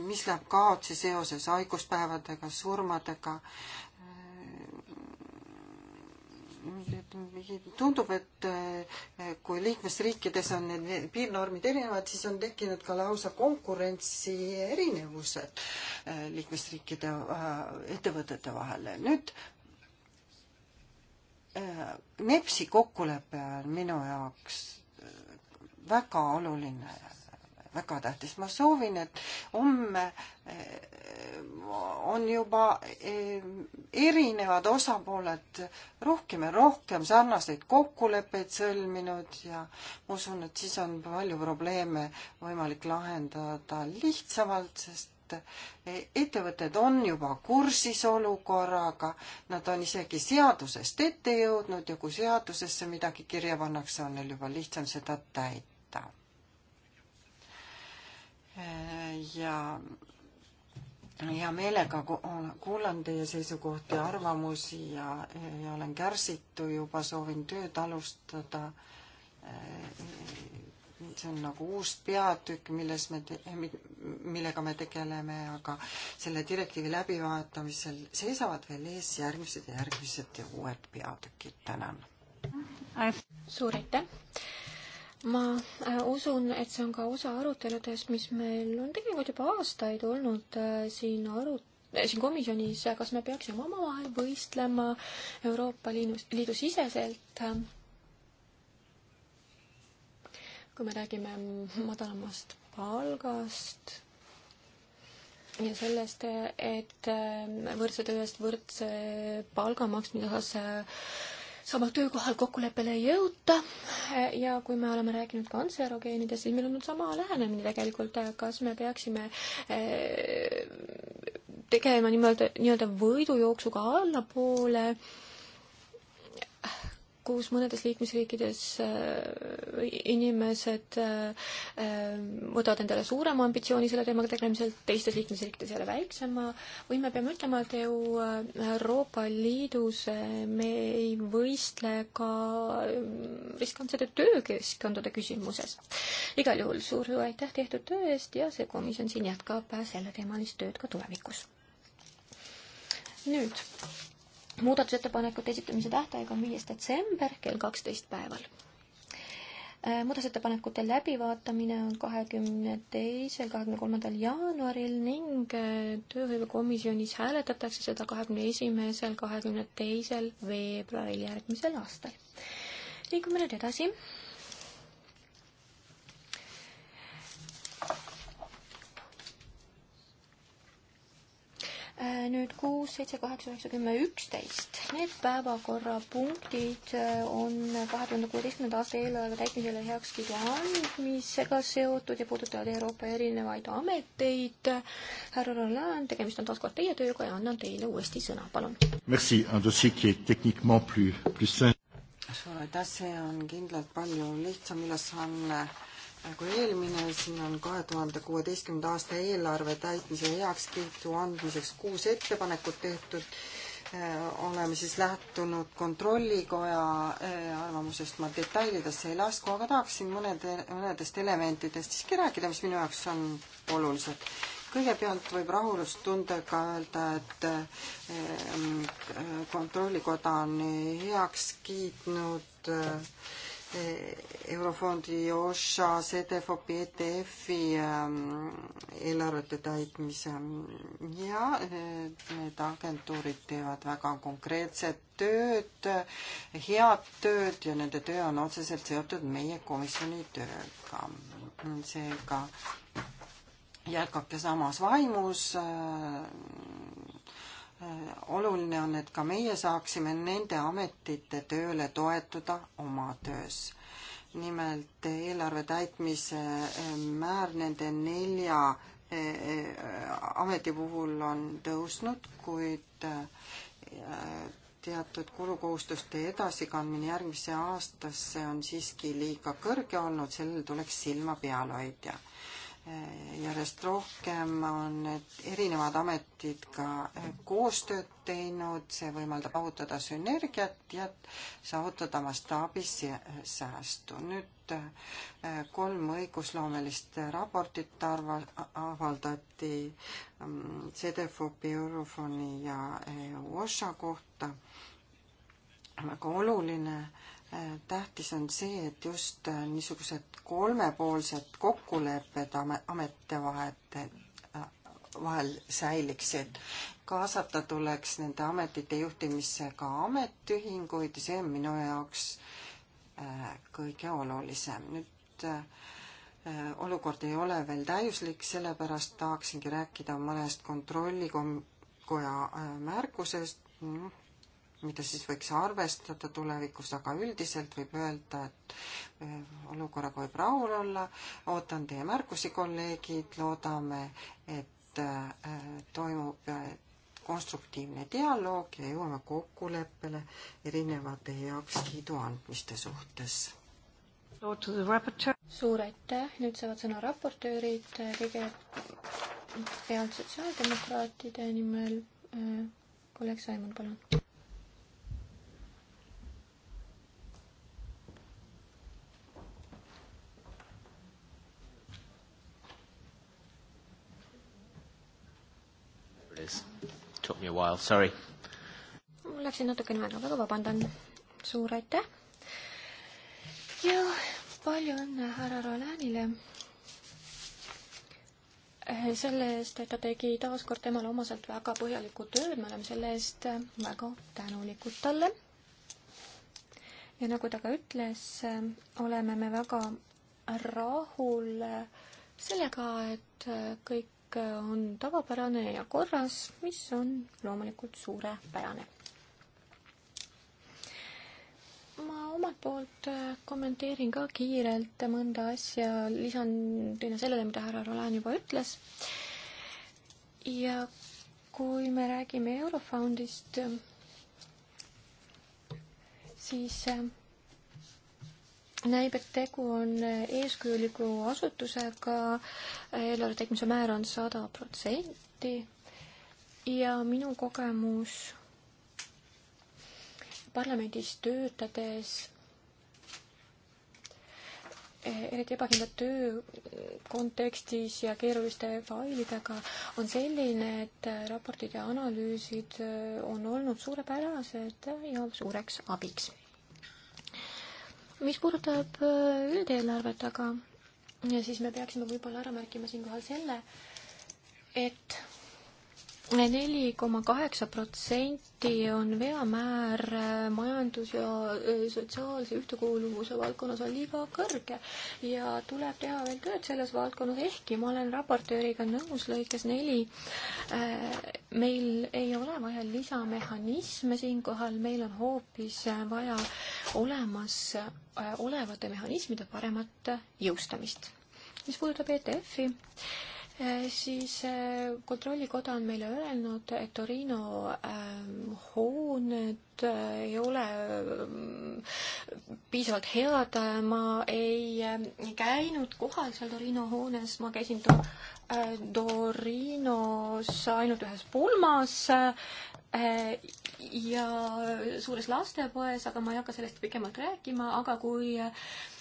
mis läheb kaotsi seoses haiguspäevadega, surmadega. tundub, et eh, kui liikmesriikides on need piirnormid erinevad, siis on tekkinud ka lausa konkurentsi erinevused eh, liikmesriikide eh, ettevõtete vahel. nüüd NEPS-i kokkulepe on minu jaoks äh, väga oluline, väga tähtis. ma soovin, et homme äh, on juba äh, erinevad osapooled rohkem ja rohkem sarnaseid kokkuleppeid sõlminud ja ma usun, et siis on palju probleeme võimalik lahendada lihtsamalt, sest et ettevõtted on juba kursis olukorraga, nad on isegi seadusest ette jõudnud ja kui seadusesse midagi kirja pannakse, on neil juba lihtsam seda täita. ja hea meelega kuulan teie seisukohti ja arvamusi ja, ja olen kärsitu juba, soovin tööd alustada see on nagu uus peatükk, milles me, millega me tegeleme, aga selle direktiivi läbivaatamisel seisavad veel ees järgmised ja järgmised ja uued peatükid. tänan. suur aitäh ma äh, usun, et see on ka osa aruteludest, mis meil on tegelikult juba aastaid olnud äh, siin aru-, äh, siin komisjonis, kas me peaksime omavahel võistlema Euroopa Liidus, liidu siseselt kui me räägime madalamast palgast ja sellest, et äh, võrdse töö eest võrdse palga maksmise osas äh, samal töökohal kokkuleppele ei jõuta äh, ja kui me oleme rääkinud kantserogeenidest, siis meil on sama lähenemine tegelikult, kas me peaksime tegema nii-öelda, nii-öelda võidujooksuga allapoole äh, kus mõnedes liikmesriikides äh, inimesed äh, äh, võtavad endale suurema ambitsiooni selle teemaga tegelemisel, teistes liikmesriikides jälle väiksema, või me peame ütlema, et EU Euroopa Liidus me ei võistle ka riskantsete töökeskkondade küsimuses. igal juhul suur aitäh tehtud töö eest ja see komisjon siin jätkab selleteemalist tööd ka tulevikus. nüüd muudatusettepanekute esitamise tähtaeg on viies detsember kell kaksteist päeval. Äh, muudatusettepanekute läbivaatamine on kahekümne teisel, kahekümne kolmandal jaanuaril ning äh, tööhõivekomisjonis hääletatakse seda kahekümne esimesel, kahekümne teisel veebruaril järgmisel aastal. liigume nüüd edasi Äh, nüüd kuus, seitse, kaheksa, üheksa, kümme, üksteist. Need päevakorrapunktid äh, on kahe tuhande kuueteistkümnenda aasta eelarve täitmisele heakskiidu andmisega seotud ja puudutavad Euroopa erinevaid ameteid. härra Roland, tegemist on taas kord teie tööga ja annan teile uuesti sõna, palun. Merci, un dossier qui est techniquement plus, plus simple. suur aitäh, see on kindlalt palju lihtsam ülesanne kui nagu eelmine, siin on kahe tuhande kuueteistkümnenda aasta eelarve täitmise heakskiitu andmiseks kuus ettepanekut tehtud. Äh, oleme siis lähtunud Kontrollikoja äh, arvamusest, ma detailidesse ei lasku, aga tahaksin mõnede, mõnedest elementidest siiski rääkida, mis minu jaoks on olulised kõigepealt võib rahulustundega öelda, et äh, kontrollikoda on heaks kiitnud äh, E, Eurofondi OSHA, CDFOP-i, ETF-i ähm, eelarvete täitmise ja e, need agentuurid teevad väga konkreetset tööd, head tööd ja nende töö on otseselt seotud meie komisjoni tööga. seega jätkake samas vaimus Äh, oluline on, et ka meie saaksime nende ametite tööle toetuda oma töös. nimelt eelarve täitmise äh, määr nende nelja äh, ameti puhul on tõusnud, kuid teatud kulukohustuste edasikandmine järgmisse aastasse on siiski liiga kõrge olnud, sellel tuleks silma peal hoida järjest rohkem on need erinevad ametid ka eh, koostööd teinud, see võimaldab saavutada sünergiat ja saavutada mastaabis eh, säästu. nüüd eh, kolm õigusloomelist raportit arva, avaldati mm, CDFOP-i, Eurofoni ja OSHA kohta. väga oluline äh, Äh, tähtis on see, et just äh, niisugused kolmepoolsed kokkulepped amete vahet, äh, vahel säiliksid. kaasata tuleks nende ametite juhtimisse ka ametiühinguid ja see on minu jaoks kõige olulisem. nüüd olukord ei ole veel täiuslik, sellepärast tahaksingi rääkida mõnest kontrollikoja märkusest mm mida siis võiks arvestada tulevikus, aga üldiselt võib öelda, et äh, olukorraga võib rahul olla. ootan teie märkusi, kolleegid, loodame, et äh, toimub äh, konstruktiivne dialoog ja jõuame kokkuleppele erinevate heakskiidu andmiste suhtes. suur aitäh, nüüd saavad sõna raportöörid, kõigepealt sotsiaaldemokraatide nimel kolleeg Saimon, palun Took me a while, sorry. mul läksin natukene aega, väga vabandan. suur aitäh. ja palju õnne härra Rolanile eh, selle eest, et ta tegi taas kord temale omaselt väga põhjalikku tööd, me oleme selle eest väga tänulikud talle. ja nagu ta ka ütles, eh, oleme me väga rahul sellega, et kõik kõik on tavapärane ja korras, mis on loomulikult suurepärane. ma omalt poolt äh, kommenteerin ka kiirelt mõnda asja, lisandina sellele, mida härra Rolan juba ütles. ja kui me räägime Eurofondist, siis äh, näib, et tegu on eeskujuliku asutusega, eelarve tegemise määr on sada protsenti ja minu kogemus parlamendis töötades eriti ebakindla töö kontekstis ja keeruliste failidega on selline, et raportid ja analüüsid on olnud suurepärased ja suureks abiks mis puudutab äh, üldeelarvet aga, siis me peaksime võib-olla ära märkima siinkohal selle, et neli koma kaheksa protsenti on veamäär äh, majandus- ja äh, sotsiaalse ühtekuuluvuse valdkonnas on liiga kõrge ja tuleb teha veel tööd selles valdkonnas, ehkki ma olen raportööriga nõus lõikes neli. Äh, meil ei ole vaja lisamehhanisme siinkohal, meil on hoopis vaja olemas olevate mehhanismide paremat jõustamist. mis puudutab ETF-i, Eh, siis eh, Kontrollikoda on meile öelnud, et Torino ehm, hooned eh, ei ole ehm, piisavalt head, ma ei ehm, käinud kohal seal Torino hoones, ma käisin to Torinos ainult ühes pulmas ja suures lastepoes, aga ma ei hakka sellest pikemalt rääkima, aga kui äh,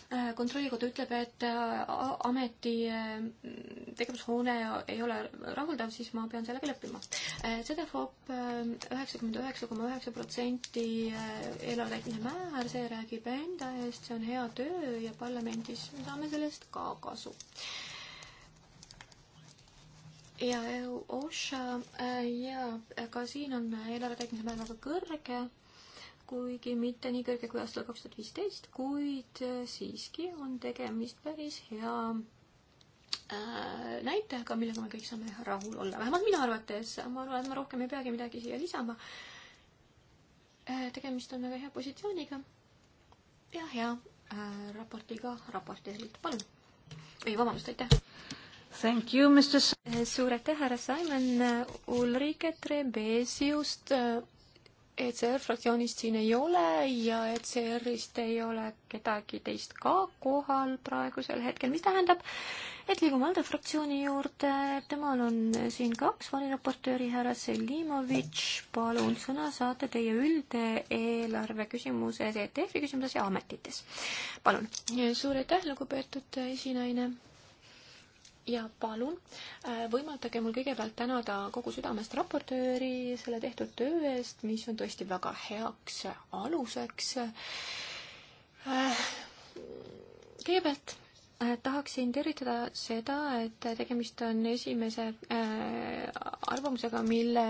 Äh, kontrollikoda ütleb, et äh, ameti äh, tegevushoone ei ole rahuldav, siis ma pean sellega leppima. CDFOP üheksakümmend üheksa koma üheksa protsenti eelarve täitmise määr, see räägib enda eest, see on hea töö ja parlamendis saame sellest ka kasu ja OSHA ja ka siin on eelarve täitmise määr väga kõrge kuigi mitte nii kõrge kui aastal kaks tuhat viisteist, kuid äh, siiski on tegemist päris hea äh, näitajaga, millega me kõik saame rahul olla, vähemalt minu arvates, ma arvan, et ma rohkem ei peagi midagi siia lisama. Äh, tegemist on väga hea positsiooniga ja hea raportiga raportöörilt, palun. ei, vabandust, aitäh. Thank you, Mr. suur aitäh, härra Simon. Ulrike Trebesiust ECR fraktsioonist siin ei ole ja ECR-ist ei ole kedagi teist ka kohal praegusel hetkel, mis tähendab, et liigume ALDE fraktsiooni juurde, temal on siin kaks valiraportööri, härra Selimovitš, palun sõna saate teie üldeelarve küsimuses, ETF-i küsimuses ja ametites. palun. suur aitäh, lugupeetud esinaine ja palun äh, võimaldage mul kõigepealt tänada kogu südamest raportööri selle tehtud töö eest, mis on tõesti väga heaks aluseks. Äh, kõigepealt äh, tahaksin tervitada seda, et tegemist on esimese arvamusega, mille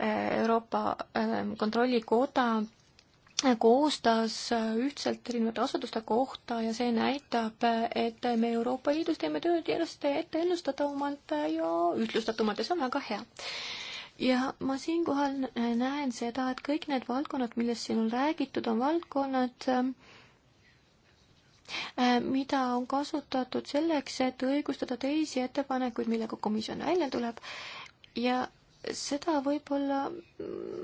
Euroopa Kontrollikoda koostas ühtselt erinevate asutuste kohta ja see näitab, et me Euroopa Liidus teeme tööd järjest ette ennustatavamalt ja ühtlustatumalt ja see on väga hea. ja ma siinkohal näen seda, et kõik need valdkonnad, millest siin on räägitud, on valdkonnad, mida on kasutatud selleks, et õigustada teisi ettepanekuid, millega komisjon välja tuleb ja seda võib-olla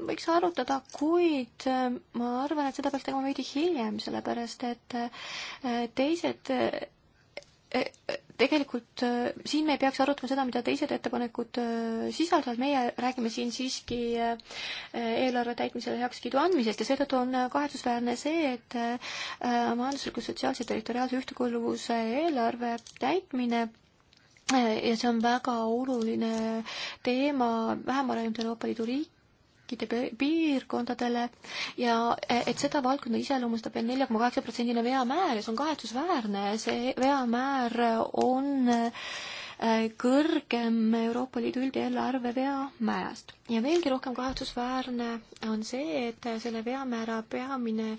võiks arutada, kuid äh, ma arvan, et seda peaks tegema veidi hiljem, sellepärast et äh, teised äh, tegelikult siin me ei peaks arutama seda, mida teised ettepanekud sisaldavad, meie räägime siin siiski eelarve täitmisele heakskiidu andmisest ja seetõttu on kahetsusväärne see, et majandusliku, sotsiaalse, territoriaalse ühtekuuluvuse eelarve täitmine ja see on väga oluline teema vähemalt ainult Euroopa Liidu riikide piirkondadele ja et seda valdkonda iseloomustab veel nelja koma kaheksa protsendine veamäär ja see on kahetsusväärne, see veamäär on äh, kõrgem Euroopa Liidu üldeelarve veamäärast. ja veelgi rohkem kahetsusväärne on see, et selle veamäära peamine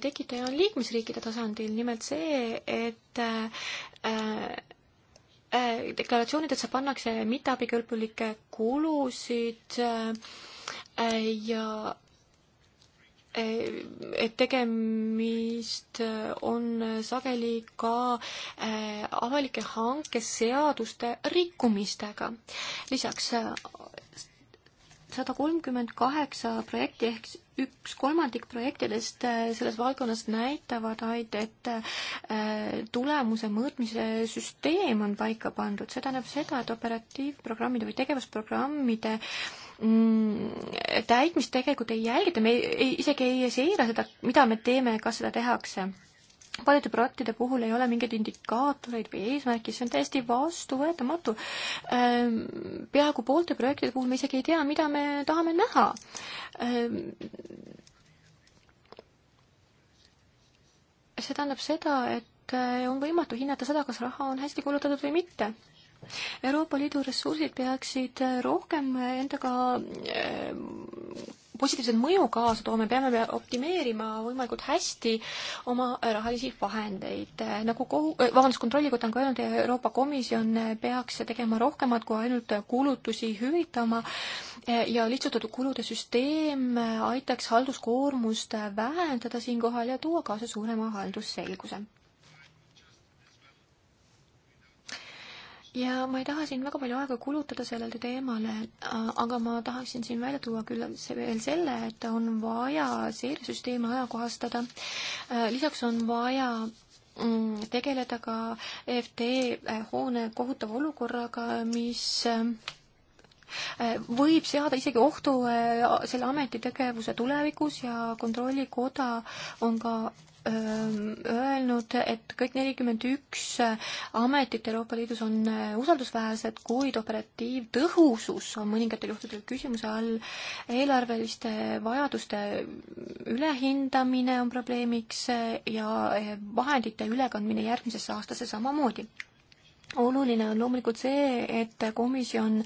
tekitaja on liikmesriikide tasandil, nimelt see, et äh, Äh, deklaratsioonidesse pannakse mitteabikõlbulikke kulusid äh, ja äh, et tegemist on sageli ka avalike hankeseaduste rikkumistega. lisaks sada kolmkümmend kaheksa projekti ehk üks kolmandik projektidest äh, selles valdkonnas näitavad vaid, et äh, tulemuse mõõtmise süsteem on paika pandud, see tähendab seda, et operatiivprogrammide või tegevusprogrammide mm, täitmist tegelikult ei jälgita, me ei, isegi ei seira seda, mida me teeme, kas seda tehakse paljude projektide puhul ei ole mingeid indikaatoreid või eesmärki, see on täiesti vastuvõetamatu. Ähm, peaaegu poolte projektide puhul me isegi ei tea, mida me tahame näha. Ähm, see tähendab seda, et äh, on võimatu hinnata seda, kas raha on hästi kulutatud või mitte Euroopa Liidu ressursid peaksid äh, rohkem endaga äh, positiivset mõju kaasa toome, peame me optimeerima võimalikult hästi oma rahalisi vahendeid. Eh, nagu kohu-, eh, vabandust, Kontrollikoda on ka öelnud, Euroopa Komisjon peaks tegema rohkemat kui ainult kulutusi hüvitama eh, ja lihtsustatud kulude süsteem aitaks halduskoormust vähendada siinkohal ja tuua kaasa suurema haldusselguse ja ma ei taha siin väga palju aega kulutada sellele teemale, aga ma tahaksin siin välja tuua küll veel selle, et on vaja seiresüsteeme ajakohastada. lisaks on vaja mm, tegeleda ka EFT e, hoone kohutava olukorraga, mis võib seada isegi ohtu e, selle ameti tegevuse tulevikus ja Kontrollikoda on ka Ähm, öelnud, et kõik nelikümmend üks äh, ametit Euroopa Liidus on äh, usaldusväärsed, kuid operatiivtõhusus on mõningatel juhtudel küsimuse all. eelarveliste vajaduste ülehindamine on probleemiks äh, ja vahendite ülekandmine järgmisesse aastasse samamoodi oluline on loomulikult see, et komisjon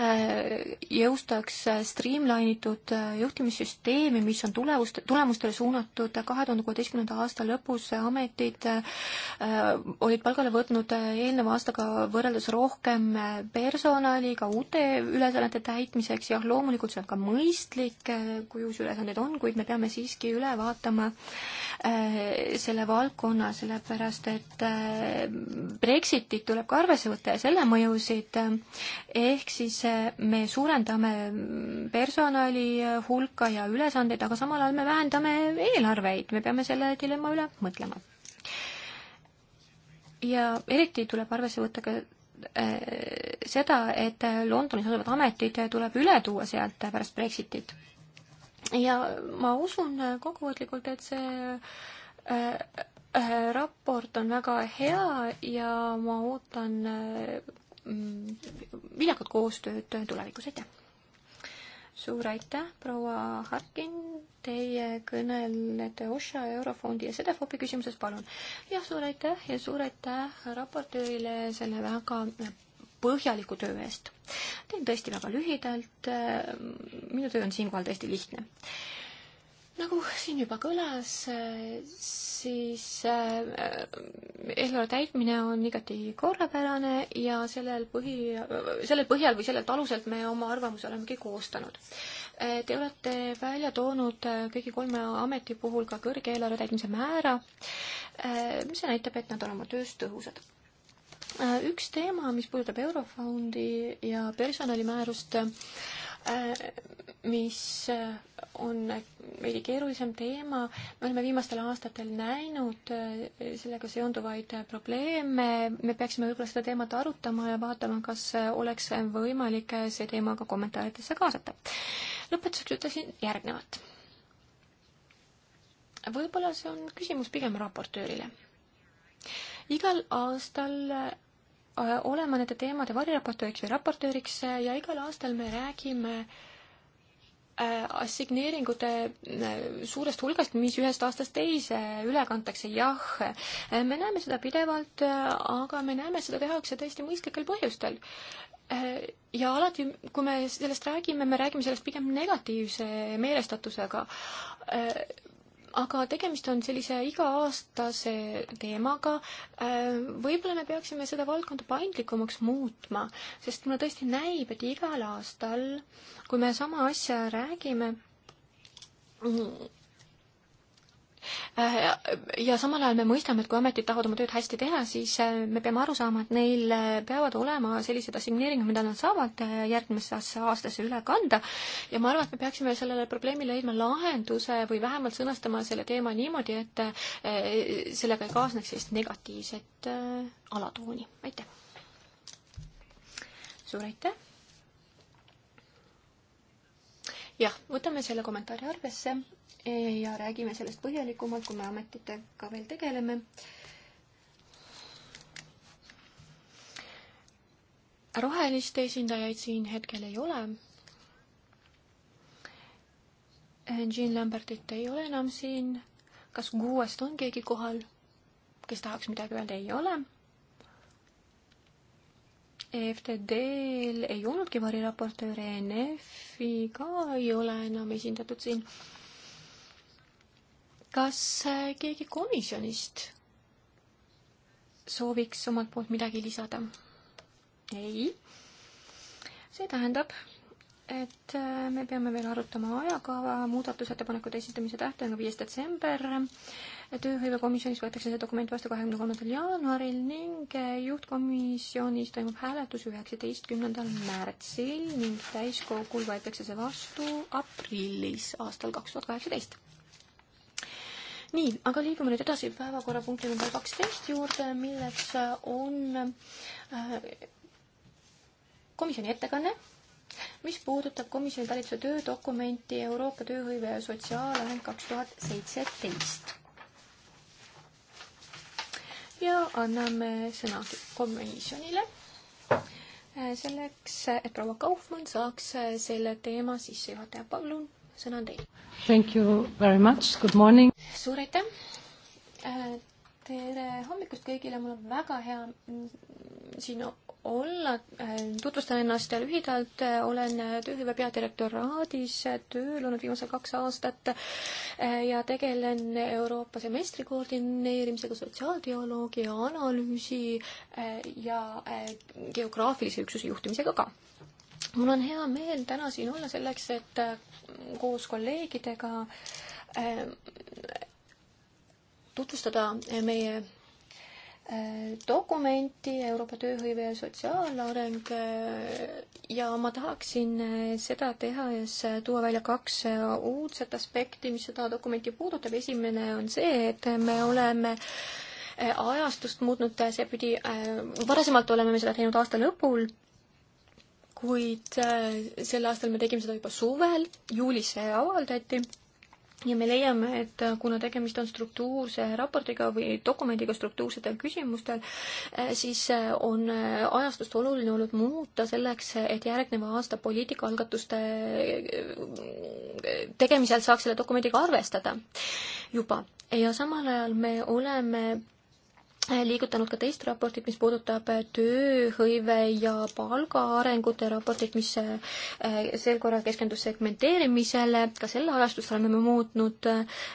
äh, jõustaks streamlainitud äh, juhtimissüsteemi, mis on tulevust, tulemustele suunatud. kahe tuhande kuueteistkümnenda aasta lõpus ametid äh, olid palgale võtnud eelneva aastaga võrreldes rohkem personali ka uute ülesannete täitmiseks. jah, loomulikult see on ka mõistlik, kui uusi ülesandeid on, kuid me peame siiski üle vaatama selle valdkonna, sellepärast et Brexitit tuleb ka arvesse võtta ja selle mõjusid, ehk siis eh, me suurendame personali eh, hulka ja ülesandeid, aga samal ajal me vähendame eelarveid, me peame selle dilemma üle mõtlema. ja eriti tuleb arvesse võtta ka eh, seda, et Londonis asuvad ametid tuleb üle tuua sealt pärast Brexitit. ja ma usun kokkuvõtlikult, et see Äh, raport on väga hea ja ma ootan äh, viljakat koostööd tulevikus, aitäh! suur aitäh, proua Harkin, teie kõnelete OSHA, Eurofondi ja Sedefopi küsimuses, palun. jah, suur aitäh ja suur aitäh raportöörile selle väga põhjaliku töö eest. teen tõesti väga lühidalt, äh, minu töö on siinkohal tõesti lihtne nagu siin juba kõlas, siis äh, eelarve täitmine on igati korrapärane ja sellel põhi, sellel põhjal või sellelt aluselt me oma arvamuse olemegi koostanud. Äh, te olete välja toonud äh, kõigi kolme ameti puhul ka kõrge eelarve täitmise määra, mis näitab, et nad on oma töös tõhusad. üks teema, mis puudutab Eurofondi ja personalimäärust, mis äh, on veidi keerulisem teema, me oleme viimastel aastatel näinud äh, sellega seonduvaid probleeme, me peaksime võib-olla seda teemat arutama ja vaatama, kas äh, oleks võimalik see teema ka kommentaaridesse kaasata. lõpetuseks ütlesin järgnevat. võib-olla see on küsimus pigem raportöörile. igal aastal olema nende teemade variraportööriks või raportööriks ja igal aastal me räägime äh, Äh, assigneeringute äh, suurest hulgast, mis ühest aastast teise üle kantakse, jah, äh, me näeme seda pidevalt, aga me näeme, seda tehakse täiesti mõistlikel põhjustel. ja alati, kui me sellest räägime, me räägime sellest pigem negatiivse meelestatusega aga tegemist on sellise iga-aastase teemaga. Äh, võib-olla me peaksime seda valdkonda paindlikumaks muutma, sest mulle tõesti näib, et igal aastal, kui me sama asja räägime, Äh, ja samal ajal me mõistame, et kui ametid tahavad oma tööd hästi teha, siis äh, me peame aru saama, et neil äh, peavad olema sellised assigneeringud, mida nad saavad järgmisesse aastasse üle kanda ja ma arvan, et me peaksime sellele probleemile leidma lahenduse või vähemalt sõnastama selle teema niimoodi, et sellega ei kaasneks sellist negatiivset alatooni. aitäh! suur aitäh! jah, võtame selle kommentaari arvesse ja räägime sellest põhjalikumalt, kui me ametitega veel tegeleme. roheliste esindajaid siin hetkel ei ole. Jean Lambertit ei ole enam siin. kas kuuest on keegi kohal, kes tahaks midagi öelda, ei ole EFTD-l ei olnudki variraportööre, NF-i ka ei ole enam esindatud siin kas äh, keegi komisjonist sooviks omalt poolt midagi lisada? ei. see tähendab, et äh, me peame veel arutama ajakava, muudatusettepanekute esitamise tähtaeg on viies detsember, tööhõivekomisjonis võetakse see dokument vastu kahekümne kolmandal jaanuaril ning äh, juhtkomisjonis toimub hääletus üheksateistkümnendal märtsil ning täiskogul võetakse see vastu aprillis aastal kaks tuhat kaheksateist nii, aga liigume nüüd edasi päevakorrapunkti number kaksteist juurde, milleks on äh, komisjoni ettekanne, mis puudutab komisjoni talituse töödokumenti Euroopa Tööhõive ja Sotsiaalahend kaks tuhat seitseteist. ja anname sõna komisjonile äh, selleks, et proua Kaufmann saaks äh, selle teema sisse juhatada, palun sõna on teil. Thank you very much, good morning. suur aitäh. Äh, tere hommikust kõigile, mul on väga hea mm, siin olla. Äh, tutvustan ennast lühidalt, äh, olen tööhõive peadirektoraadis tööl olnud viimased kaks aastat ja tegelen Euroopa semestri koordineerimisega, sotsiaaldialoogi analüüsi ja geograafilise üksuse juhtimisega ka mul on hea meel täna siin olla selleks, et äh, koos kolleegidega äh, tutvustada meie äh, dokumenti Euroopa tööhõive ja sotsiaalareng ja ma tahaksin seda teha ja siis tuua välja kaks uudset aspekti, mis seda dokumenti puudutab. esimene on see, et me oleme ajastust muutnud, see pidi, varasemalt oleme me seda teinud aasta lõpul kuid äh, sel aastal me tegime seda juba suvel, juulis see avaldati ja me leiame, et äh, kuna tegemist on struktuurse raportiga või dokumendiga struktuursetel küsimustel, äh, siis on ajastust oluline olnud muuta selleks, et järgneva aasta poliitikaalgatuste tegemisel saaks selle dokumendiga arvestada juba. ja samal ajal me oleme liigutanud ka teist raportit, mis puudutab äh, tööhõive ja palgaarengute raportit, mis äh, äh, sel korral keskendus segmenteerimisele, ka selle ajastust oleme me muutnud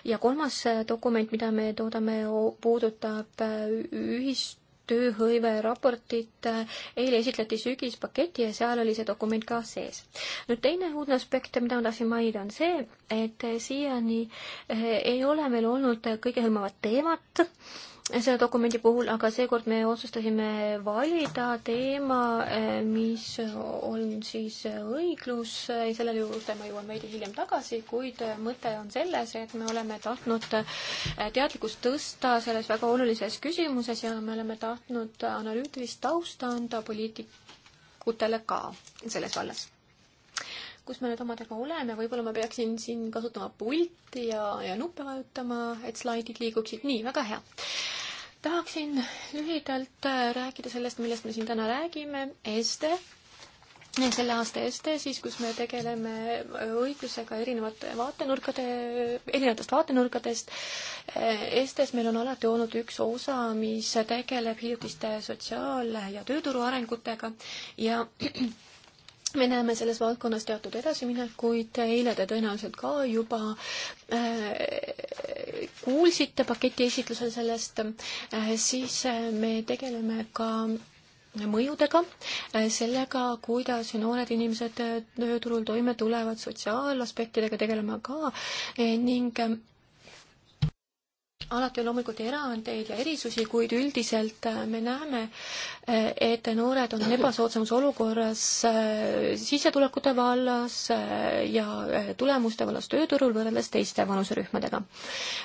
ja kolmas dokument, mida me toodame, puudutab ühist tööhõive raportit eile esitleti sügispaketi ja seal oli see dokument ka sees. nüüd teine uudne aspekt, mida ma tahtsin mainida, on see, et siiani ei ole meil olnud kõigehõlmavat teemat selle dokumendi puhul, aga seekord me otsustasime valida teema, eh, mis on siis õiglus, selle juurde ma jõuan veidi hiljem tagasi, kuid mõte on selles, et me oleme tahtnud eh, teadlikkust tõsta selles väga olulises küsimuses ja me oleme tahtnud analüütilist tausta anda poliitikutele ka selles vallas kus me nüüd omadega oleme, võib-olla ma peaksin siin kasutama pulti ja, ja nuppe vajutama, et slaidid liiguksid. nii, väga hea. tahaksin lühidalt äh, rääkida sellest, millest me siin täna räägime, ESTE, selle aasta ESTE siis, kus me tegeleme äh, õiglusega erinevate vaatenurkade, erinevatest vaatenurkadest. Äh, ESTE-s meil on alati olnud üks osa, mis tegeleb hiljutiste sotsiaal- ja tööturu arengutega ja me näeme selles valdkonnas teatud edasiminekuid, eile te tõenäoliselt ka juba äh, kuulsite paketi esitlusel sellest äh,, siis äh, me tegeleme ka mõjudega, äh, sellega, kuidas noored inimesed äh, tööturul toime tulevad, sotsiaalaspektidega tegeleme ka äh, ning alati on loomulikult erandeid ja erisusi, kuid üldiselt äh, me näeme, äh, et noored on ebasoodsamas olukorras äh, sissetulekute vallas ja tulemuste vallas tööturul võrreldes teiste vanuserühmadega.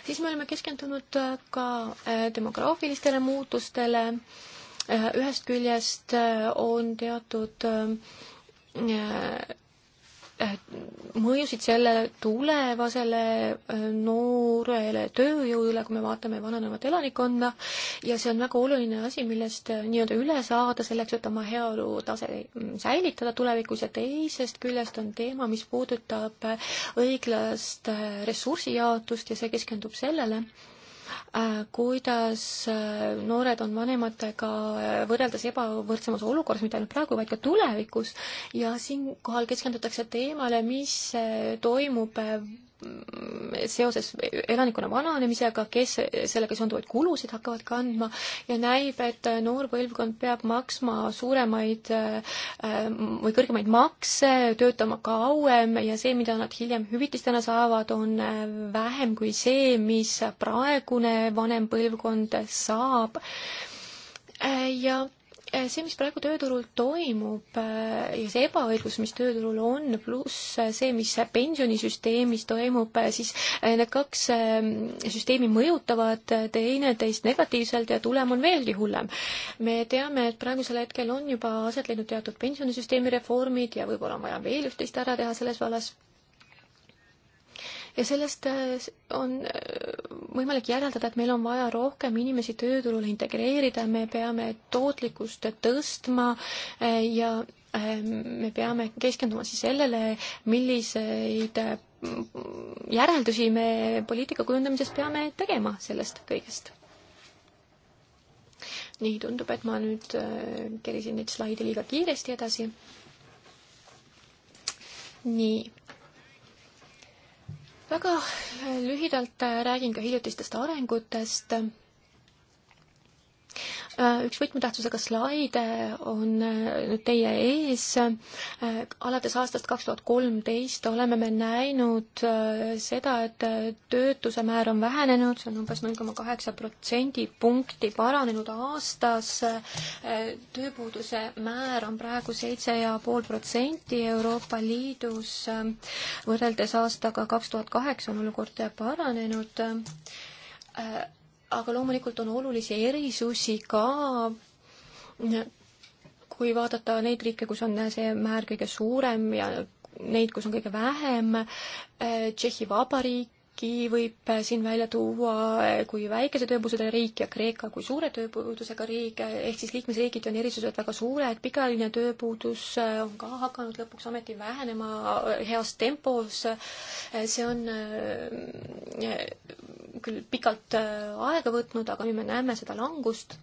siis me oleme keskendunud ka demograafilistele muutustele, ühest küljest on teatud Äh, mõjusid selle tulevasele äh, noorele tööjõule, kui me vaatame vananevat elanikkonda ja see on väga oluline asi, millest äh, nii-öelda üle saada selleks, et oma heaolu tase mm, säilitada tulevikus ja teisest küljest on teema, mis puudutab õiglast ressursijaotust ja see keskendub sellele, Äh, kuidas äh, noored on vanematega äh, võrreldes ebavõrdsemas olukorras, mitte ainult praegu, vaid ka tulevikus, ja siinkohal keskendutakse teemale, mis toimub seoses elanikkonna vananemisega, kes sellega seonduvaid kulusid hakkavad kandma ja näib, et noor põlvkond peab maksma suuremaid äh, või kõrgemaid makse, töötama kauem ja see, mida nad hiljem hüvitistena saavad, on äh, vähem kui see, mis praegune vanem põlvkond saab. Äh, ja Äh, see, mis praegu tööturul toimub äh, ja see ebaõiglus, mis tööturul on, pluss äh, see, mis pensionisüsteemis toimub, siis need kaks ähm, süsteemi mõjutavad teineteist negatiivselt ja tulem on veelgi hullem. me teame, et praegusel hetkel on juba aset leidnud teatud pensionisüsteemi reformid ja võib-olla on vaja veel üht-teist ära teha selles vallas ja sellest äh, on äh, võimalik järeldada, et meil on vaja rohkem inimesi tööturule integreerida, me peame tootlikkust tõstma äh, ja me peame keskenduma siis sellele, milliseid järeldusi me poliitika kujundamises peame tegema sellest kõigest nii, tundub, et ma nüüd kerisin neid slaide liiga kiiresti edasi. nii, väga lühidalt räägin ka hiljutistest arengutest Äh, üks võtmetähtsusega slaide on äh, nüüd teie ees. Äh, alates aastast kaks tuhat kolmteist oleme me näinud seda, et töötuse määr on vähenenud, see on umbes null koma kaheksa protsendipunkti paranenud aastas. tööpuuduse määr on praegu seitse ja pool protsenti Euroopa Liidus. võrreldes aastaga kaks tuhat kaheksa on olukord paranenud aga loomulikult on olulisi erisusi ka, kui vaadata neid riike, kus on see määr kõige suurem ja neid, kus on kõige vähem, Tšehhi Vabariik, Türgi võib äh, siin välja tuua äh, kui väikese tööpuudusega riik ja Kreeka kui suure tööpuudusega riik, äh, ehk siis liikmesriigiti on erisused väga suured, pikaajaline tööpuudus on ka hakanud lõpuks ometi vähenema heas tempos, see on küll pikalt aega võtnud, aga nüüd me näeme seda langust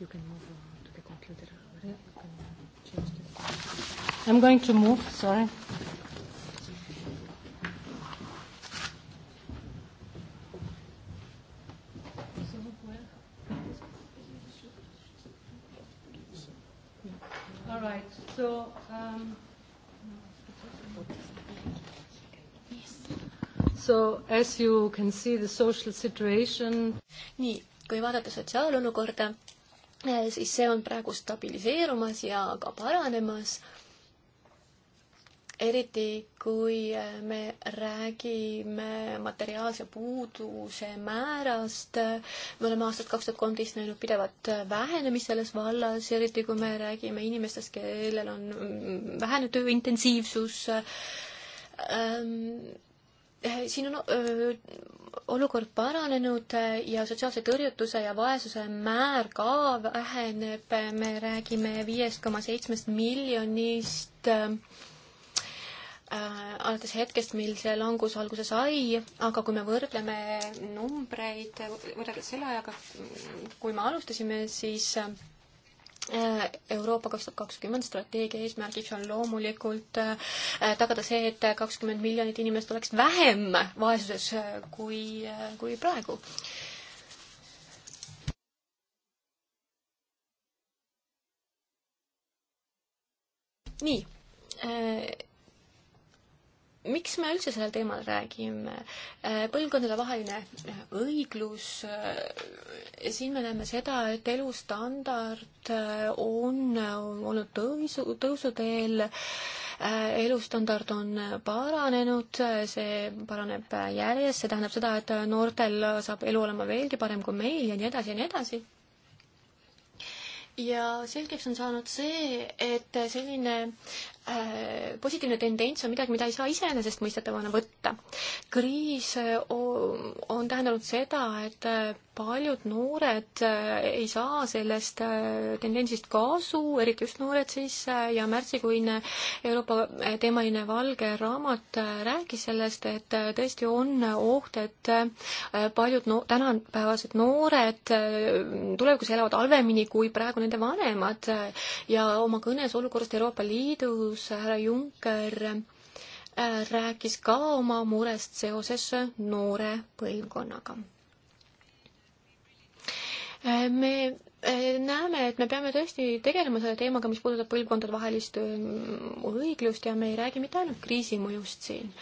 you can move uh, to the computer. You can change the... I'm going to move, sorry. All right, so... Um, So as you can see the social situation. nii, kui vaadata sotsiaalolukorda, Äh, siis see on praegu stabiliseerumas ja ka paranemas. eriti, kui äh, me räägime materiaalse puuduse määrast, me oleme aastast kaks tuhat kolmteist näinud pidevat äh, vähenemist selles vallas, eriti kui me räägime inimestest, kellel on mm, vähene tööintensiivsus ähm, Eh, siin on öö, olukord paranenud eh, ja sotsiaalse tõrjutuse ja vaesuse määr ka väheneb, me räägime viiest koma seitsmest miljonist eh, äh, alates hetkest, mil see langus alguse sai, aga kui me võrdleme numbreid võrreldes selle ajaga, kui me alustasime, siis äh, Äh, Euroopa kaks tuhat kakskümmend strateegia eesmärgiks on loomulikult äh, tagada see, et kakskümmend miljonit inimest oleks vähem vaesuses äh, kui, kui praegu. nii miks me üldse sellel teemal räägime? Äh, põlvkondadevaheline äh, õiglus, äh, siin me näeme seda, et elustandard on olnud tõusu, tõusuteel, elustandard on paranenud, see paraneb järjest, see tähendab seda, et noortel saab elu olema veelgi parem kui meil ja nii edasi ja nii edasi ja selgeks on saanud see, et selline Äh, positiivne tendents on midagi, mida ei saa iseenesestmõistetavana võtta. kriis äh, on tähendanud seda, et äh, paljud noored ei saa sellest tendentsist kasu, eriti just noored siis, ja märtsikuine Euroopa teemaline valge raamat rääkis sellest, et tõesti on oht, et paljud no-, tänapäevased noored tulevikus elavad halvemini kui praegu nende vanemad ja oma kõnes olukorrast Euroopa Liidus kus härra Juncker äh, rääkis ka oma murest seoses noore põlvkonnaga. Äh, me äh, näeme, et me peame tõesti tegelema selle teemaga, mis puudutab põlvkondadevahelist ähm, õiglust ja me ei räägi mitte ainult kriisi mõjust siin.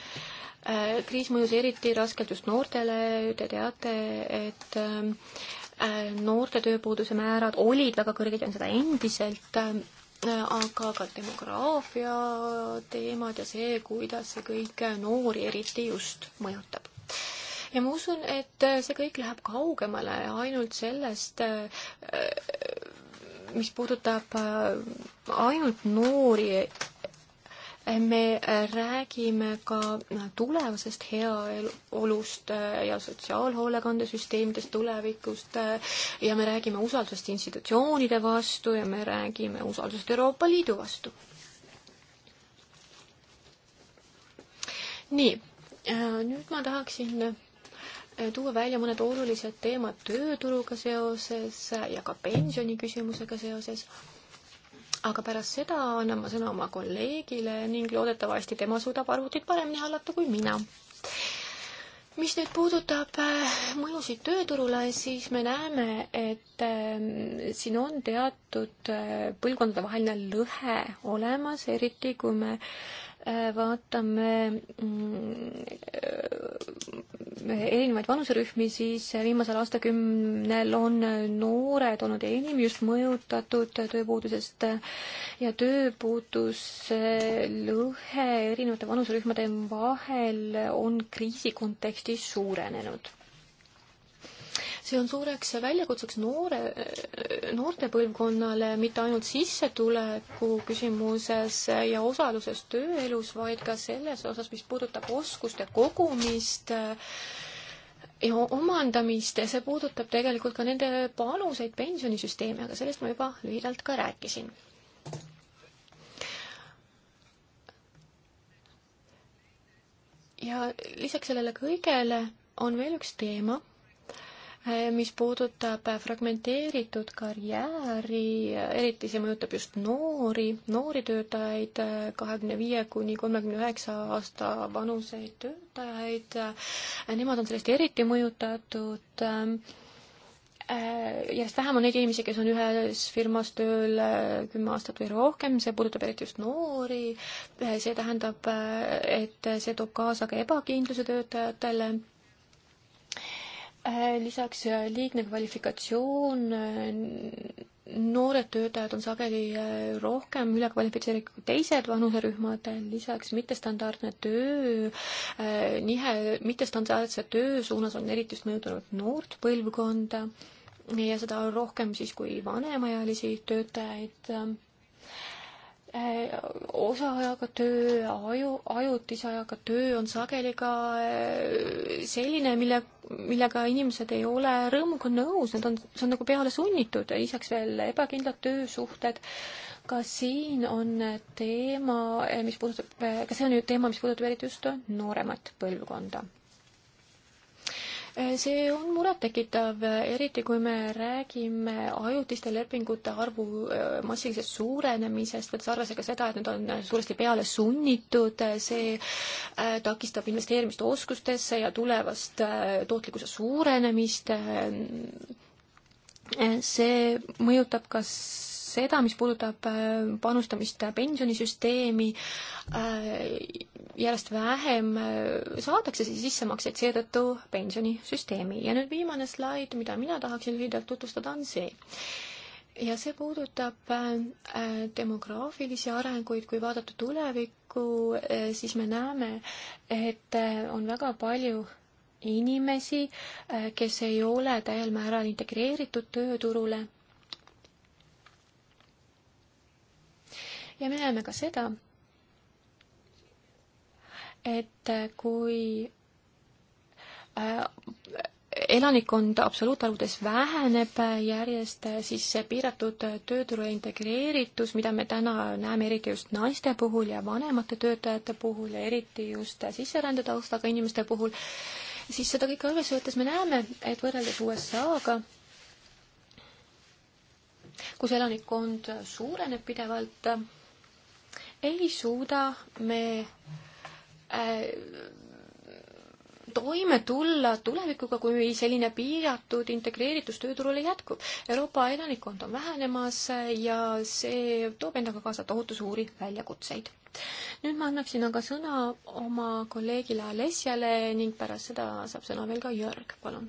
kriis mõjus eriti raskelt just noortele, te teate, et ähm, noorte tööpuuduse määrad olid väga kõrged ja on seda endiselt ähm, aga ka demograafia teemad ja see, kuidas see kõik noori eriti just mõjutab. ja ma usun, et see kõik läheb kaugemale ainult sellest, mis puudutab ainult noori me äh, räägime ka äh, tulevasest heaolust äh, ja sotsiaalhoolekandesüsteemidest tulevikust ja me räägime usaldusest institutsioonide vastu ja me räägime usaldusest Euroopa Liidu vastu. nii, nüüd ma tahaksin tuua välja mõned olulised teemad tööturuga seoses ja ka pensioniküsimusega seoses aga pärast seda annan ma sõna oma kolleegile ning loodetavasti tema suudab arvutit paremini hallata kui mina. mis nüüd puudutab äh, mõjusid tööturule, siis me näeme, et ähm, siin on teatud äh, põlvkondadevaheline lõhe olemas, eriti kui me äh, Äh, vaatame mm, äh, erinevaid vanuserühmi, siis viimasel aastakümnel on noored olnud enim just mõjutatud tööpuudusest ja tööpuuduse lõhe erinevate vanuserühmade vahel on kriisi kontekstis suurenenud see on suureks väljakutseks noore, noorte põlvkonnale, mitte ainult sissetuleku küsimuses ja osaluses tööelus, vaid ka selles osas, mis puudutab oskuste kogumist ja omandamist, see puudutab tegelikult ka nende panuseid pensionisüsteemi, aga sellest ma juba lühidalt ka rääkisin ja lisaks sellele kõigele on veel üks teema, Eh, mis puudutab eh, fragmenteeritud karjääri, eh, eriti see mõjutab just noori, noori töötajaid, kahekümne viie kuni kolmekümne üheksa aasta vanuseid töötajaid, nemad on sellest eriti mõjutatud järjest vähem on neid inimesi, kes on ühes firmas tööl kümme aastat või rohkem, see puudutab eriti just noori, see tähendab, et see toob kaasa ka ebakindluse töötajatele Äh, lisaks äh, liigne kvalifikatsioon, äh, noored töötajad on sageli rohkem ülekvalifitseeritud kui teised vanuserühmad, lisaks mittestandardne töö, nihe mittestandardse töö suunas on eriti just mõjutanud noort põlvkonda ja seda rohkem siis kui vanemaealisi töötajaid osaajaga töö, aju, ajutise ajaga töö on sageli ka äh, selline, mille, millega inimesed ei ole rõõmuga nõus, nad on, see on nagu peale sunnitud ja lisaks veel ebakindlad töösuhted. ka siin on teema, mis puudutab, ka see on ju teema, mis puudutab eriti just nooremat põlvkonda Äh, see on murettekitav, eriti kui me räägime ajutiste lepingute arvu äh, massilisest suurenemisest, võttes arvesse ka seda, et need on äh, suuresti peale sunnitud, see takistab investeerimist oskustesse ja tulevast tootlikkuse suurenemist. see mõjutab kas seda, mis puudutab äh, panustamist pensionisüsteemi, äh, järjest vähem äh, saadakse siis sissemakseid seetõttu pensionisüsteemi. ja nüüd viimane slaid, mida mina tahaksin lühidalt tutvustada, on see ja see puudutab demograafilisi arenguid, kui vaadata tulevikku, siis me näeme, et on väga palju inimesi, kes ei ole täiel määral integreeritud tööturule ja me näeme ka seda, et kui äh, elanikkond absoluutarvudes väheneb järjest, siis see piiratud tööturu integreeritus, mida me täna näeme eriti just naiste puhul ja vanemate töötajate puhul ja eriti just sisserände taustaga inimeste puhul, siis seda kõike arvesse võttes me näeme, et võrreldes USA-ga, kus elanikkond suureneb pidevalt, ei suuda me äh, toime tulla tulevikuga, kui selline piiratud integreeritus tööturule jätkub. Euroopa elanikkond on vähenemas ja see toob endaga kaasa tohutu suuri väljakutseid. nüüd ma annaksin aga sõna oma kolleegile Alessiale ning pärast seda saab sõna veel ka Jörg, palun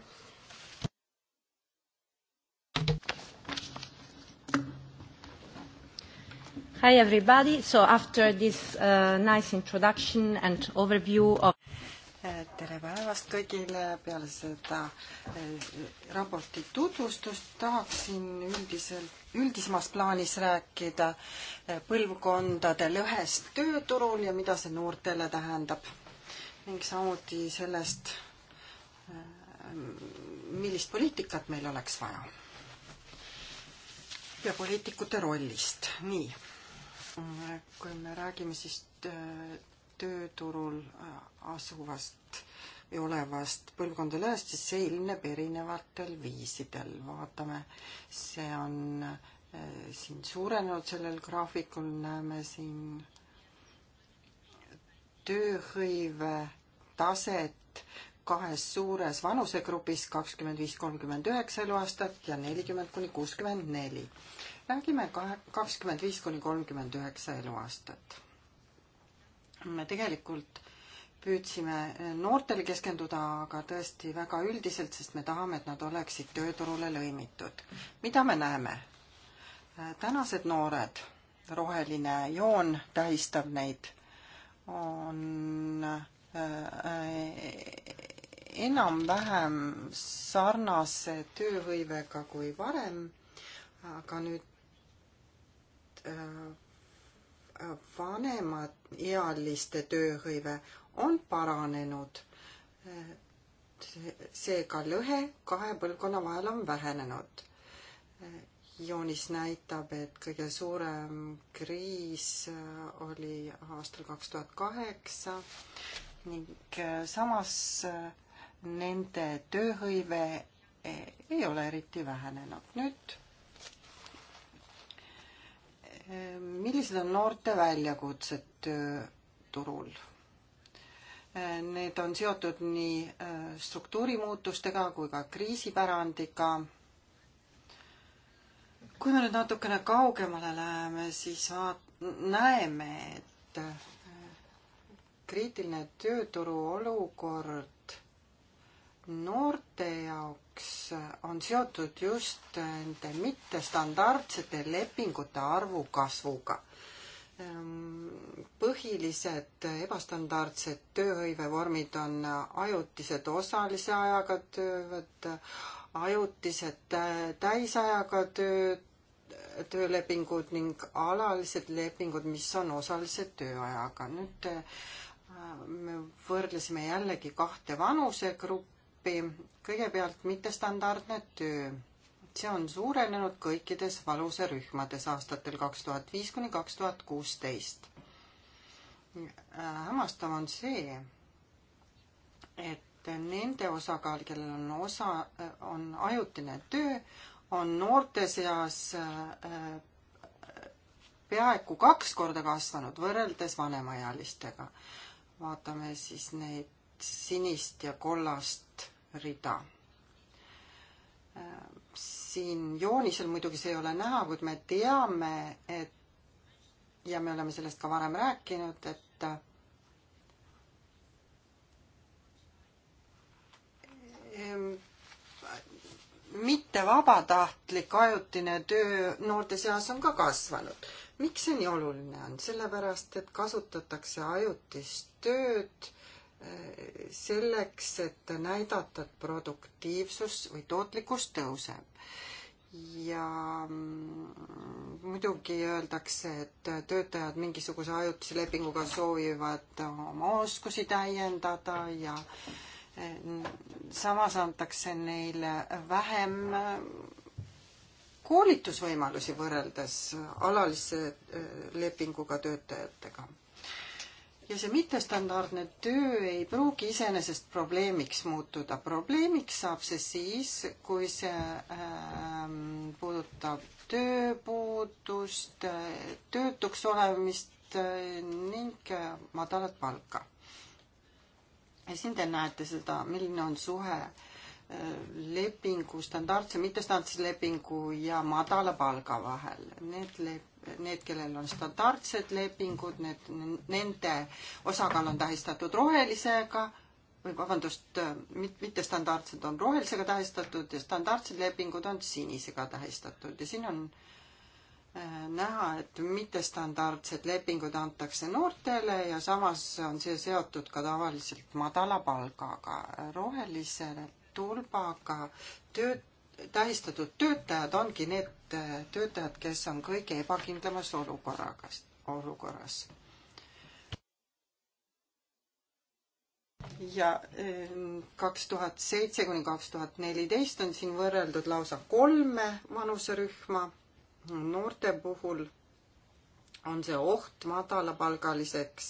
Hi everybody, so after this uh, nice introduction and overview of eh, tere päevast kõigile, peale seda eh, raporti tutvustust tahaksin üldiselt, üldisemas plaanis rääkida eh, põlvkondade lõhest tööturul ja mida see noortele tähendab. ning samuti sellest, millist poliitikat meil oleks vaja. ja poliitikute rollist, nii kui me räägime siis äh, tööturul äh, asuvast või olevast põlvkonda lõhest, siis see ilmneb erinevatel viisidel, vaatame, see on äh, siin suurenenud sellel graafikul, näeme siin tööhõive taset kahes suures vanusegrupis kakskümmend viis, kolmkümmend üheksa eluaastat ja nelikümmend kuni kuuskümmend neli räägime kahe, kakskümmend viis kuni kolmkümmend üheksa eluaastat. me tegelikult püüdsime noortele keskenduda, aga tõesti väga üldiselt, sest me tahame, et nad oleksid tööturule lõimitud. mida me näeme? tänased noored, roheline joon tähistab neid, on äh, enam-vähem sarnase tööhõivega kui varem, aga nüüd Äh, äh, vanemaealiste tööhõive on paranenud. Äh, seega lõhe kahe põlvkonna vahel on vähenenud. joonis näitab, et kõige suurem kriis oli aastal kaks tuhat kaheksa ning samas nende tööhõive ei ole eriti vähenenud. nüüd millised on noorte väljakutsed tööturul? Äh, äh, need on seotud nii äh, struktuurimuutustega kui ka kriisipärandiga. kui me nüüd natukene kaugemale läheme, siis vaat-, näeme, et kriitiline tööturu olukord noorte jaoks on seotud just nende mittestandardsete lepingute arvu kasvuga. Ehm, põhilised ebastandardsed tööhõivevormid on ajutised osalise ajaga tööd, ajutised täisajaga tööd, töölepingud ning alalised lepingud, mis on osalise tööajaga. nüüd äh, me võrdlesime jällegi kahte vanusegruppi etappi. kõigepealt mittestandardne töö. see on suurenenud kõikides valuserühmades aastatel kaks tuhat viis kuni kaks tuhat kuusteist. hämmastav on see, et nende osakaal, kellel on osa, on ajutine töö, on noorte seas äh, peaaegu kaks korda kasvanud võrreldes vanemaealistega. vaatame siis neid sinist ja kollast rida. siin joonisel muidugi see ei ole näha, kuid me teame, et ja me oleme sellest ka varem rääkinud, et mitte vabatahtlik ajutine töö noorte seas on ka kasvanud. miks see nii oluline on? sellepärast, et kasutatakse ajutist tööd selleks, et näidata, et produktiivsus või tootlikkus tõuseb. ja mm, muidugi öeldakse, et töötajad mingisuguse ajutise lepinguga soovivad oma oskusi täiendada ja mm, samas antakse neile vähem mm, koolitusvõimalusi võrreldes alalise lepinguga töötajatega ja see mittestandardne töö ei pruugi iseenesest probleemiks muutuda. probleemiks saab see siis, kui see ähm, puudutab tööpuudust, töötuks olemist äh, ning äh, madalat palka. ja siin te näete seda, milline on suhe äh, lepingu, standardse, mittestandardse lepingu ja madala palga vahel. Need lep-, need, kellel on standardsed lepingud, need, nende osakaal on tähistatud rohelisega või vabandust, mittestandardsed on rohelisega tähistatud ja standardsed lepingud on sinisega tähistatud ja siin on äh, näha, et mittestandardsed lepingud antakse noortele ja samas on see seotud ka tavaliselt madala palgaga. rohelisele tulbaga tööd, tähistatud töötajad ongi need äh, töötajad, kes on kõige ebakindlamas olukorraga, olukorras. ja ähm, kaks tuhat seitse kuni kaks tuhat neliteist on siin võrreldud lausa kolme vanuserühma noorte puhul on see oht madalapalgaliseks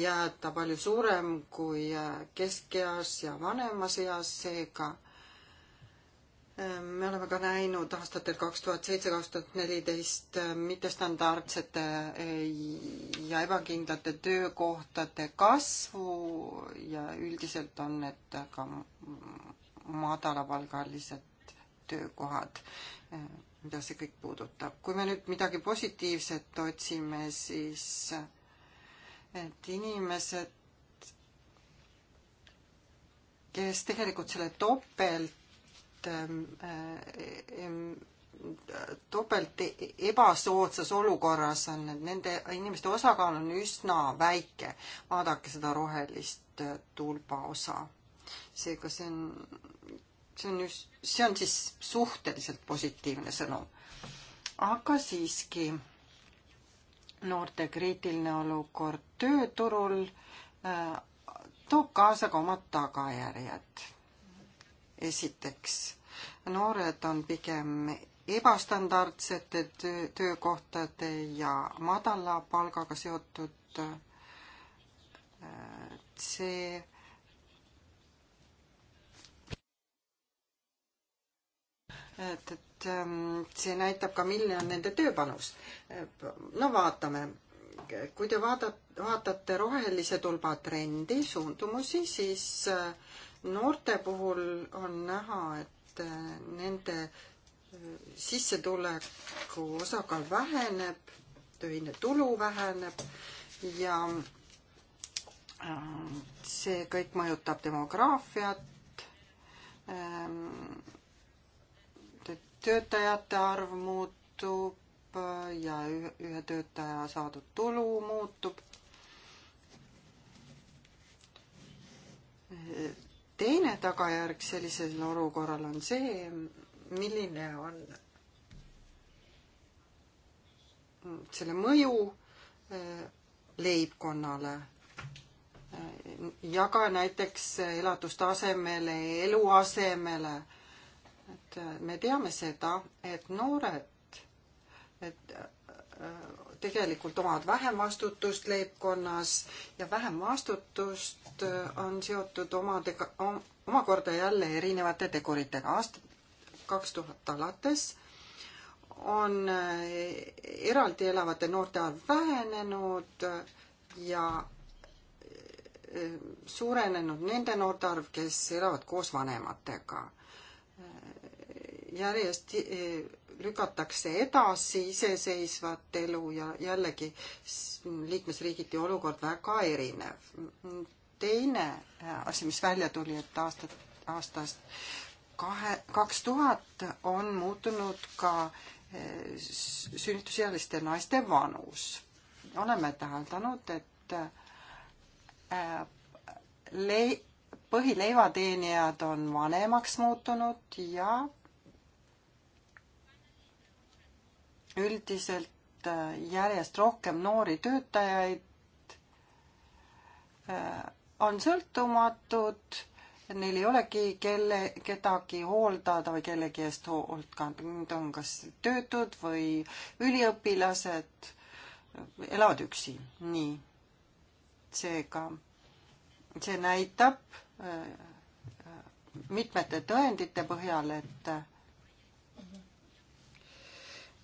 jääda palju suurem kui keskeas ja vanemas eas, seega me oleme ka näinud aastatel kaks tuhat seitse, kaks tuhat neliteist mittestandardsete ja ebakindlate töökohtade kasvu ja üldiselt on need ka madalapalgalised töökohad mida see kõik puudutab. kui me nüüd midagi positiivset otsime, siis et inimesed, kes tegelikult selle topelt ähm, äh, topelt e-, ebasoodsas olukorras on, et nende inimeste osakaal on üsna väike. vaadake seda rohelist äh, tulba osa. seega see on see on just, see on siis suhteliselt positiivne sõnum. aga siiski noorte kriitiline olukord tööturul äh, toob kaasa ka omad tagajärjed. esiteks, noored on pigem ebastandardsete töö, töökohtade ja madala palgaga seotud äh, see et, et ähm, see näitab ka, milline on nende tööpanus. no vaatame, kui te vaadat-, vaatate rohelise tulba trendi, suundumusi, siis äh, noorte puhul on näha, et äh, nende äh, sissetuleku osakaal väheneb, töine tulu väheneb ja see kõik mõjutab demograafiat ähm, töötajate arv muutub äh, ja ühe töötaja saadud tulu muutub. teine tagajärg sellisel olukorral on see, milline on selle mõju äh, leibkonnale äh, ja ka näiteks elatustasemele, eluasemele et me teame seda, et noored, et äh, tegelikult omavad vähem vastutust leibkonnas ja vähem vastutust äh, on seotud omadega, omakorda jälle erinevate teguritega. aastat kaks tuhat alates on äh, eraldi elavate noorte arv vähenenud ja suurenenud nende noorte arv, kes elavad koos vanematega järjest eh, lükatakse edasi iseseisvat elu ja jällegi liikmesriigiti olukord väga erinev. teine eh, asi, mis välja tuli, et aastat, aastast kahe, kaks tuhat on muutunud ka eh, sünnitusealiste naiste vanus. oleme täheldanud, et le-, põhileivateenijad on vanemaks muutunud ja üldiselt äh, järjest rohkem noori töötajaid äh, on sõltumatud, neil ei olegi kelle, kedagi hooldada või kellegi eest hoolt kanda, need on kas töötud või üliõpilased, elavad üksi, nii. seega see näitab äh, mitmete tõendite põhjal, et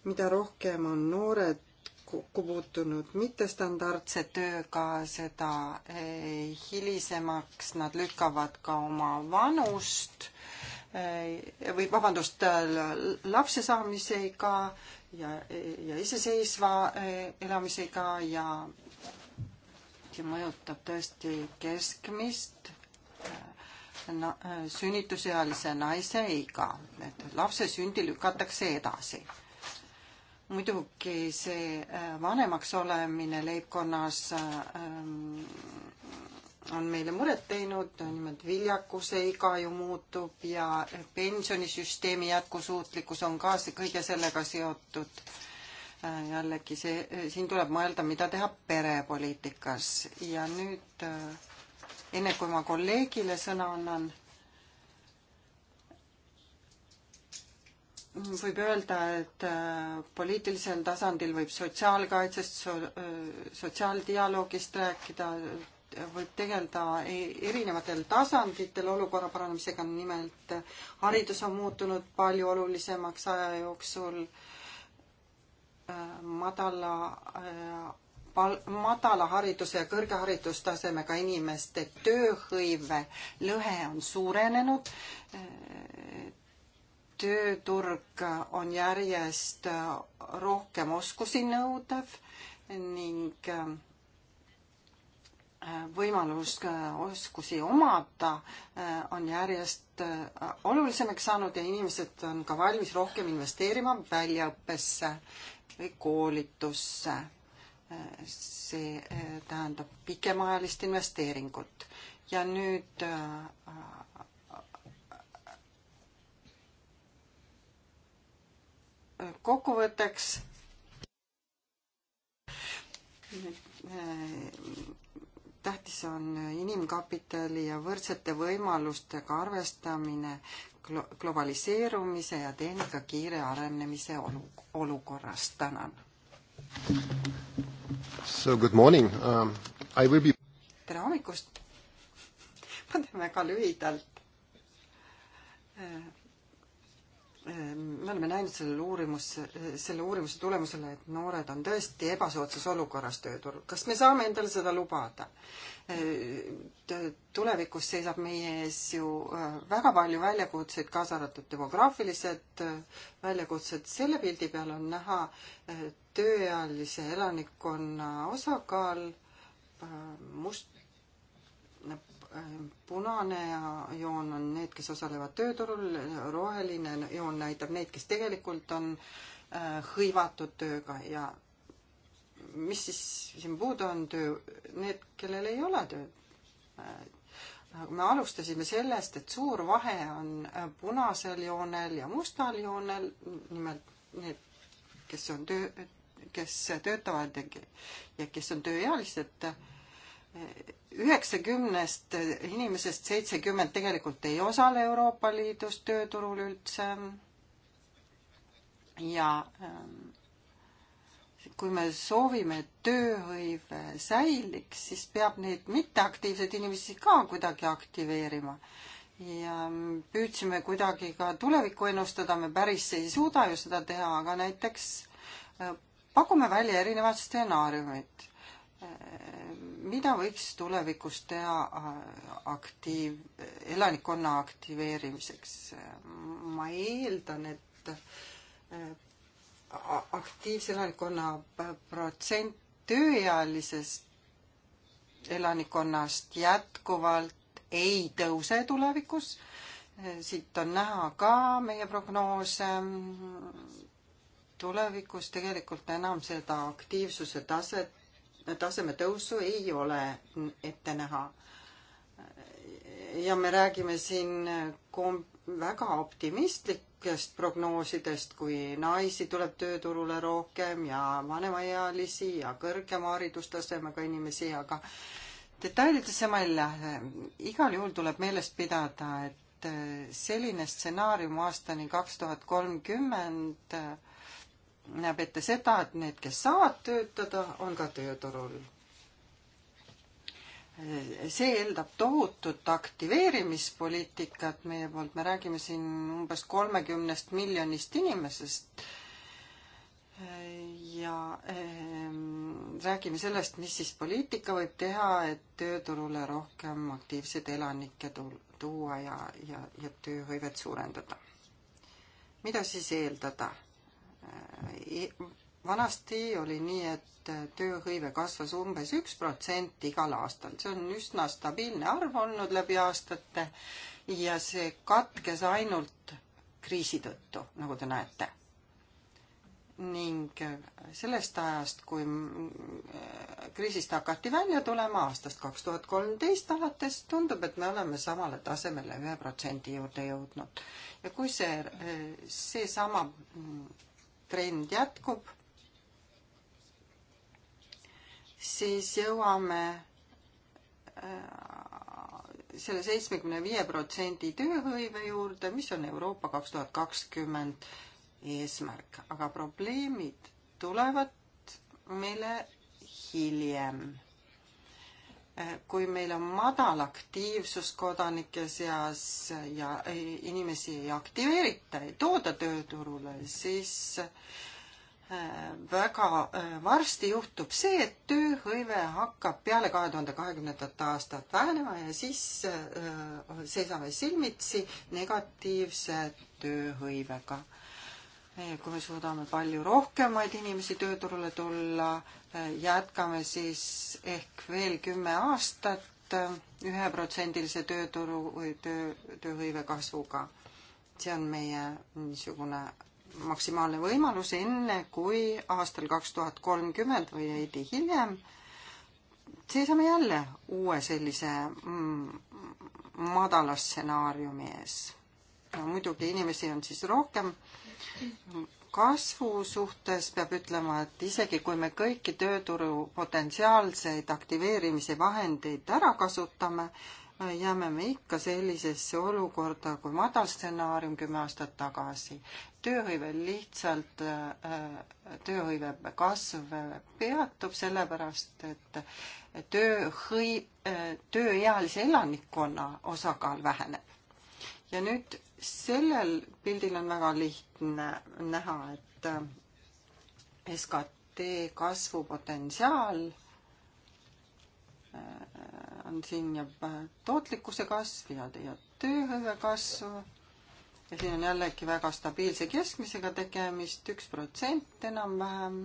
mida rohkem on noored kokku puutunud mittestandardse tööga, seda eh, hilisemaks nad lükkavad ka oma vanust eh, või vabandust, lapse saamisega ja, ja iseseisva eh, elamisega ja see mõjutab tõesti keskmist na, sünnitusealise naise iga, et lapse sündi lükatakse edasi muidugi see äh, vanemaks olemine leibkonnas ähm, on meile muret teinud, nimelt viljakuse iga ju muutub ja pensionisüsteemi jätkusuutlikkus on ka see kõige sellega seotud. Äh, jällegi see, äh, siin tuleb mõelda, mida teha perepoliitikas ja nüüd enne kui ma kolleegile sõna annan võib öelda, et äh, poliitilisel tasandil võib sotsiaalkaitsest, äh, sotsiaaldialoogist rääkida, võib tegeleda e-, erinevatel tasanditel olukorra paranemisega, nimelt äh, haridus on muutunud palju olulisemaks aja jooksul, madala pal-, madala hariduse ja kõrge haridustasemega inimeste tööhõive lõhe on suurenenud, tööturg on järjest rohkem oskusi nõudev ning äh, võimalus äh, oskusi omada äh, on järjest olulisemaks saanud ja inimesed on ka valmis rohkem investeerima väljaõppesse või koolitusse. see tähendab pikemaajalist investeeringut ja nüüd kokkuvõtteks tähtis on inimkapitali ja võrdsete võimalustega arvestamine glo-, globaliseerumise ja tehnika kiire arenemise olu-, olukorras, tänan. So good morning um,, I will be tere hommikust! ma teen väga lühidalt. Ehm, me oleme näinud sellele uurimusse, selle uurimuse tulemusele, et noored on tõesti ebasoodsas olukorras tööturul. kas me saame endale seda lubada? Ehm, tulevikus seisab meie ees ju äh, väga palju väljakutseid, kaasa arvatud demograafilised äh, väljakutsed. selle pildi peal on näha äh, tööealise elanikkonna osakaal must, punane joon on need, kes osalevad tööturul, roheline joon näitab neid, kes tegelikult on äh, hõivatud tööga ja mis siis siin puudu on, töö, need, kellel ei ole tööd. Äh, me alustasime sellest, et suur vahe on äh, punasel joonel ja mustal joonel, nimelt need, kes on töö, kes töötavad ja kes on tööealised üheksakümnest inimesest seitsekümmend tegelikult ei osale Euroopa Liidus tööturul üldse. ja ähm, kui me soovime, et tööhõive säiliks, siis peab neid mitteaktiivseid inimesi ka kuidagi aktiveerima. ja ähm, püüdsime kuidagi ka tulevikku ennustada, me päris ei suuda ju seda teha, aga näiteks äh, pakume välja erinevad stsenaariumid mida võiks tulevikus teha äh, aktiiv, elanikkonna aktiveerimiseks? ma eeldan, et äh, aktiivse elanikkonna protsent tööealisest elanikkonnast jätkuvalt ei tõuse tulevikus. siit on näha ka meie prognoose tulevikus tegelikult enam seda aktiivsuse taset taseme tõusu ei ole ette näha. ja me räägime siin kom-, väga optimistlikest prognoosidest, kui naisi tuleb tööturule rohkem ja vanemaealisi ja kõrgema haridustasemega inimesi, aga detailidesse ma ei lähe. igal juhul tuleb meeles pidada, et selline stsenaarium aastani kaks tuhat kolmkümmend näeb ette seda, et need, kes saavad töötada, on ka tööturul. see eeldab tohutut aktiveerimispoliitikat meie poolt, me räägime siin umbes kolmekümnest miljonist inimesest ja ähm, räägime sellest, mis siis poliitika võib teha, et tööturule rohkem aktiivseid elanikke tuua ja, ja, ja tööhõivet suurendada. mida siis eeldada? Äh, vanasti oli nii, et äh, tööhõive kasvas umbes üks protsent igal aastal, see on üsna stabiilne arv olnud läbi aastate ja see katkes ainult kriisi tõttu, nagu te näete. ning äh, sellest ajast, kui kriisist hakati välja tulema aastast kaks tuhat kolmteist alates, tundub, et me oleme samale tasemele ühe protsendi juurde jõudnud. ja kui see, seesama mm, trend jätkub, siis jõuame äh, selle seitsmekümne viie protsendi tööhõive juurde, mis on Euroopa kaks tuhat kakskümmend eesmärk, aga probleemid tulevad meile hiljem kui meil on madal aktiivsus kodanike seas ja inimesi ei aktiveerita, ei tooda tööturule, siis äh, väga äh, varsti juhtub see, et tööhõive hakkab peale kahe tuhande kahekümnendat aastat vähenema ja siis äh, seisame silmitsi negatiivse tööhõivega kui me suudame palju rohkemaid inimesi tööturule tulla, jätkame siis ehk veel kümme aastat üheprotsendilise tööturu või töö, tööhõive kasvuga. see on meie niisugune maksimaalne võimalus, enne kui aastal kaks tuhat kolmkümmend või veidi hiljem seisame jälle uue sellise mm, madala stsenaariumi ees muidugi inimesi on siis rohkem. kasvu suhtes peab ütlema, et isegi kui me kõiki tööturu potentsiaalseid aktiveerimise vahendeid ära kasutame, jääme me ikka sellisesse olukorda kui madalstsenaarium kümme aastat tagasi. tööhõive lihtsalt, äh, tööhõive kasv peatub sellepärast, et tööhõi-, äh, tööealise elanikkonna osakaal väheneb. ja nüüd sellel pildil on väga lihtne näha, et äh, SKT kasvupotentsiaal äh, on siin ja äh, tootlikkuse kasv ja, ja tööhõive kasv. ja siin on jällegi väga stabiilse keskmisega tegemist, üks protsent enam-vähem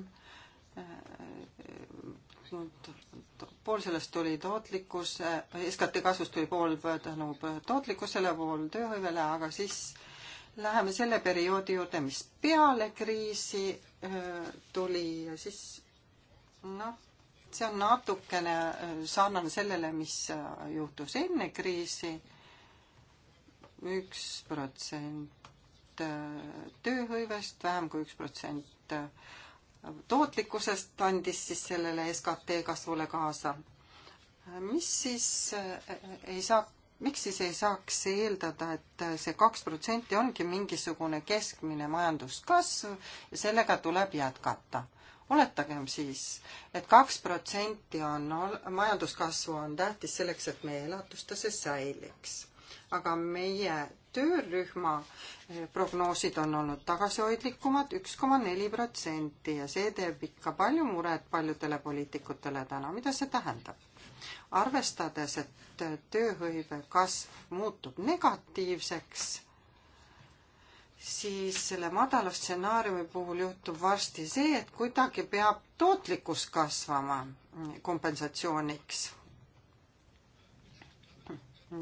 muutnud, pool sellest tuli tootlikkus, SKT kasvust tuli pool tänu tootlikkusele, pool tööhõivele, aga siis läheme selle perioodi juurde, mis peale kriisi tuli ja siis noh, see on natukene sarnane sellele, mis äh, juhtus enne kriisi. üks protsent äh, tööhõivest, vähem kui üks protsent äh, tootlikkusest andis siis sellele SKT kasvule kaasa. mis siis eh, eh, ei saa, miks siis ei saaks eeldada, et see kaks protsenti ongi mingisugune keskmine majanduskasv ja sellega tuleb jätkata? oletagem siis et, et kaks protsenti on, majanduskasvu on tähtis selleks, et meie elatus ta siis säiliks aga meie töörühma eh, prognoosid on olnud tagasihoidlikumad, üks koma neli protsenti ja see teeb ikka palju muret paljudele poliitikutele täna. mida see tähendab? arvestades, et eh, tööhõive kasv muutub negatiivseks, siis selle madala stsenaariumi puhul juhtub varsti see, et kuidagi peab tootlikkus kasvama mm, kompensatsiooniks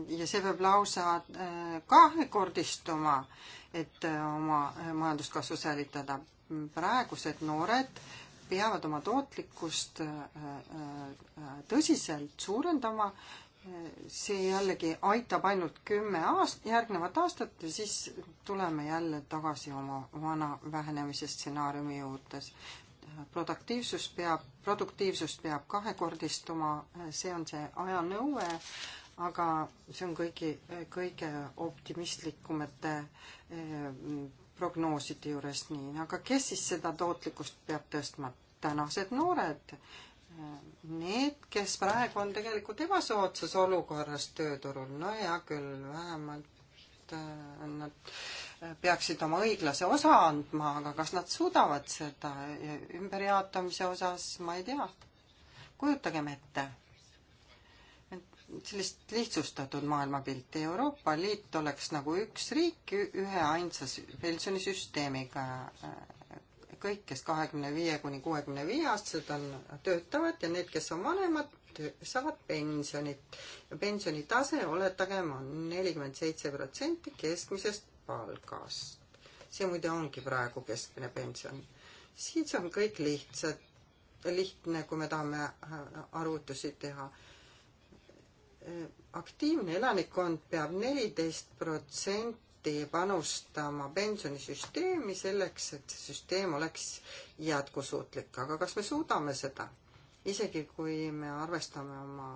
ja see peab lausa äh, kahekordistuma, et äh, oma majanduskasvu säilitada. praegused noored peavad oma tootlikkust äh, tõsiselt suurendama. see jällegi aitab ainult kümme aast-, järgnevat aastat ja siis tuleme jälle tagasi oma vana vähenemise stsenaariumi juurde produktiivsus peab, produktiivsus peab kahekordistuma, see on see ajanõue, aga see on kõigi, kõige optimistlikumate eh, prognooside juures nii, aga kes siis seda tootlikkust peab tõstma? tänased noored, eh, need, kes praegu on tegelikult ebasoodsas olukorras tööturul, no hea küll, vähemalt eh, nad peaksid oma õiglase osa andma, aga kas nad suudavad seda ümberjaotamise osas, ma ei tea. kujutagem ette sellist lihtsustatud maailmapilti. Euroopa Liit oleks nagu üks riik ühe ainsa pensionisüsteemiga. kõik, kes kahekümne viie kuni kuuekümne viie aastased on, töötavad ja need, kes on vanemad, saavad pensionit. ja pensionitase, oletagem, on nelikümmend seitse protsenti keskmisest palgast. see muide ongi praegu keskmine pension. siis on kõik lihtsad, lihtne, kui me tahame äh, arvutusi teha aktiivne elanikkond peab neliteist protsenti panustama pensionisüsteemi selleks, et see süsteem oleks jätkusuutlik, aga kas me suudame seda? isegi kui me arvestame oma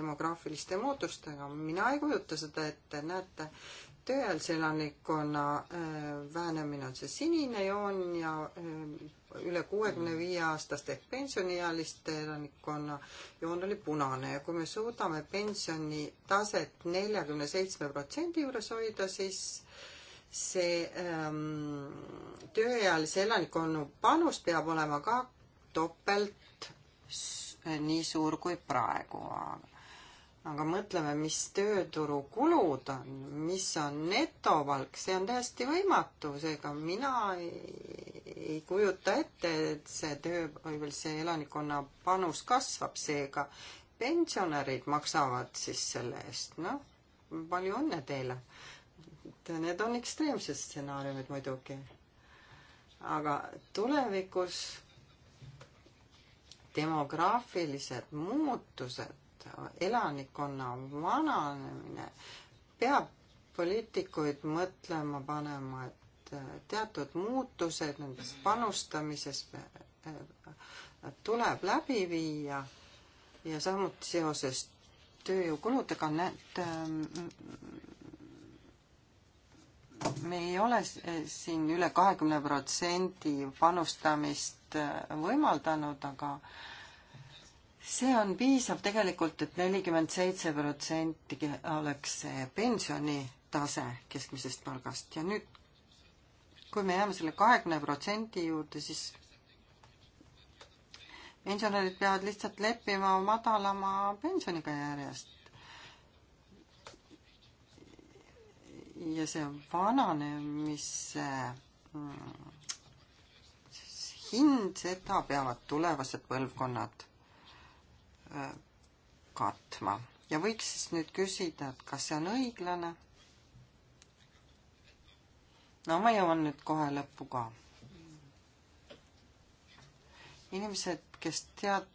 demograafiliste muutustega, mina ei kujuta seda ette, näete, tööealise elanikkonna äh, vähenemine on see sinine joon ja äh, üle kuuekümne viie aastast ehk pensioniealiste elanikkonna joon oli punane ja kui me suudame pensionitaset neljakümne seitsme protsendi juures hoida, siis see ähm, tööealise elanikkonna panus peab olema ka topelt nii suur kui praegu aga mõtleme, mis tööturu kulud on, mis on netopalk, see on täiesti võimatu, seega mina ei, ei kujuta ette, et see töö, või see elanikkonna panus kasvab, seega pensionärid maksavad siis selle eest, noh, palju õnne teile. et need on ekstreemsed stsenaariumid muidugi. aga tulevikus demograafilised muutused et elanikkonna vananemine peab poliitikuid mõtlema panema, et äh, teatud muutused nendes panustamises äh, tuleb läbi viia ja samuti seoses tööjõukuludega on, et ähm, me ei ole äh, siin üle kahekümne protsendi panustamist võimaldanud, aga see on piisav tegelikult et, et nelikümmend seitse protsenti oleks see pensionitase keskmisest palgast ja nüüd, kui me jääme selle kahekümne protsendi juurde, siis pensionärid peavad lihtsalt leppima madalama pensioniga järjest. ja see vananemise mm, hind, seda peavad tulevased põlvkonnad Äh, katma ja võiks siis nüüd küsida, et kas see on õiglane. no ma jõuan nüüd kohe lõppu ka. inimesed, kes tead-,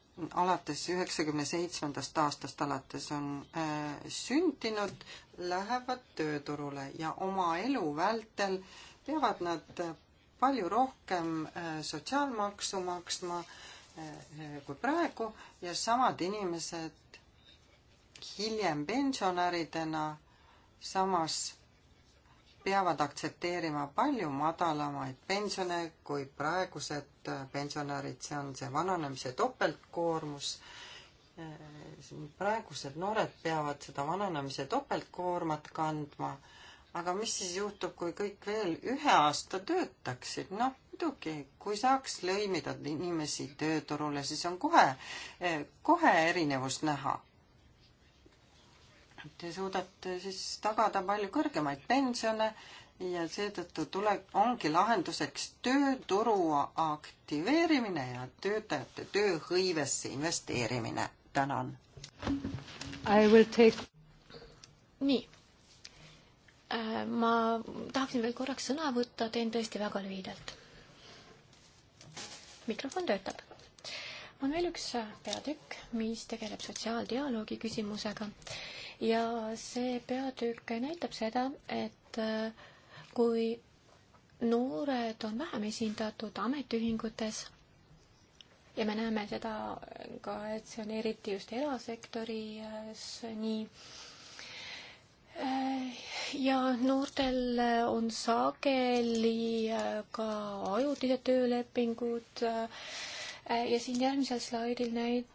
alates üheksakümne seitsmendast aastast alates on äh, sündinud, lähevad tööturule ja oma elu vältel peavad nad äh, palju rohkem äh, sotsiaalmaksu maksma äh,, kui praegu ja samad inimesed hiljem pensionäridena samas peavad aktsepteerima palju madalamaid pensione kui praegused pensionärid, see on see vananemise topeltkoormus. praegused noored peavad seda vananemise topeltkoormat kandma. aga mis siis juhtub, kui kõik veel ühe aasta töötaksid, noh muidugi, kui saaks lõimida inimesi tööturule, siis on kohe, eh, kohe erinevust näha. Te suudate siis tagada palju kõrgemaid pensione ja seetõttu tule, ongi lahenduseks tööturu aktiveerimine ja töötajate tööhõivesse investeerimine. tänan. I will take. nii äh, ma tahaksin veel korraks sõna võtta, teen tõesti väga lühidalt mikrofon töötab. on veel üks peatükk, mis tegeleb sotsiaaldialoogi küsimusega ja see peatükk näitab seda, et äh, kui noored on vähem esindatud ametiühingutes ja me näeme seda ka, et see on eriti just erasektoris nii Äh, ja noortel äh, on sageli äh, ka ajutised töölepingud ja siin järgmisel slaidil näit-,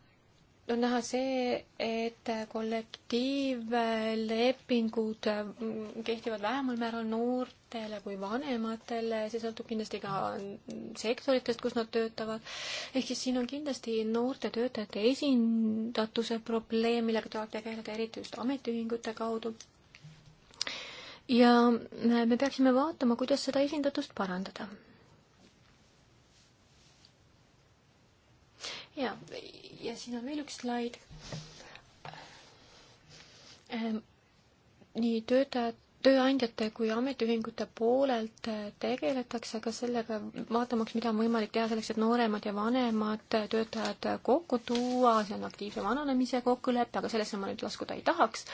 on näha see, et kollektiivlepingud mm, kehtivad vähemal määral noortele kui vanematele, see sõltub kindlasti ka sektoritest, kus nad töötavad. ehk siis siin on kindlasti noorte töötajate esindatuse probleem, millega tuleb tegeleda eriti just ametiühingute kaudu ja me peaksime vaatama, kuidas seda esindatust parandada. ja, ja siin on veel üks slaid. Ehm, nii töötajad tööandjate kui ametiühingute poolelt eh, tegeletakse ka sellega, vaatamaks, mida on võimalik teha selleks, et nooremad ja vanemad töötajad kokku tuua, see on aktiivse vananemise kokkulepe, aga sellesse ma nüüd laskuda ei tahaks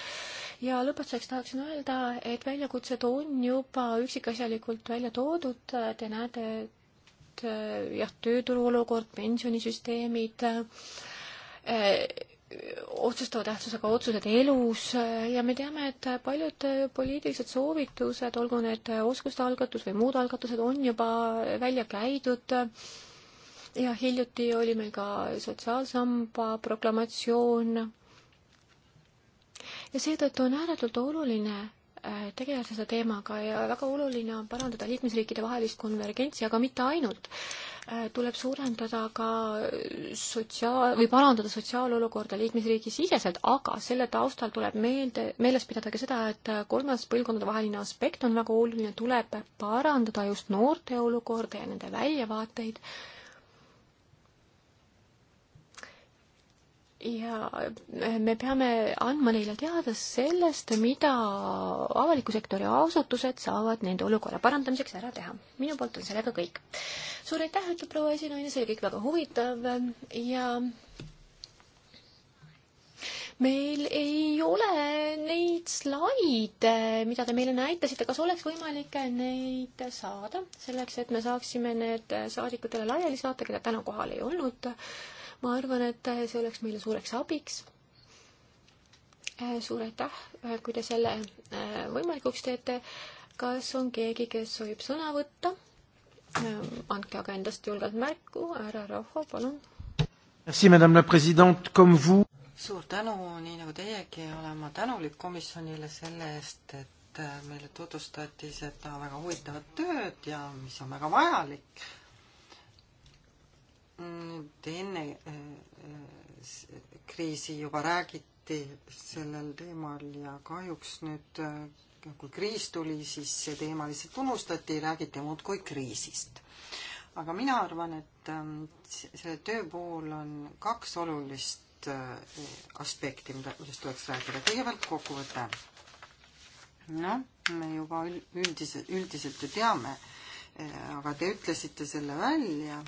ja lõpetuseks tahaksin öelda, et väljakutsed on juba üksikasjalikult välja toodud, te näete, et eh, jah, tööturu olukord, pensionisüsteemid, eh, otsustava tähtsusega otsused elus ja me teame, et paljud poliitilised soovitused, olgu need oskuste algatus või muud algatused, on juba välja käidud. ja hiljuti oli meil ka sotsiaalsamba proklamatsioon ja seetõttu on ääretult oluline äh, tegeleda selle teemaga ja väga oluline on parandada liikmesriikide vahelist konvergentsi, aga mitte ainult. Äh, tuleb suurendada ka sotsiaal- või parandada sotsiaalolukorda liikmesriigi siseselt, aga selle taustal tuleb meelde, meeles pidada ka seda, et äh, kolmas põlvkondadevaheline aspekt on väga oluline, tuleb parandada just noorte olukorda ja nende väljavaateid ja eh, me peame andma neile teada sellest, mida avaliku sektori asutused saavad nende olukorra parandamiseks ära teha. minu poolt on sellega kõik. suur aitäh, ütleb proua esinaine, see oli kõik väga huvitav ja meil ei ole neid slaide, mida te meile näitasite, kas oleks võimalik neid saada, selleks et me saaksime need saadikutele laiali saata, keda täna kohal ei olnud ma arvan, et see oleks meile suureks abiks. Äh, suur aitäh, äh, kui te selle äh, võimalikuks teete. kas on keegi, kes soovib sõna võtta? andke aga endast julgelt märku, härra Rahva, palun. Merci, madame la president, comme vous. suur tänu, nii nagu teiegi, olen ma tänulik komisjonile selle eest, et meile tutvustati seda väga huvitavat tööd ja mis on väga vajalik nüüd enne äh, äh, kriisi juba räägiti sellel teemal ja kahjuks nüüd, äh, kui kriis tuli, siis see teema lihtsalt unustati, räägiti muudkui kriisist. aga mina arvan, et ähm, selle töö puhul on kaks olulist aspekti, mida, millest tuleks rääkida. kõigepealt kokkuvõte. noh, me juba üldise, üldiselt ju teame, aga te ütlesite selle välja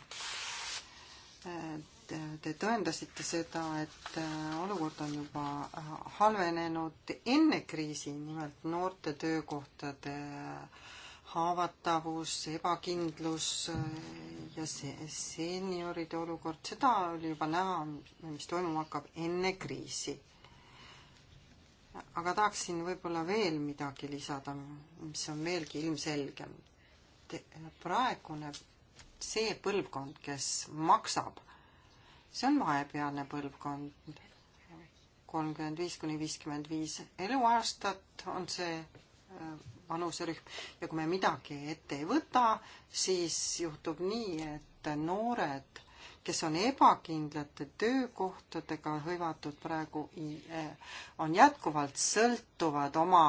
Te tõendasite seda, et äh, olukord on juba äh, halvenenud enne kriisi, nimelt noorte töökohtade äh, haavatavus, ebakindlus ja see seenioride olukord, seda oli juba näha, mis toimuma hakkab enne kriisi. aga tahaksin võib-olla veel midagi lisada, mis on veelgi ilmselgem. praegune see põlvkond, kes maksab, see on vahepealne põlvkond. kolmkümmend viis kuni viiskümmend viis eluaastat on see äh, vanuserühm ja kui me midagi ette ei võta, siis juhtub nii, et noored kes on ebakindlate töökohtadega hõivatud praegu, on jätkuvalt sõltuvad oma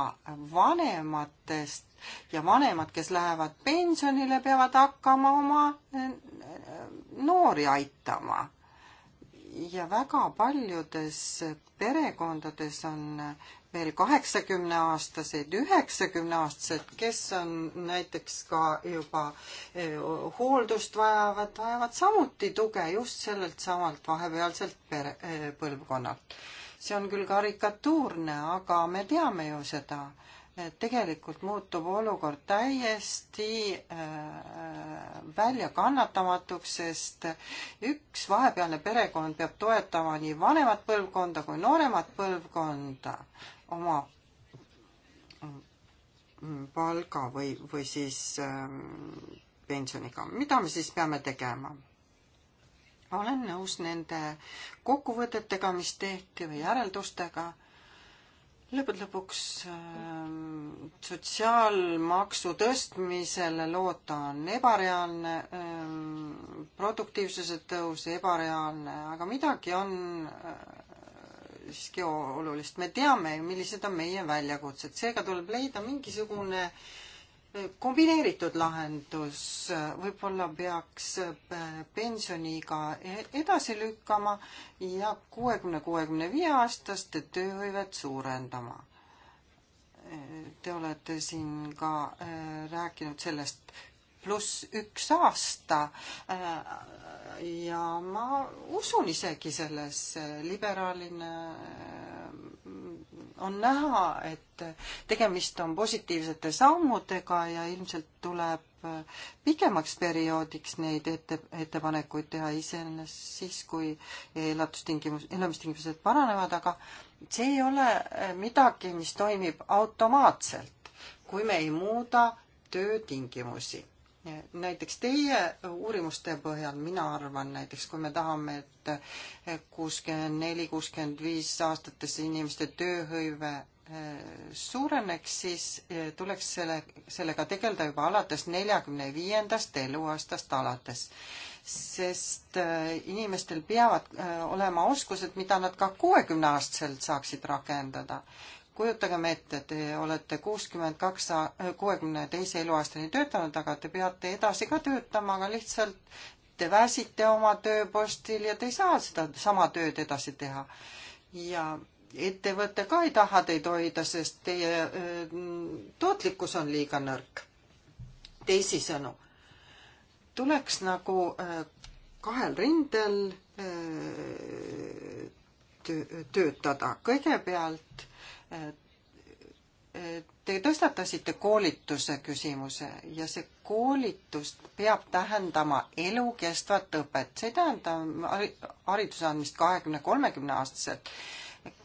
vanematest ja vanemad, kes lähevad pensionile, peavad hakkama oma eh, noori aitama ja väga paljudes perekondades on veel kaheksakümneaastaseid, üheksakümneaastased, kes on näiteks ka juba e, hooldust vajavad, vajavad samuti tuge just sellelt samalt vahepealselt pere, e, põlvkonnalt. see on küll karikatuurne, aga me teame ju seda tegelikult muutub olukord täiesti äh, väljakannatamatuks, sest üks vahepealne perekond peab toetama nii vanemat põlvkonda kui nooremat põlvkonda oma mm, palga või, või siis äh, pensioniga. mida me siis peame tegema? olen nõus nende kokkuvõtetega, mis tehti või järeldustega lõppude lõpuks ähm, sotsiaalmaksu tõstmisele loota on ebareaalne, ähm, produktiivsuse tõus ebareaalne, aga midagi on äh, siiski olulist. me teame ju, millised on meie väljakutsed, seega tuleb leida mingisugune äh, kombineeritud lahendus, võib-olla peaks äh, pensioniiga e-, edasi lükkama ja kuuekümne, kuuekümne viie aastaste tööhõivet suurendama. Te olete siin ka äh, rääkinud sellest pluss üks aasta äh, ja ma usun isegi sellesse, liberaalina on näha, et tegemist on positiivsete sammudega ja ilmselt tuleb pikemaks perioodiks neid ette, ettepanekuid teha iseenesest siis, kui elatustingimus, elamistingimused paranevad, aga see ei ole midagi, mis toimib automaatselt, kui me ei muuda töötingimusi näiteks teie uurimuste põhjal, mina arvan näiteks, kui me tahame, et kuuskümmend neli, kuuskümmend viis aastatesse inimeste tööhõive eh, suureneks, siis eh, tuleks selle, sellega tegeleda juba alates neljakümne viiendast eluaastast alates. sest eh, inimestel peavad olema oskused, mida nad ka kuuekümneaastaselt saaksid rakendada kujutagem ette, te olete kuuskümmend kaks, kuuekümne teise eluaastani töötanud, aga te peate edasi ka töötama, aga lihtsalt te väsite oma tööpostil ja te ei saa seda sama tööd edasi teha. ja ettevõte ka ei taha teid hoida, sest teie tootlikkus on liiga nõrk. teisisõnu, tuleks nagu kahel rindel töötada. kõigepealt Te tõstatasite koolituse küsimuse ja see koolitus peab tähendama elukestvat õpet, see ei tähenda hariduse andmist kahekümne, kolmekümne aastaselt.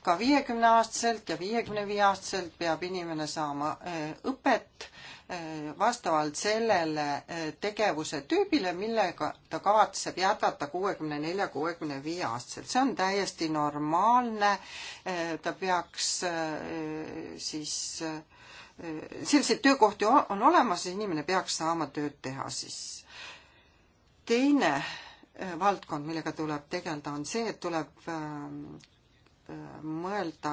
ka viiekümne aastaselt ja viiekümne viie aastaselt peab inimene saama eh, õpet Äh, vastavalt sellele äh, tegevuse tüübile, millega ta kavatseb jätkata kuuekümne nelja, kuuekümne viie aastaselt. see on täiesti normaalne, äh, ta peaks siis selliseid töökohti on olemas, inimene peaks saama tööd teha siis. teine valdkond, millega tuleb tegeleda, on see, et tuleb mõelda,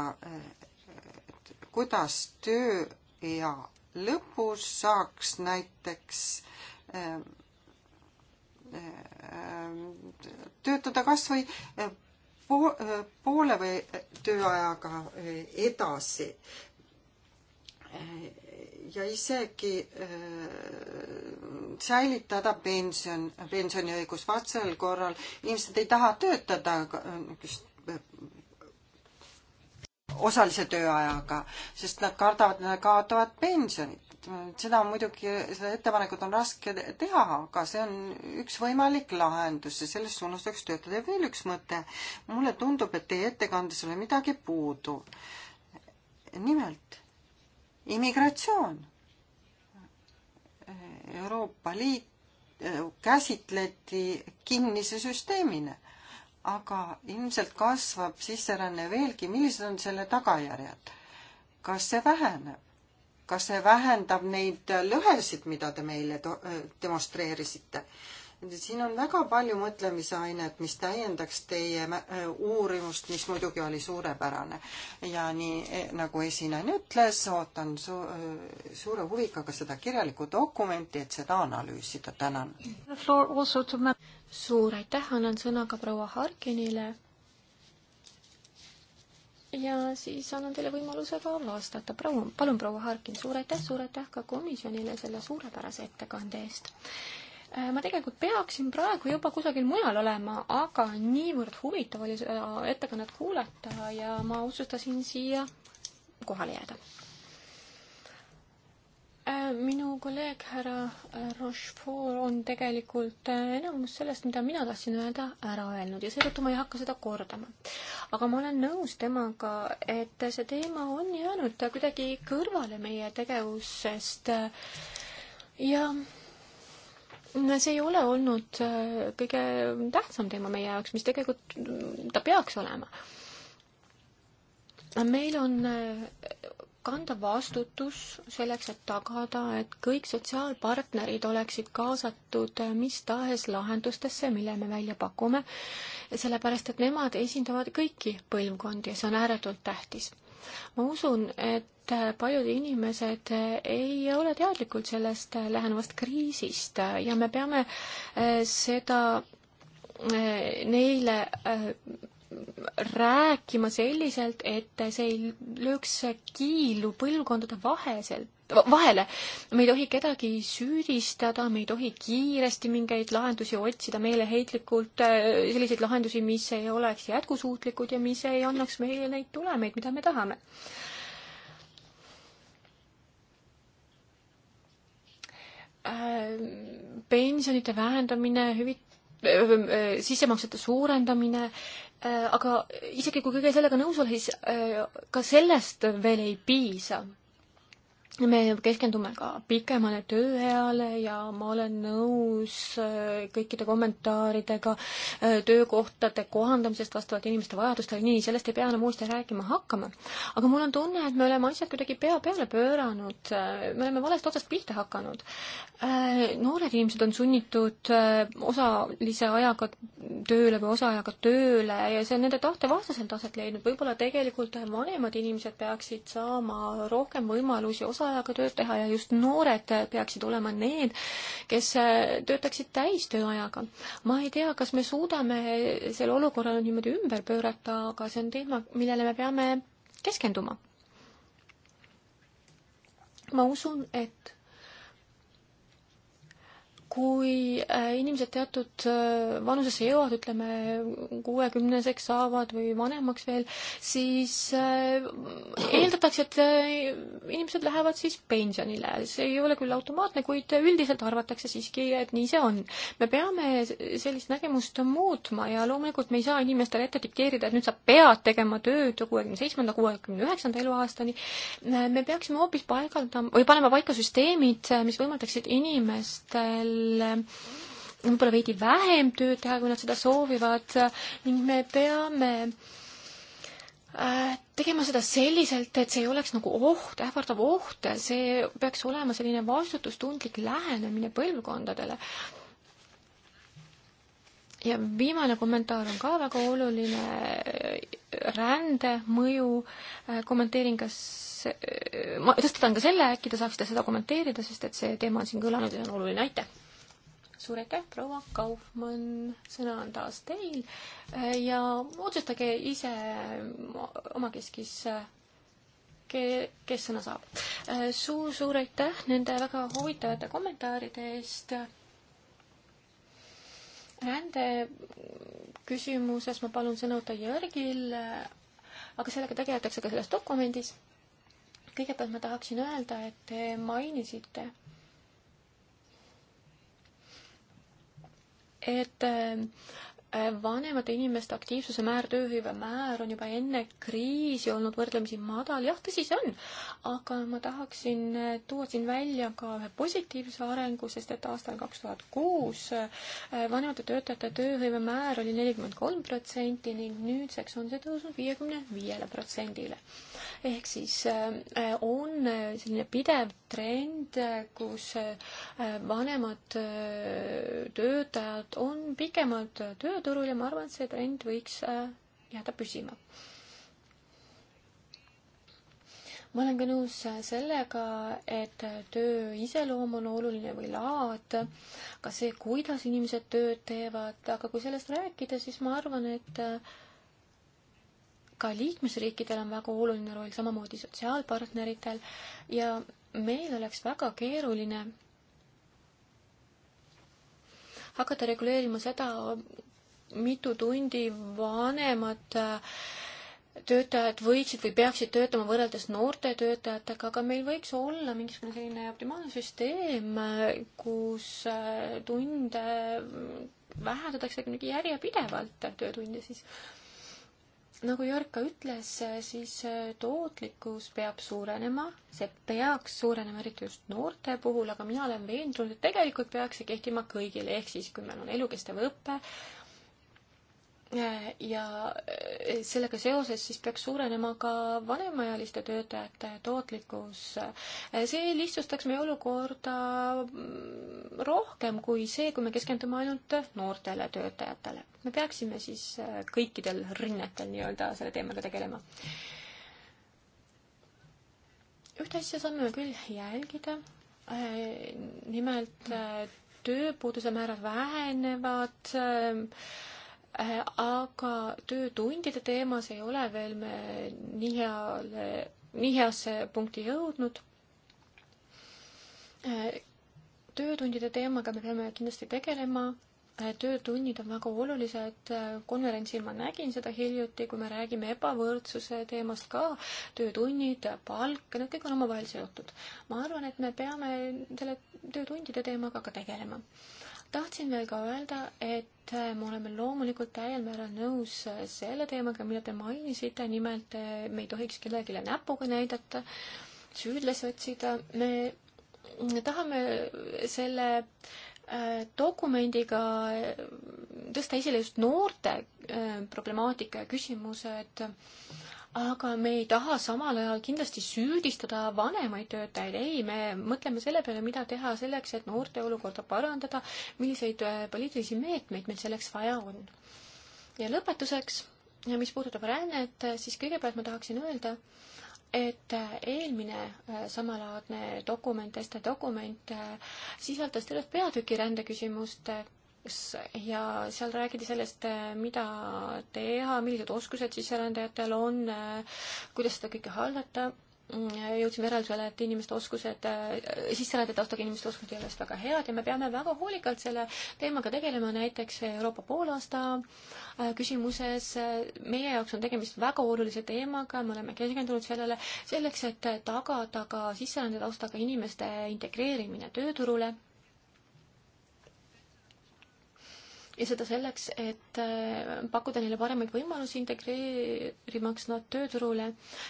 kuidas töö ja lõpus saaks näiteks ähm, ähm, töötada kas või äh, äh, poole või äh, tööajaga edasi. ja isegi säilitada pension, pensioniõigus vastasel korral inimesed ei taha töötada niisugust osalise tööajaga, sest nad kardavad, nad kaotavad pensionit. seda on muidugi, seda ettepanekut on raske teha, aga see on üks võimalik lahendus ja selles suunas tuleks töötada. ja veel üks mõte. mulle tundub, et teie ettekandes oli midagi puudu. nimelt immigratsioon. Euroopa Liit eh, käsitleti kinnise süsteemina aga ilmselt kasvab sisseränne veelgi, millised on selle tagajärjed? kas see väheneb? kas see vähendab neid lõhesid, mida te meile demonstreerisite? siin on väga palju mõtlemisainet, mis täiendaks teie äh, uurimust, mis muidugi oli suurepärane. ja nii e, nagu esinaine ütles, ootan su äh, suure huviga ka seda kirjalikku dokumenti, et seda analüüsida. tänan. suur aitäh, annan sõna ka proua Harkinile. ja siis annan teile võimaluse ka vastata. proua, palun, proua Harkin, suur aitäh, suur aitäh ka komisjonile selle suurepärase ettekande eest Äh, ma tegelikult peaksin praegu juba kusagil mujal olema, aga niivõrd huvitav oli seda ettekannet kuulata ja ma otsustasin siia kohale jääda. Äh, minu kolleeg härra Rochefort on tegelikult äh, enamus sellest, mida mina tahtsin öelda, ära öelnud ja seetõttu ma ei hakka seda kordama. aga ma olen nõus temaga, et see teema on jäänud kuidagi kõrvale meie tegevusest ja see ei ole olnud äh, kõige tähtsam teema meie jaoks, mis tegelikult mm, ta peaks olema. meil on äh, kanda vastutus selleks, et tagada, et kõik sotsiaalpartnerid oleksid kaasatud äh, mis tahes lahendustesse, mille me välja pakume, sellepärast et nemad esindavad kõiki põlvkondi ja see on ääretult tähtis. ma usun, et et paljud inimesed ei ole teadlikud sellest lähenevast kriisist ja me peame eh, seda eh, neile eh, rääkima selliselt, et see ei lööks kiilu põlvkondade vaheselt, vahele. me ei tohi kedagi süüdistada, me ei tohi kiiresti mingeid lahendusi otsida meeleheitlikult, selliseid lahendusi, mis ei oleks jätkusuutlikud ja mis ei annaks meile neid tulemeid, mida me tahame. Äh, pensionite vähendamine, hüvit-, äh, äh, sissemaksete suurendamine, aga isegi kui kõige sellega nõus olla, siis ka sellest veel ei piisa me keskendume ka pikemale tööeale ja ma olen nõus äh, kõikide kommentaaridega äh, töökohtade kohandamisest vastavalt inimeste vajadustele, nii, sellest ei pea enam uuesti rääkima hakkama. aga mul on tunne, et me oleme asjad kuidagi pea peale pööranud, äh, me oleme valest otsast pihta hakanud. noored inimesed on sunnitud osalise ajaga tööle või osaajaga tööle ja see on nende tahte vastaselt aset leidnud, võib-olla tegelikult vanemad inimesed peaksid saama rohkem võimalusi osa osaajaga tööd teha ja just noored peaksid olema need, kes töötaksid täistööajaga. ma ei tea, kas me suudame selle olukorra niimoodi ümber pöörata, aga see on teema, millele me peame keskenduma. ma usun, et kui äh, inimesed teatud äh, vanusesse jõuavad, ütleme kuuekümneseks saavad või vanemaks veel, siis äh, eeldatakse, et inimesed lähevad siis pensionile. see ei ole küll automaatne, kuid üldiselt arvatakse siiski, et nii see on. me peame sellist nägemust muutma ja loomulikult me ei saa inimestele ette dikteerida, et nüüd sa pead tegema tööd kuuekümne seitsmenda, kuuekümne üheksanda eluaastani. me peaksime hoopis paigaldama või panema paika süsteemid, mis võimaldaksid inimestel veel eh, võib-olla veidi vähem tööd teha, kui nad seda soovivad ning me peame äh, tegema seda selliselt, et see ei oleks nagu oht, ähvardav oht, see peaks olema selline vastutustundlik lähenemine põlvkondadele. ja viimane kommentaar on ka väga oluline, rände mõju, äh, kommenteerin, kas ma tõstatan ka selle, äkki te saaksite seda kommenteerida, sest et see teema on siin kõlanud ja see on oluline, aitäh! suur aitäh, proua Kaufmann, sõna on taas teil äh, ja otsustage ise omakeskis, äh, kes sõna saab. Äh, suur, suur aitäh nende väga huvitavate kommentaaride eest rände küsimuses ma palun sõna võtta Jörgil, aga sellega tegeletakse ka selles dokumendis. kõigepealt ma tahaksin öelda, et te mainisite et äh, vanemate inimeste aktiivsuse määr, tööhõive määr on juba enne kriisi olnud võrdlemisi madal, jah, tõsi see on, aga ma tahaksin tuua siin välja ka ühe positiivse arengu, sest et aastal kaks tuhat kuus äh, vanemate töötajate tööhõive määr oli nelikümmend kolm protsenti ning nüüdseks on see tõusnud viiekümne viiele protsendile. ehk siis äh, on selline pidev trend, äh, kus vanemad töötajad on pikemalt töötajad, tööturul ja ma arvan, et see trend võiks äh, jääda püsima. ma olen ka nõus äh, sellega, et äh, töö iseloom on oluline või laad, ka see, kuidas inimesed tööd teevad, aga kui sellest rääkida, siis ma arvan, et ka liikmesriikidel on väga oluline roll, samamoodi sotsiaalpartneritel ja meil oleks väga keeruline hakata reguleerima seda, mitu tundi vanemad äh, töötajad võiksid või peaksid töötama võrreldes noorte töötajatega, aga meil võiks olla mingisugune selline optimaalne süsteem, äh, kus äh, tunde vähendatakse kuidagi järjepidevalt, töötunde siis. nagu Jörg ka ütles, siis tootlikkus peab suurenema, see peaks suurenema eriti just noorte puhul, aga mina olen veendunud, et tegelikult peaks see kehtima kõigile, ehk siis kui meil on elukestev õpe, ja eh, sellega seoses siis peaks suurenema ka vanemaealiste töötajate tootlikkus. Eh, see lihtsustaks meie olukorda mm, rohkem kui see, kui me keskendume ainult noortele töötajatele. me peaksime siis eh, kõikidel rinnetel nii-öelda selle teemaga tegelema. ühte asja saame küll jälgida, nimelt tööpuuduse määrad vähenevad Äh, aga töötundide teemas ei ole veel me nii heale, nii heasse punkti jõudnud. Äh, töötundide teemaga me peame kindlasti tegelema. Äh, töötunnid on väga olulised, konverentsil ma nägin seda hiljuti, kui me räägime ebavõrdsuse teemast ka, töötunnid, palk, need kõik on omavahel seotud. ma arvan, et me peame selle töötundide teemaga ka tegelema tahtsin veel ka öelda, et äh, me oleme loomulikult täiel määral nõus äh, selle teemaga, mida te mainisite, nimelt äh, me ei tohiks kellelegi näpuga näidata, süüdlasi otsida, me tahame selle dokumendiga tõsta esile just noorte problemaatika ja küsimused aga me ei taha samal ajal kindlasti süüdistada vanemaid töötajaid, ei, me mõtleme selle peale, mida teha selleks, et noorte olukorda parandada, milliseid äh, poliitilisi meetmeid meil selleks vaja on. ja lõpetuseks, mis puudutab rännet, siis kõigepealt ma tahaksin öelda, et äh, eelmine äh, samalaadne dokument, ST dokument, sisaldas tervet peatüki rändeküsimustega üks ja seal räägiti sellest, mida teha, millised oskused sisserändajatel on, kuidas seda kõike hallata. jõudsime järeldusele, et inimeste oskused, sisserändajate taustaga inimeste oskused ei ole vist väga head ja me peame väga hoolikalt selle teemaga tegelema, näiteks Euroopa poolaasta äh, küsimuses. meie jaoks on tegemist väga olulise teemaga, me oleme keskendunud sellele selleks, et tagada ka sisserände taustaga inimeste integreerimine tööturule ja seda selleks, et äh, pakkuda neile paremaid võimalusi integreerimaks nad tööturule.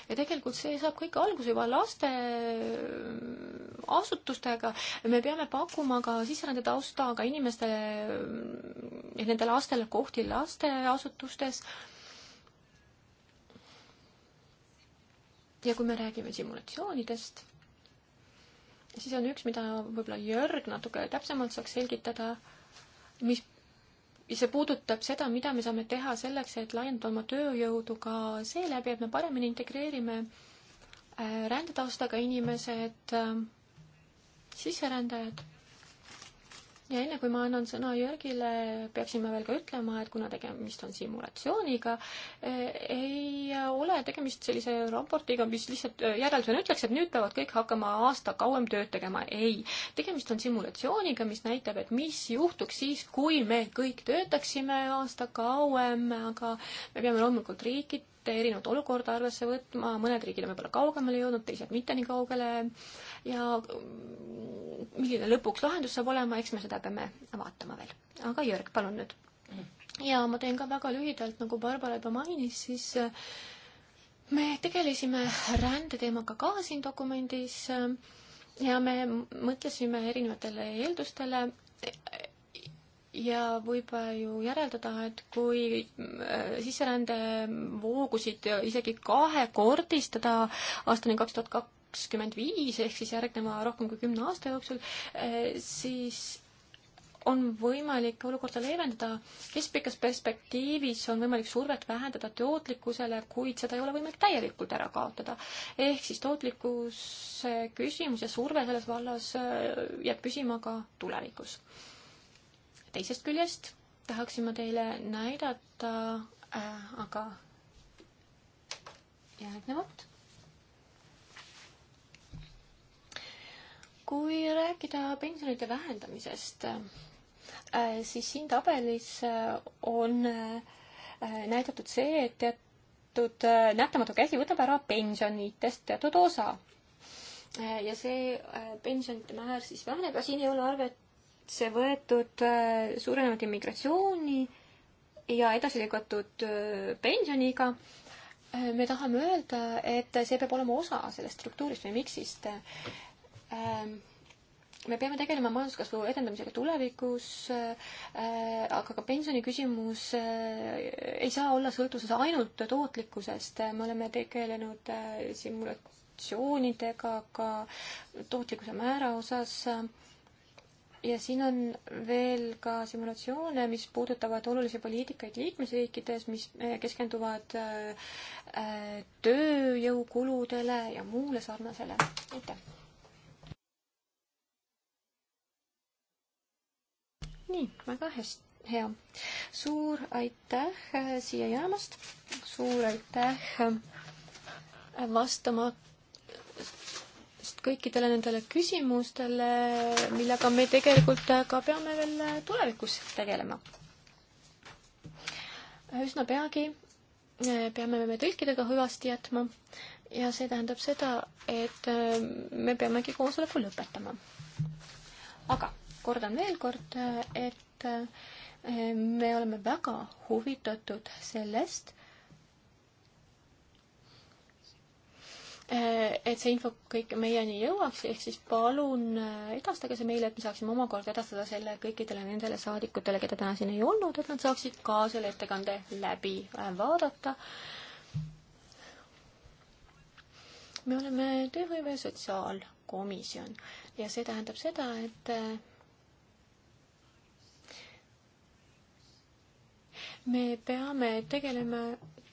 ja tegelikult see saab kõik alguse juba lasteasutustega. Äh, me peame pakkuma ka sisserände taustaga inimestele ja äh, nende lastele kohti lasteasutustes. ja kui me räägime simulatsioonidest, siis on üks, mida võib-olla Jörg natuke täpsemalt saaks selgitada mis see puudutab seda, mida me saame teha selleks, et laiendada oma tööjõudu ka seeläbi, et me paremini integreerime äh, rändetaustaga inimesed, äh, sisserändajad ja enne, kui ma annan sõna Jörgile, peaksime veel ka ütlema, et kuna tegemist on simulatsiooniga, eh, ei ole tegemist sellise raportiga, mis lihtsalt eh, järeldusena ütleks, et nüüd peavad kõik hakkama aasta kauem tööd tegema. ei, tegemist on simulatsiooniga, mis näitab, et mis juhtuks siis, kui me kõik töötaksime aasta kauem, aga me peame loomulikult riikid erinevat olukorda arvesse võtma, mõned riigid on võib-olla kaugemale jõudnud, teised mitte nii kaugele ja mm, milline lõpuks lahendus saab olema, eks me seda peame vaatama veel. aga Jörg, palun nüüd. ja ma teen ka väga lühidalt, nagu Barbara juba mainis, siis äh, me tegelesime rändeteemaga ka siin dokumendis äh, ja me mõtlesime erinevatele eeldustele ja võib äh, ju järeldada, et kui äh, sisserändevoogusid äh, isegi kahekordistada aastani kaks tuhat kakskümmend viis ehk siis järgneva rohkem kui kümne aasta jooksul, siis on võimalik olukorda leevendada. keskpikas perspektiivis on võimalik survet vähendada tootlikkusele, kuid seda ei ole võimalik täielikult ära kaotada. ehk siis tootlikkuse küsimus ja surve selles vallas jääb püsima ka tulevikus teisest küljest tahaksin ma teile näidata äh, aga järgnevalt. kui rääkida pensionide vähendamisest äh,, siis siin tabelis äh, on äh, näidatud see, et teatud äh, nähtamatu käsi võtab ära pensionitest teatud osa äh, ja see äh, pensionite määr siis väheneb ja siin ei ole arvet arvesse võetud äh, suurenenud immigratsiooni ja edasi lükatud äh, pensioniiga. Äh, me tahame öelda, et see peab olema osa sellest struktuurist või miksist. Ähm, me peame tegelema majanduskasvu edendamisega tulevikus, aga ka pensioniküsimus ei saa olla sõltuvuses ainult tootlikkusest, me oleme tegelenud simulatsioonidega ka tootlikkuse määra osas ja siin on veel ka simulatsioone, mis puudutavad olulisi poliitikaid liikmesriikides, mis eh, keskenduvad eh, tööjõukuludele ja muule sarnasele. aitäh! nii, väga hästi, hea. suur aitäh eh, siia jäämast, suur aitäh vastamaks vastamast kõikidele nendele küsimustele, millega me tegelikult ka peame veel tulevikus tegelema. üsna peagi eh, peame me tõlkidega hüvasti jätma ja see tähendab seda, et eh, me peamegi koosoleku lõpetama. aga kordan veel kord, eh, et me oleme väga huvitatud sellest, Äh, et see info kõik meieni jõuaks, ehk siis palun äh, edastage see meile, et me saaksime omakorda edastada selle kõikidele nendele saadikutele, keda täna siin ei olnud, et nad saaksid ka selle ettekande läbi äh, vaadata. me oleme tööhõive sotsiaalkomisjon ja see tähendab seda, et me peame tegelema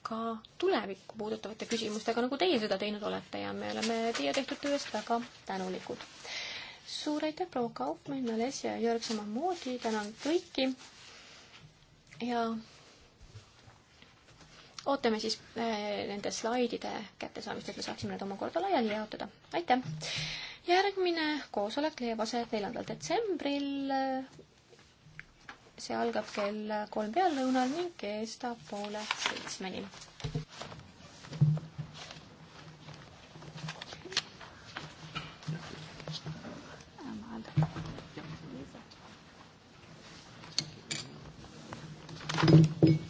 ka tulevikku puudutavate küsimustega, nagu teie seda teinud olete ja me oleme teie tehtud töö eest väga tänulikud. suur aitäh, proua Kaupmann, Males ja Jörg samamoodi, tänan kõiki ja ootame siis äh, nende slaidide kättesaamist, et me saaksime need omakorda laiali jaotada. aitäh! järgmine koosolek leiab aset neljandal detsembril see algab kell kolm peallõunal ning kestab poole seitsmeni. Thank you.